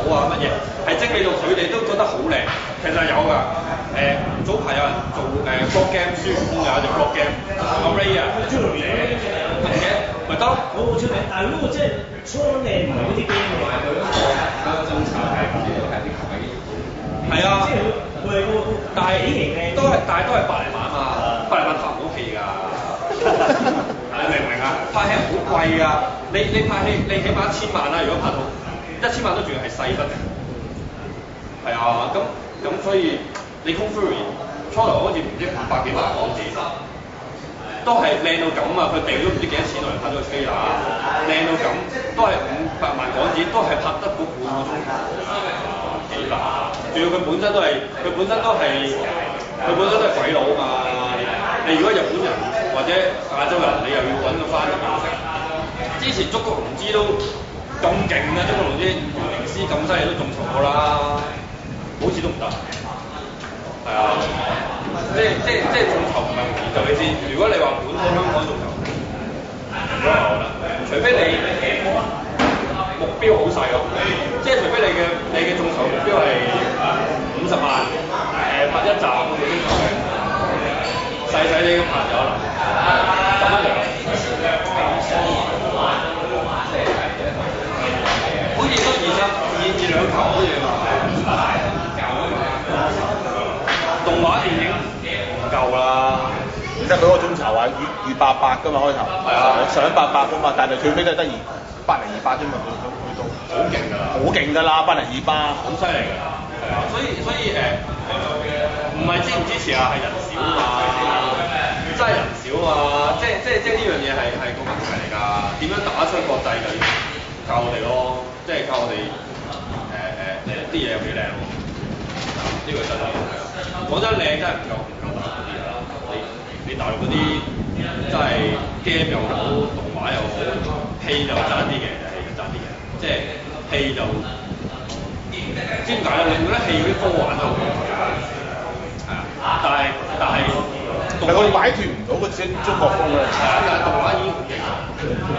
土啊乜嘢，係精美到佢哋都覺得好靚。其實有㗎。誒早排有人做誒 block game，孫悟空有一隻 block game，阿 Ray 啊。朱銘，唔係嘅，咪得咯。好出名，但係嗰個即係裝靚門嗰啲機同埋佢嗰個嘢，嗰個進程係全部都係啲假嘅。係啊，但係是都係，但係都係百零萬啊嘛，百零萬拍唔起㗎， 你明唔明啊？拍戲好貴啊，你你拍戲你起碼一千萬啦、啊，如果拍到一千萬都仲要係細粒，係啊，咁咁、啊、所以你 Kung Fury 初頭好似唔知五百幾萬港紙，都係靚到咁啊，佢掟都唔知幾多錢落嚟拍咗個 Trailer，靚到咁，都係五百萬港紙，都係拍得嗰半個鐘。幾百？仲要佢本身都係，佢本身都係，佢本身都係鬼佬嘛！你如果日本人或者亞洲人，你又要揾個翻譯模式。之前中國龍之都咁勁咧，中國龍之零師咁犀利都眾籌過啦，好似都唔得。係啊，即係即係即係眾籌唔係就你知。如果你話本土香港眾籌，唔得，除非你。目標好細咯，即係除非你嘅你嘅眾籌目標係五十萬，誒、哎、拍一集咁，啊啊啊，樣，細細啲咁拍咗。可能得一好似都二集，二至兩集好似要埋。動畫電影唔夠啦。得幾個鐘頭啊？月月八百噶嘛開頭，上八百噶嘛，一但係佢畀得得二八零二八啫嘛，佢佢到好勁啊！好勁㗎啦，八零二八，好犀利㗎！係啊，所以所以誒，唔係支唔支持啊？係、係、人少嘛一啊，係人、少嘛。真係人少啊！嘛、係。即即即呢樣嘢係係個問題嚟㗎。點樣打出國際，就要靠我哋咯，即係靠我哋誒誒誒啲嘢有幾靚喎？呢個係真嘅，講得靚真係唔夠。大陸嗰啲真係 game 又好，動畫又好，戲就爭啲嘅，係爭啲嘅，即係戲就點解啊？令到啲戲有啲科幻好係啊，但係但係、那個，但係我哋擺脫唔到嗰中國風啊！啊，動畫已經好見啦，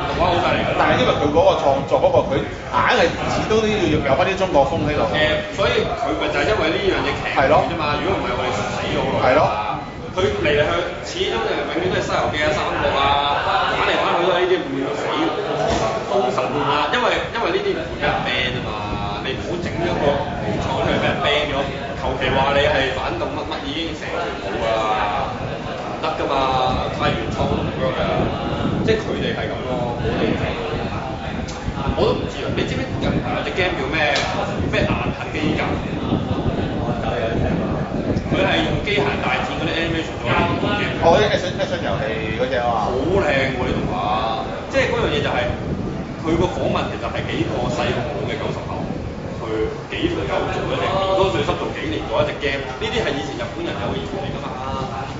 動畫好犀利。但係因為佢嗰個創作嗰個佢硬係始終都要有翻啲中國風喺度。所以佢咪就係因為呢樣嘢強咗啫嘛！咯如果唔係，我哋死咗㗎嘛。係咯。佢嚟嚟去，始終就係永遠都係《西遊記》啊，《三國》啊，玩嚟玩去都係呢啲，換到死，封神。啊，因為因為呢啲唔入 ban 啊嘛，你唔好整咗個廠去俾人 ban 咗，求其話你係反動乜乜已經成條冇㗎，唔得㗎嘛，太原創唔得㗎，即係佢哋係咁咯，我哋就我都唔知啊，你知唔知近排有隻 game 叫咩咩《難啃基金？佢係用機械大戰嗰啲 animation 嚟做嘅，我一係想一想 o n 遊戲嗰隻、哦欸、啊，好靚喎！呢動畫，即係嗰樣嘢就係佢個訪問，其實係幾個細紅紅嘅九十後去幾條友做一隻，多歲數都執做幾年做一隻 game。呢啲係以前日本人有嘅經驗啊嘛，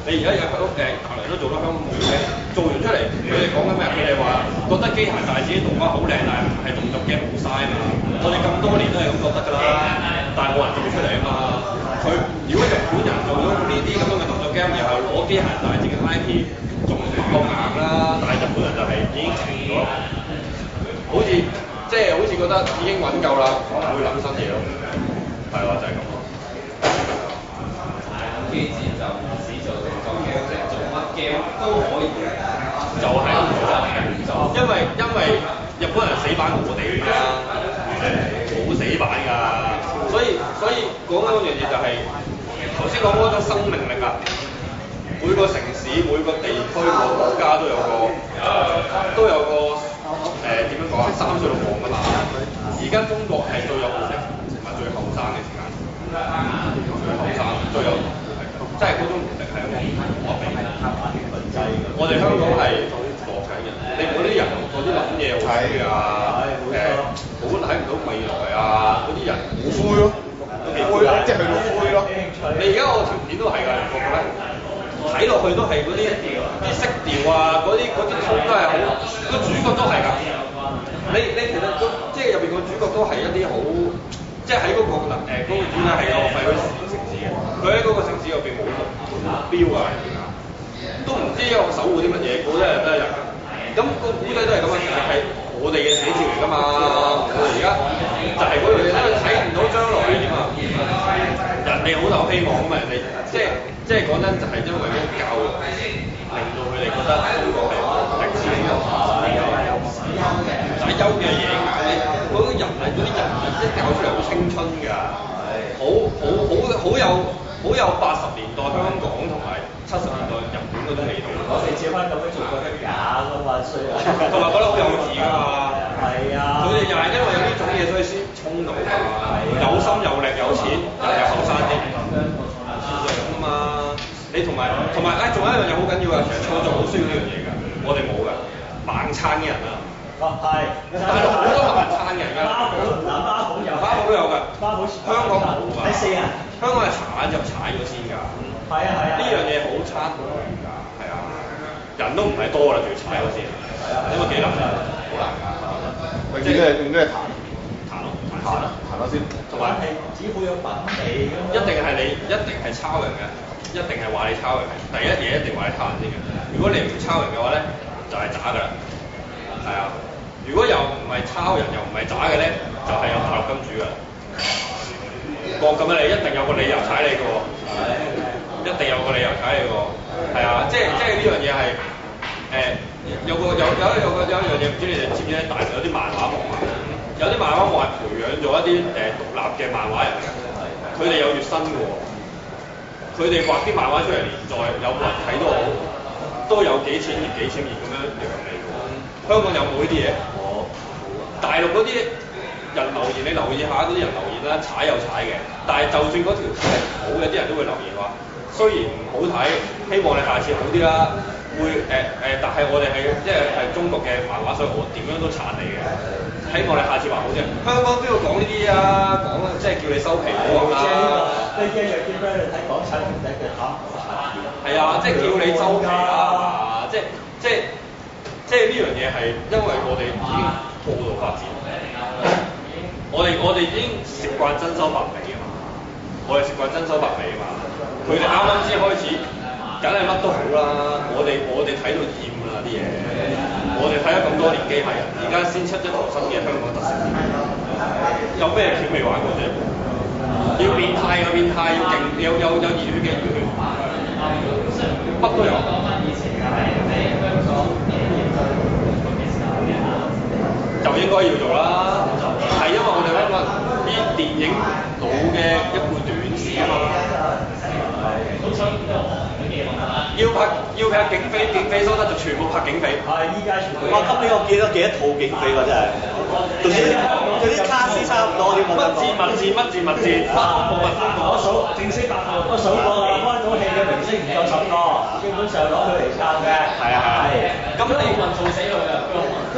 你而家有筆屋地，大、欸、來都做得香港好嘅，做完出嚟佢哋講緊咩？佢哋話覺得機械大戰啲動畫好靚，但係唔係動作 game 嘥曬啊嘛。嗯、我哋咁多年都係咁覺得㗎啦，但係冇人做出嚟啊嘛。佢如果日本人做咗呢啲咁樣嘅動作 game，然後攞啲機械大隻嘅 IP，仲唔夠硬啦？但係日本人就係已經停咗，好似即係好似覺得已經揾夠啦，唔會諗新嘢咯。係啊，就係咁。機子就唔止做動作 game，即係做乜 game 都可以，就係唔做。因為因為日本人死板過我哋㗎，好死板㗎。所以所以講緊嗰樣嘢就係頭先講嗰種生命力啊！每個城市，每個地區，每個國家都有個、啊啊啊、都有個誒點、呃、樣講啊？三歲六黃㗎嘛！而家中國係最有活力同埋最後生嘅時間，最後生最有，即係嗰種活力係好可比。我哋香港係。你嗰啲人做啲諗嘢好衰啊！誒，冇睇唔到未來啊！嗰啲人好灰咯，老灰咯，即係老灰咯。你而家我條片都係㗎，個個咧睇落去都係嗰啲調，啲色調啊，嗰啲嗰啲圖都係好，個主角都係㗎。你你其實個即係入邊個主角都係一啲好，即係喺嗰個嗱誒嗰個點啊係個廢墟。佢喺嗰個城市入邊冇目標啊，都唔知一個守護啲乜嘢，嗰啲又都係人。咁、嗯個古仔都係咁嘅，其實係我哋嘅寫照嚟㗎嘛。我哋而家就係嗰樣嘢，睇唔到將來點啊。人哋好，好，好，好有希望㗎嘛，人哋即係即係講真，就係因為啲教育令到佢哋覺得香港係歷史有嘅，歷史嘅唔使憂嘅嘢。嗰啲人係嗰啲人係即教出嚟好青春㗎，好好好好有。好有八十年代香港同埋七十年代日本嗰啲味道。我哋借翻咁樣做過一啲，也都嘛衰同埋覺得好幼稚㗎嘛，係 啊。佢哋又係因為有呢種嘢，所以先衝動，有心有力有錢，但係後生啲。香港創業資助啊嘛，你同埋同埋誒，仲有一樣嘢好緊要嘅，其實創業好需要呢樣嘢㗎，我哋冇㗎，晚餐嘅人啊。啊も，係 mon，但係好多係晚餐嘅人㗎。都有㗎，香港冇啊。第四人，香港係踩就踩咗先㗎。係啊係啊。呢樣嘢好差好多嘅，係啊。人都唔係多啦，仲要踩咗先。係啊，幾難㗎好難㗎。即係應該係彈，彈咯，彈咯，彈咯先。同埋只會有品味咁。一定係你，一定係抄人嘅，一定係話你抄人。第一嘢一定話你抄人先嘅。如果你唔抄人嘅話咧，就係渣㗎啦。係啊。如果又唔係抄人又唔係渣嘅咧，就係、是、有大陸金主㗎。咁嘅你一定有個理由踩你㗎喎，一定有個理由踩你㗎。係啊，即係即係呢樣嘢係誒有個有有，有，有，有，有一個知知有一樣嘢唔知你哋知唔知，大陸，有啲漫畫網，有啲漫畫網係培養咗一啲誒、呃、獨立嘅漫畫人，佢哋有月薪㗎喎，佢哋畫啲漫畫出嚟連載，有冇人睇都好，都有幾千月幾千月咁樣養。香港有冇呢啲嘢？哦，大陸嗰啲人留言，你留意下嗰啲人留言啦，踩又踩嘅。但係就算嗰條線唔好，有啲人都會留言話：雖然唔好睇，希望你下次好啲啦。會誒誒，但係我哋係即係係中國嘅漫畫，所以我點樣都撐你嘅。希望你下次畫好啫。香港都要講呢啲啊，講即係叫你收皮啦。即係呢個，呢啲弱點都要睇講親定嘅嚇。係啊，即係叫你收皮啦，即係即係。即係呢樣嘢係因為我哋已經過度發展，我哋我哋已經食慣珍饈百味啊嘛，我哋食慣珍饈百味啊嘛。佢哋啱啱先開始，梗係乜都好啦。我哋我哋睇到厭㗎啦啲嘢，我哋睇咗咁多年機械人，而家先出一個新嘅香港特色有咩片未玩過啫？要變態嘅變態，要勁，有有有熱血嘅熱血。嗱，如果需要，乜都有我講翻以前嘅第一張咗。就應該要做啦，係因為我哋嗰啲電影佬嘅一部短片啊嘛，要拍要拍警匪，警匪收得就全部拍警匪。係，依家全部。我今年我記得幾多套警匪㗎真係，對啲對啲卡司差唔多添啊。乜字物字乜字物字。啊，我數。正式答案。我數過啦。開到戲嘅明星唔夠十個，基本上攞佢嚟撐嘅。係啊係啊。咁你咪做死佢啦。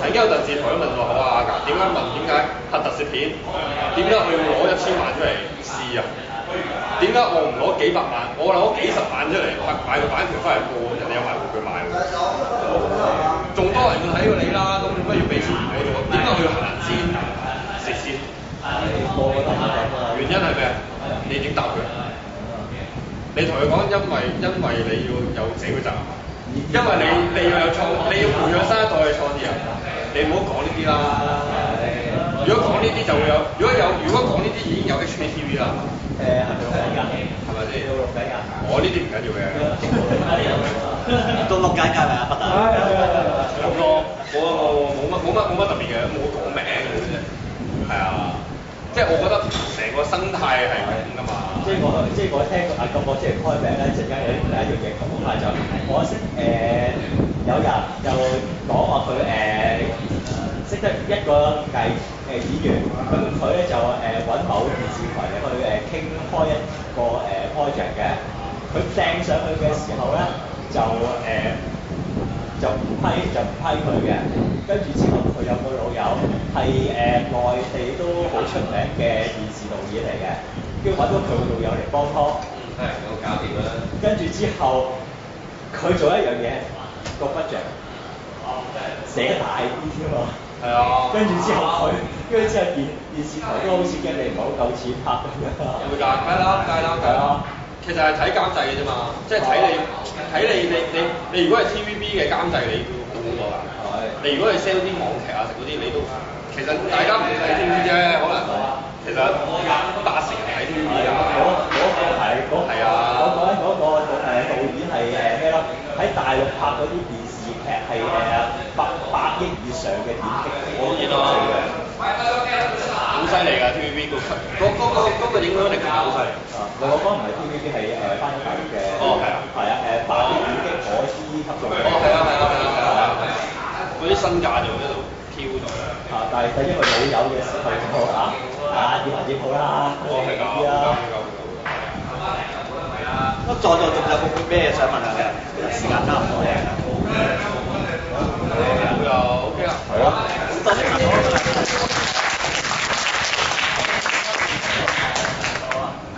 曾經有個電視台咁問我啊，點解問？點解拍特攝片？點解佢要攞一千萬出嚟試啊？點解我唔攞幾百萬？我可能攞幾十萬出嚟拍，買個版權翻嚟播，人哋有埋部佢買㗎。仲多人要睇過你啦，咁點解要俾錢我做？點解要行先、食先？原因係咩啊？你點答佢？你同佢講，因為因為你要有社會責任。因為你你要有創，你要培養新一代嘅創意人，你唔好講呢啲啦。如果講呢啲就會有，如果有如果講呢啲已經有 HKTV 啦。誒、欸，係咪先？係咪先？六我呢啲唔緊要嘅。啲到六屆㗎嘛？北大。咁多冇啊冇乜冇乜冇乜特別嘅，冇講名嘅啊。即係我覺得成個生態係咁噶嘛。啊、即係我即係我聽阿、啊、個即係開名咧，一陣間有另一樣嘢。咁但就我識誒、呃、有人就講話佢誒識得一個計誒演、呃、員，咁佢咧就誒揾、呃、某電視台嚟去誒傾開一個誒 project 嘅。佢、呃、掟上去嘅時候咧就誒。呃就唔批就唔批佢嘅，跟住之後佢有個老友係誒內地都好出名嘅電視導演嚟嘅，跟住揾到佢個老友嚟幫拖。嗯，係搞掂啦。跟住之後佢做一樣嘢，個 budget 寫大啲添啊。係啊。跟住之後佢，跟住之後電電視台都好似驚你唔夠錢拍咁樣。有冇夾？夾啦！夾啦！夾啦！其實係睇監製嘅啫嘛，即係睇你睇你你你你如果係 TVB 嘅監製，你估好過㗎？係。你如果係 sell 啲網劇啊，食嗰啲，你都其實大家唔睇 TVB 啫，可能。其實，八成係睇 TVB。嗰嗰個係，係啊。嗰個嗰個誒導演係誒咩咯？喺大陸拍嗰啲電視劇係誒百百億以上嘅點擊。好見到。好犀利㗎！嗰嗰個嗰個影響力加大咗曬。啊，我講唔係 TVB 係誒單影集團嘅。哦，係啊。係啊，誒百億股基可資級數嘅。哦，係啊，係啊，係啊，係啊。嗰啲身價就喺度飄咗啦。啊，但係因為又有嘢事發生啊，啊，越嚟越好啦。哦，係咁啊。啊，在座仲有冇咩想問下嘅？時間差唔多嘅。好啊，OK 啊。係啊。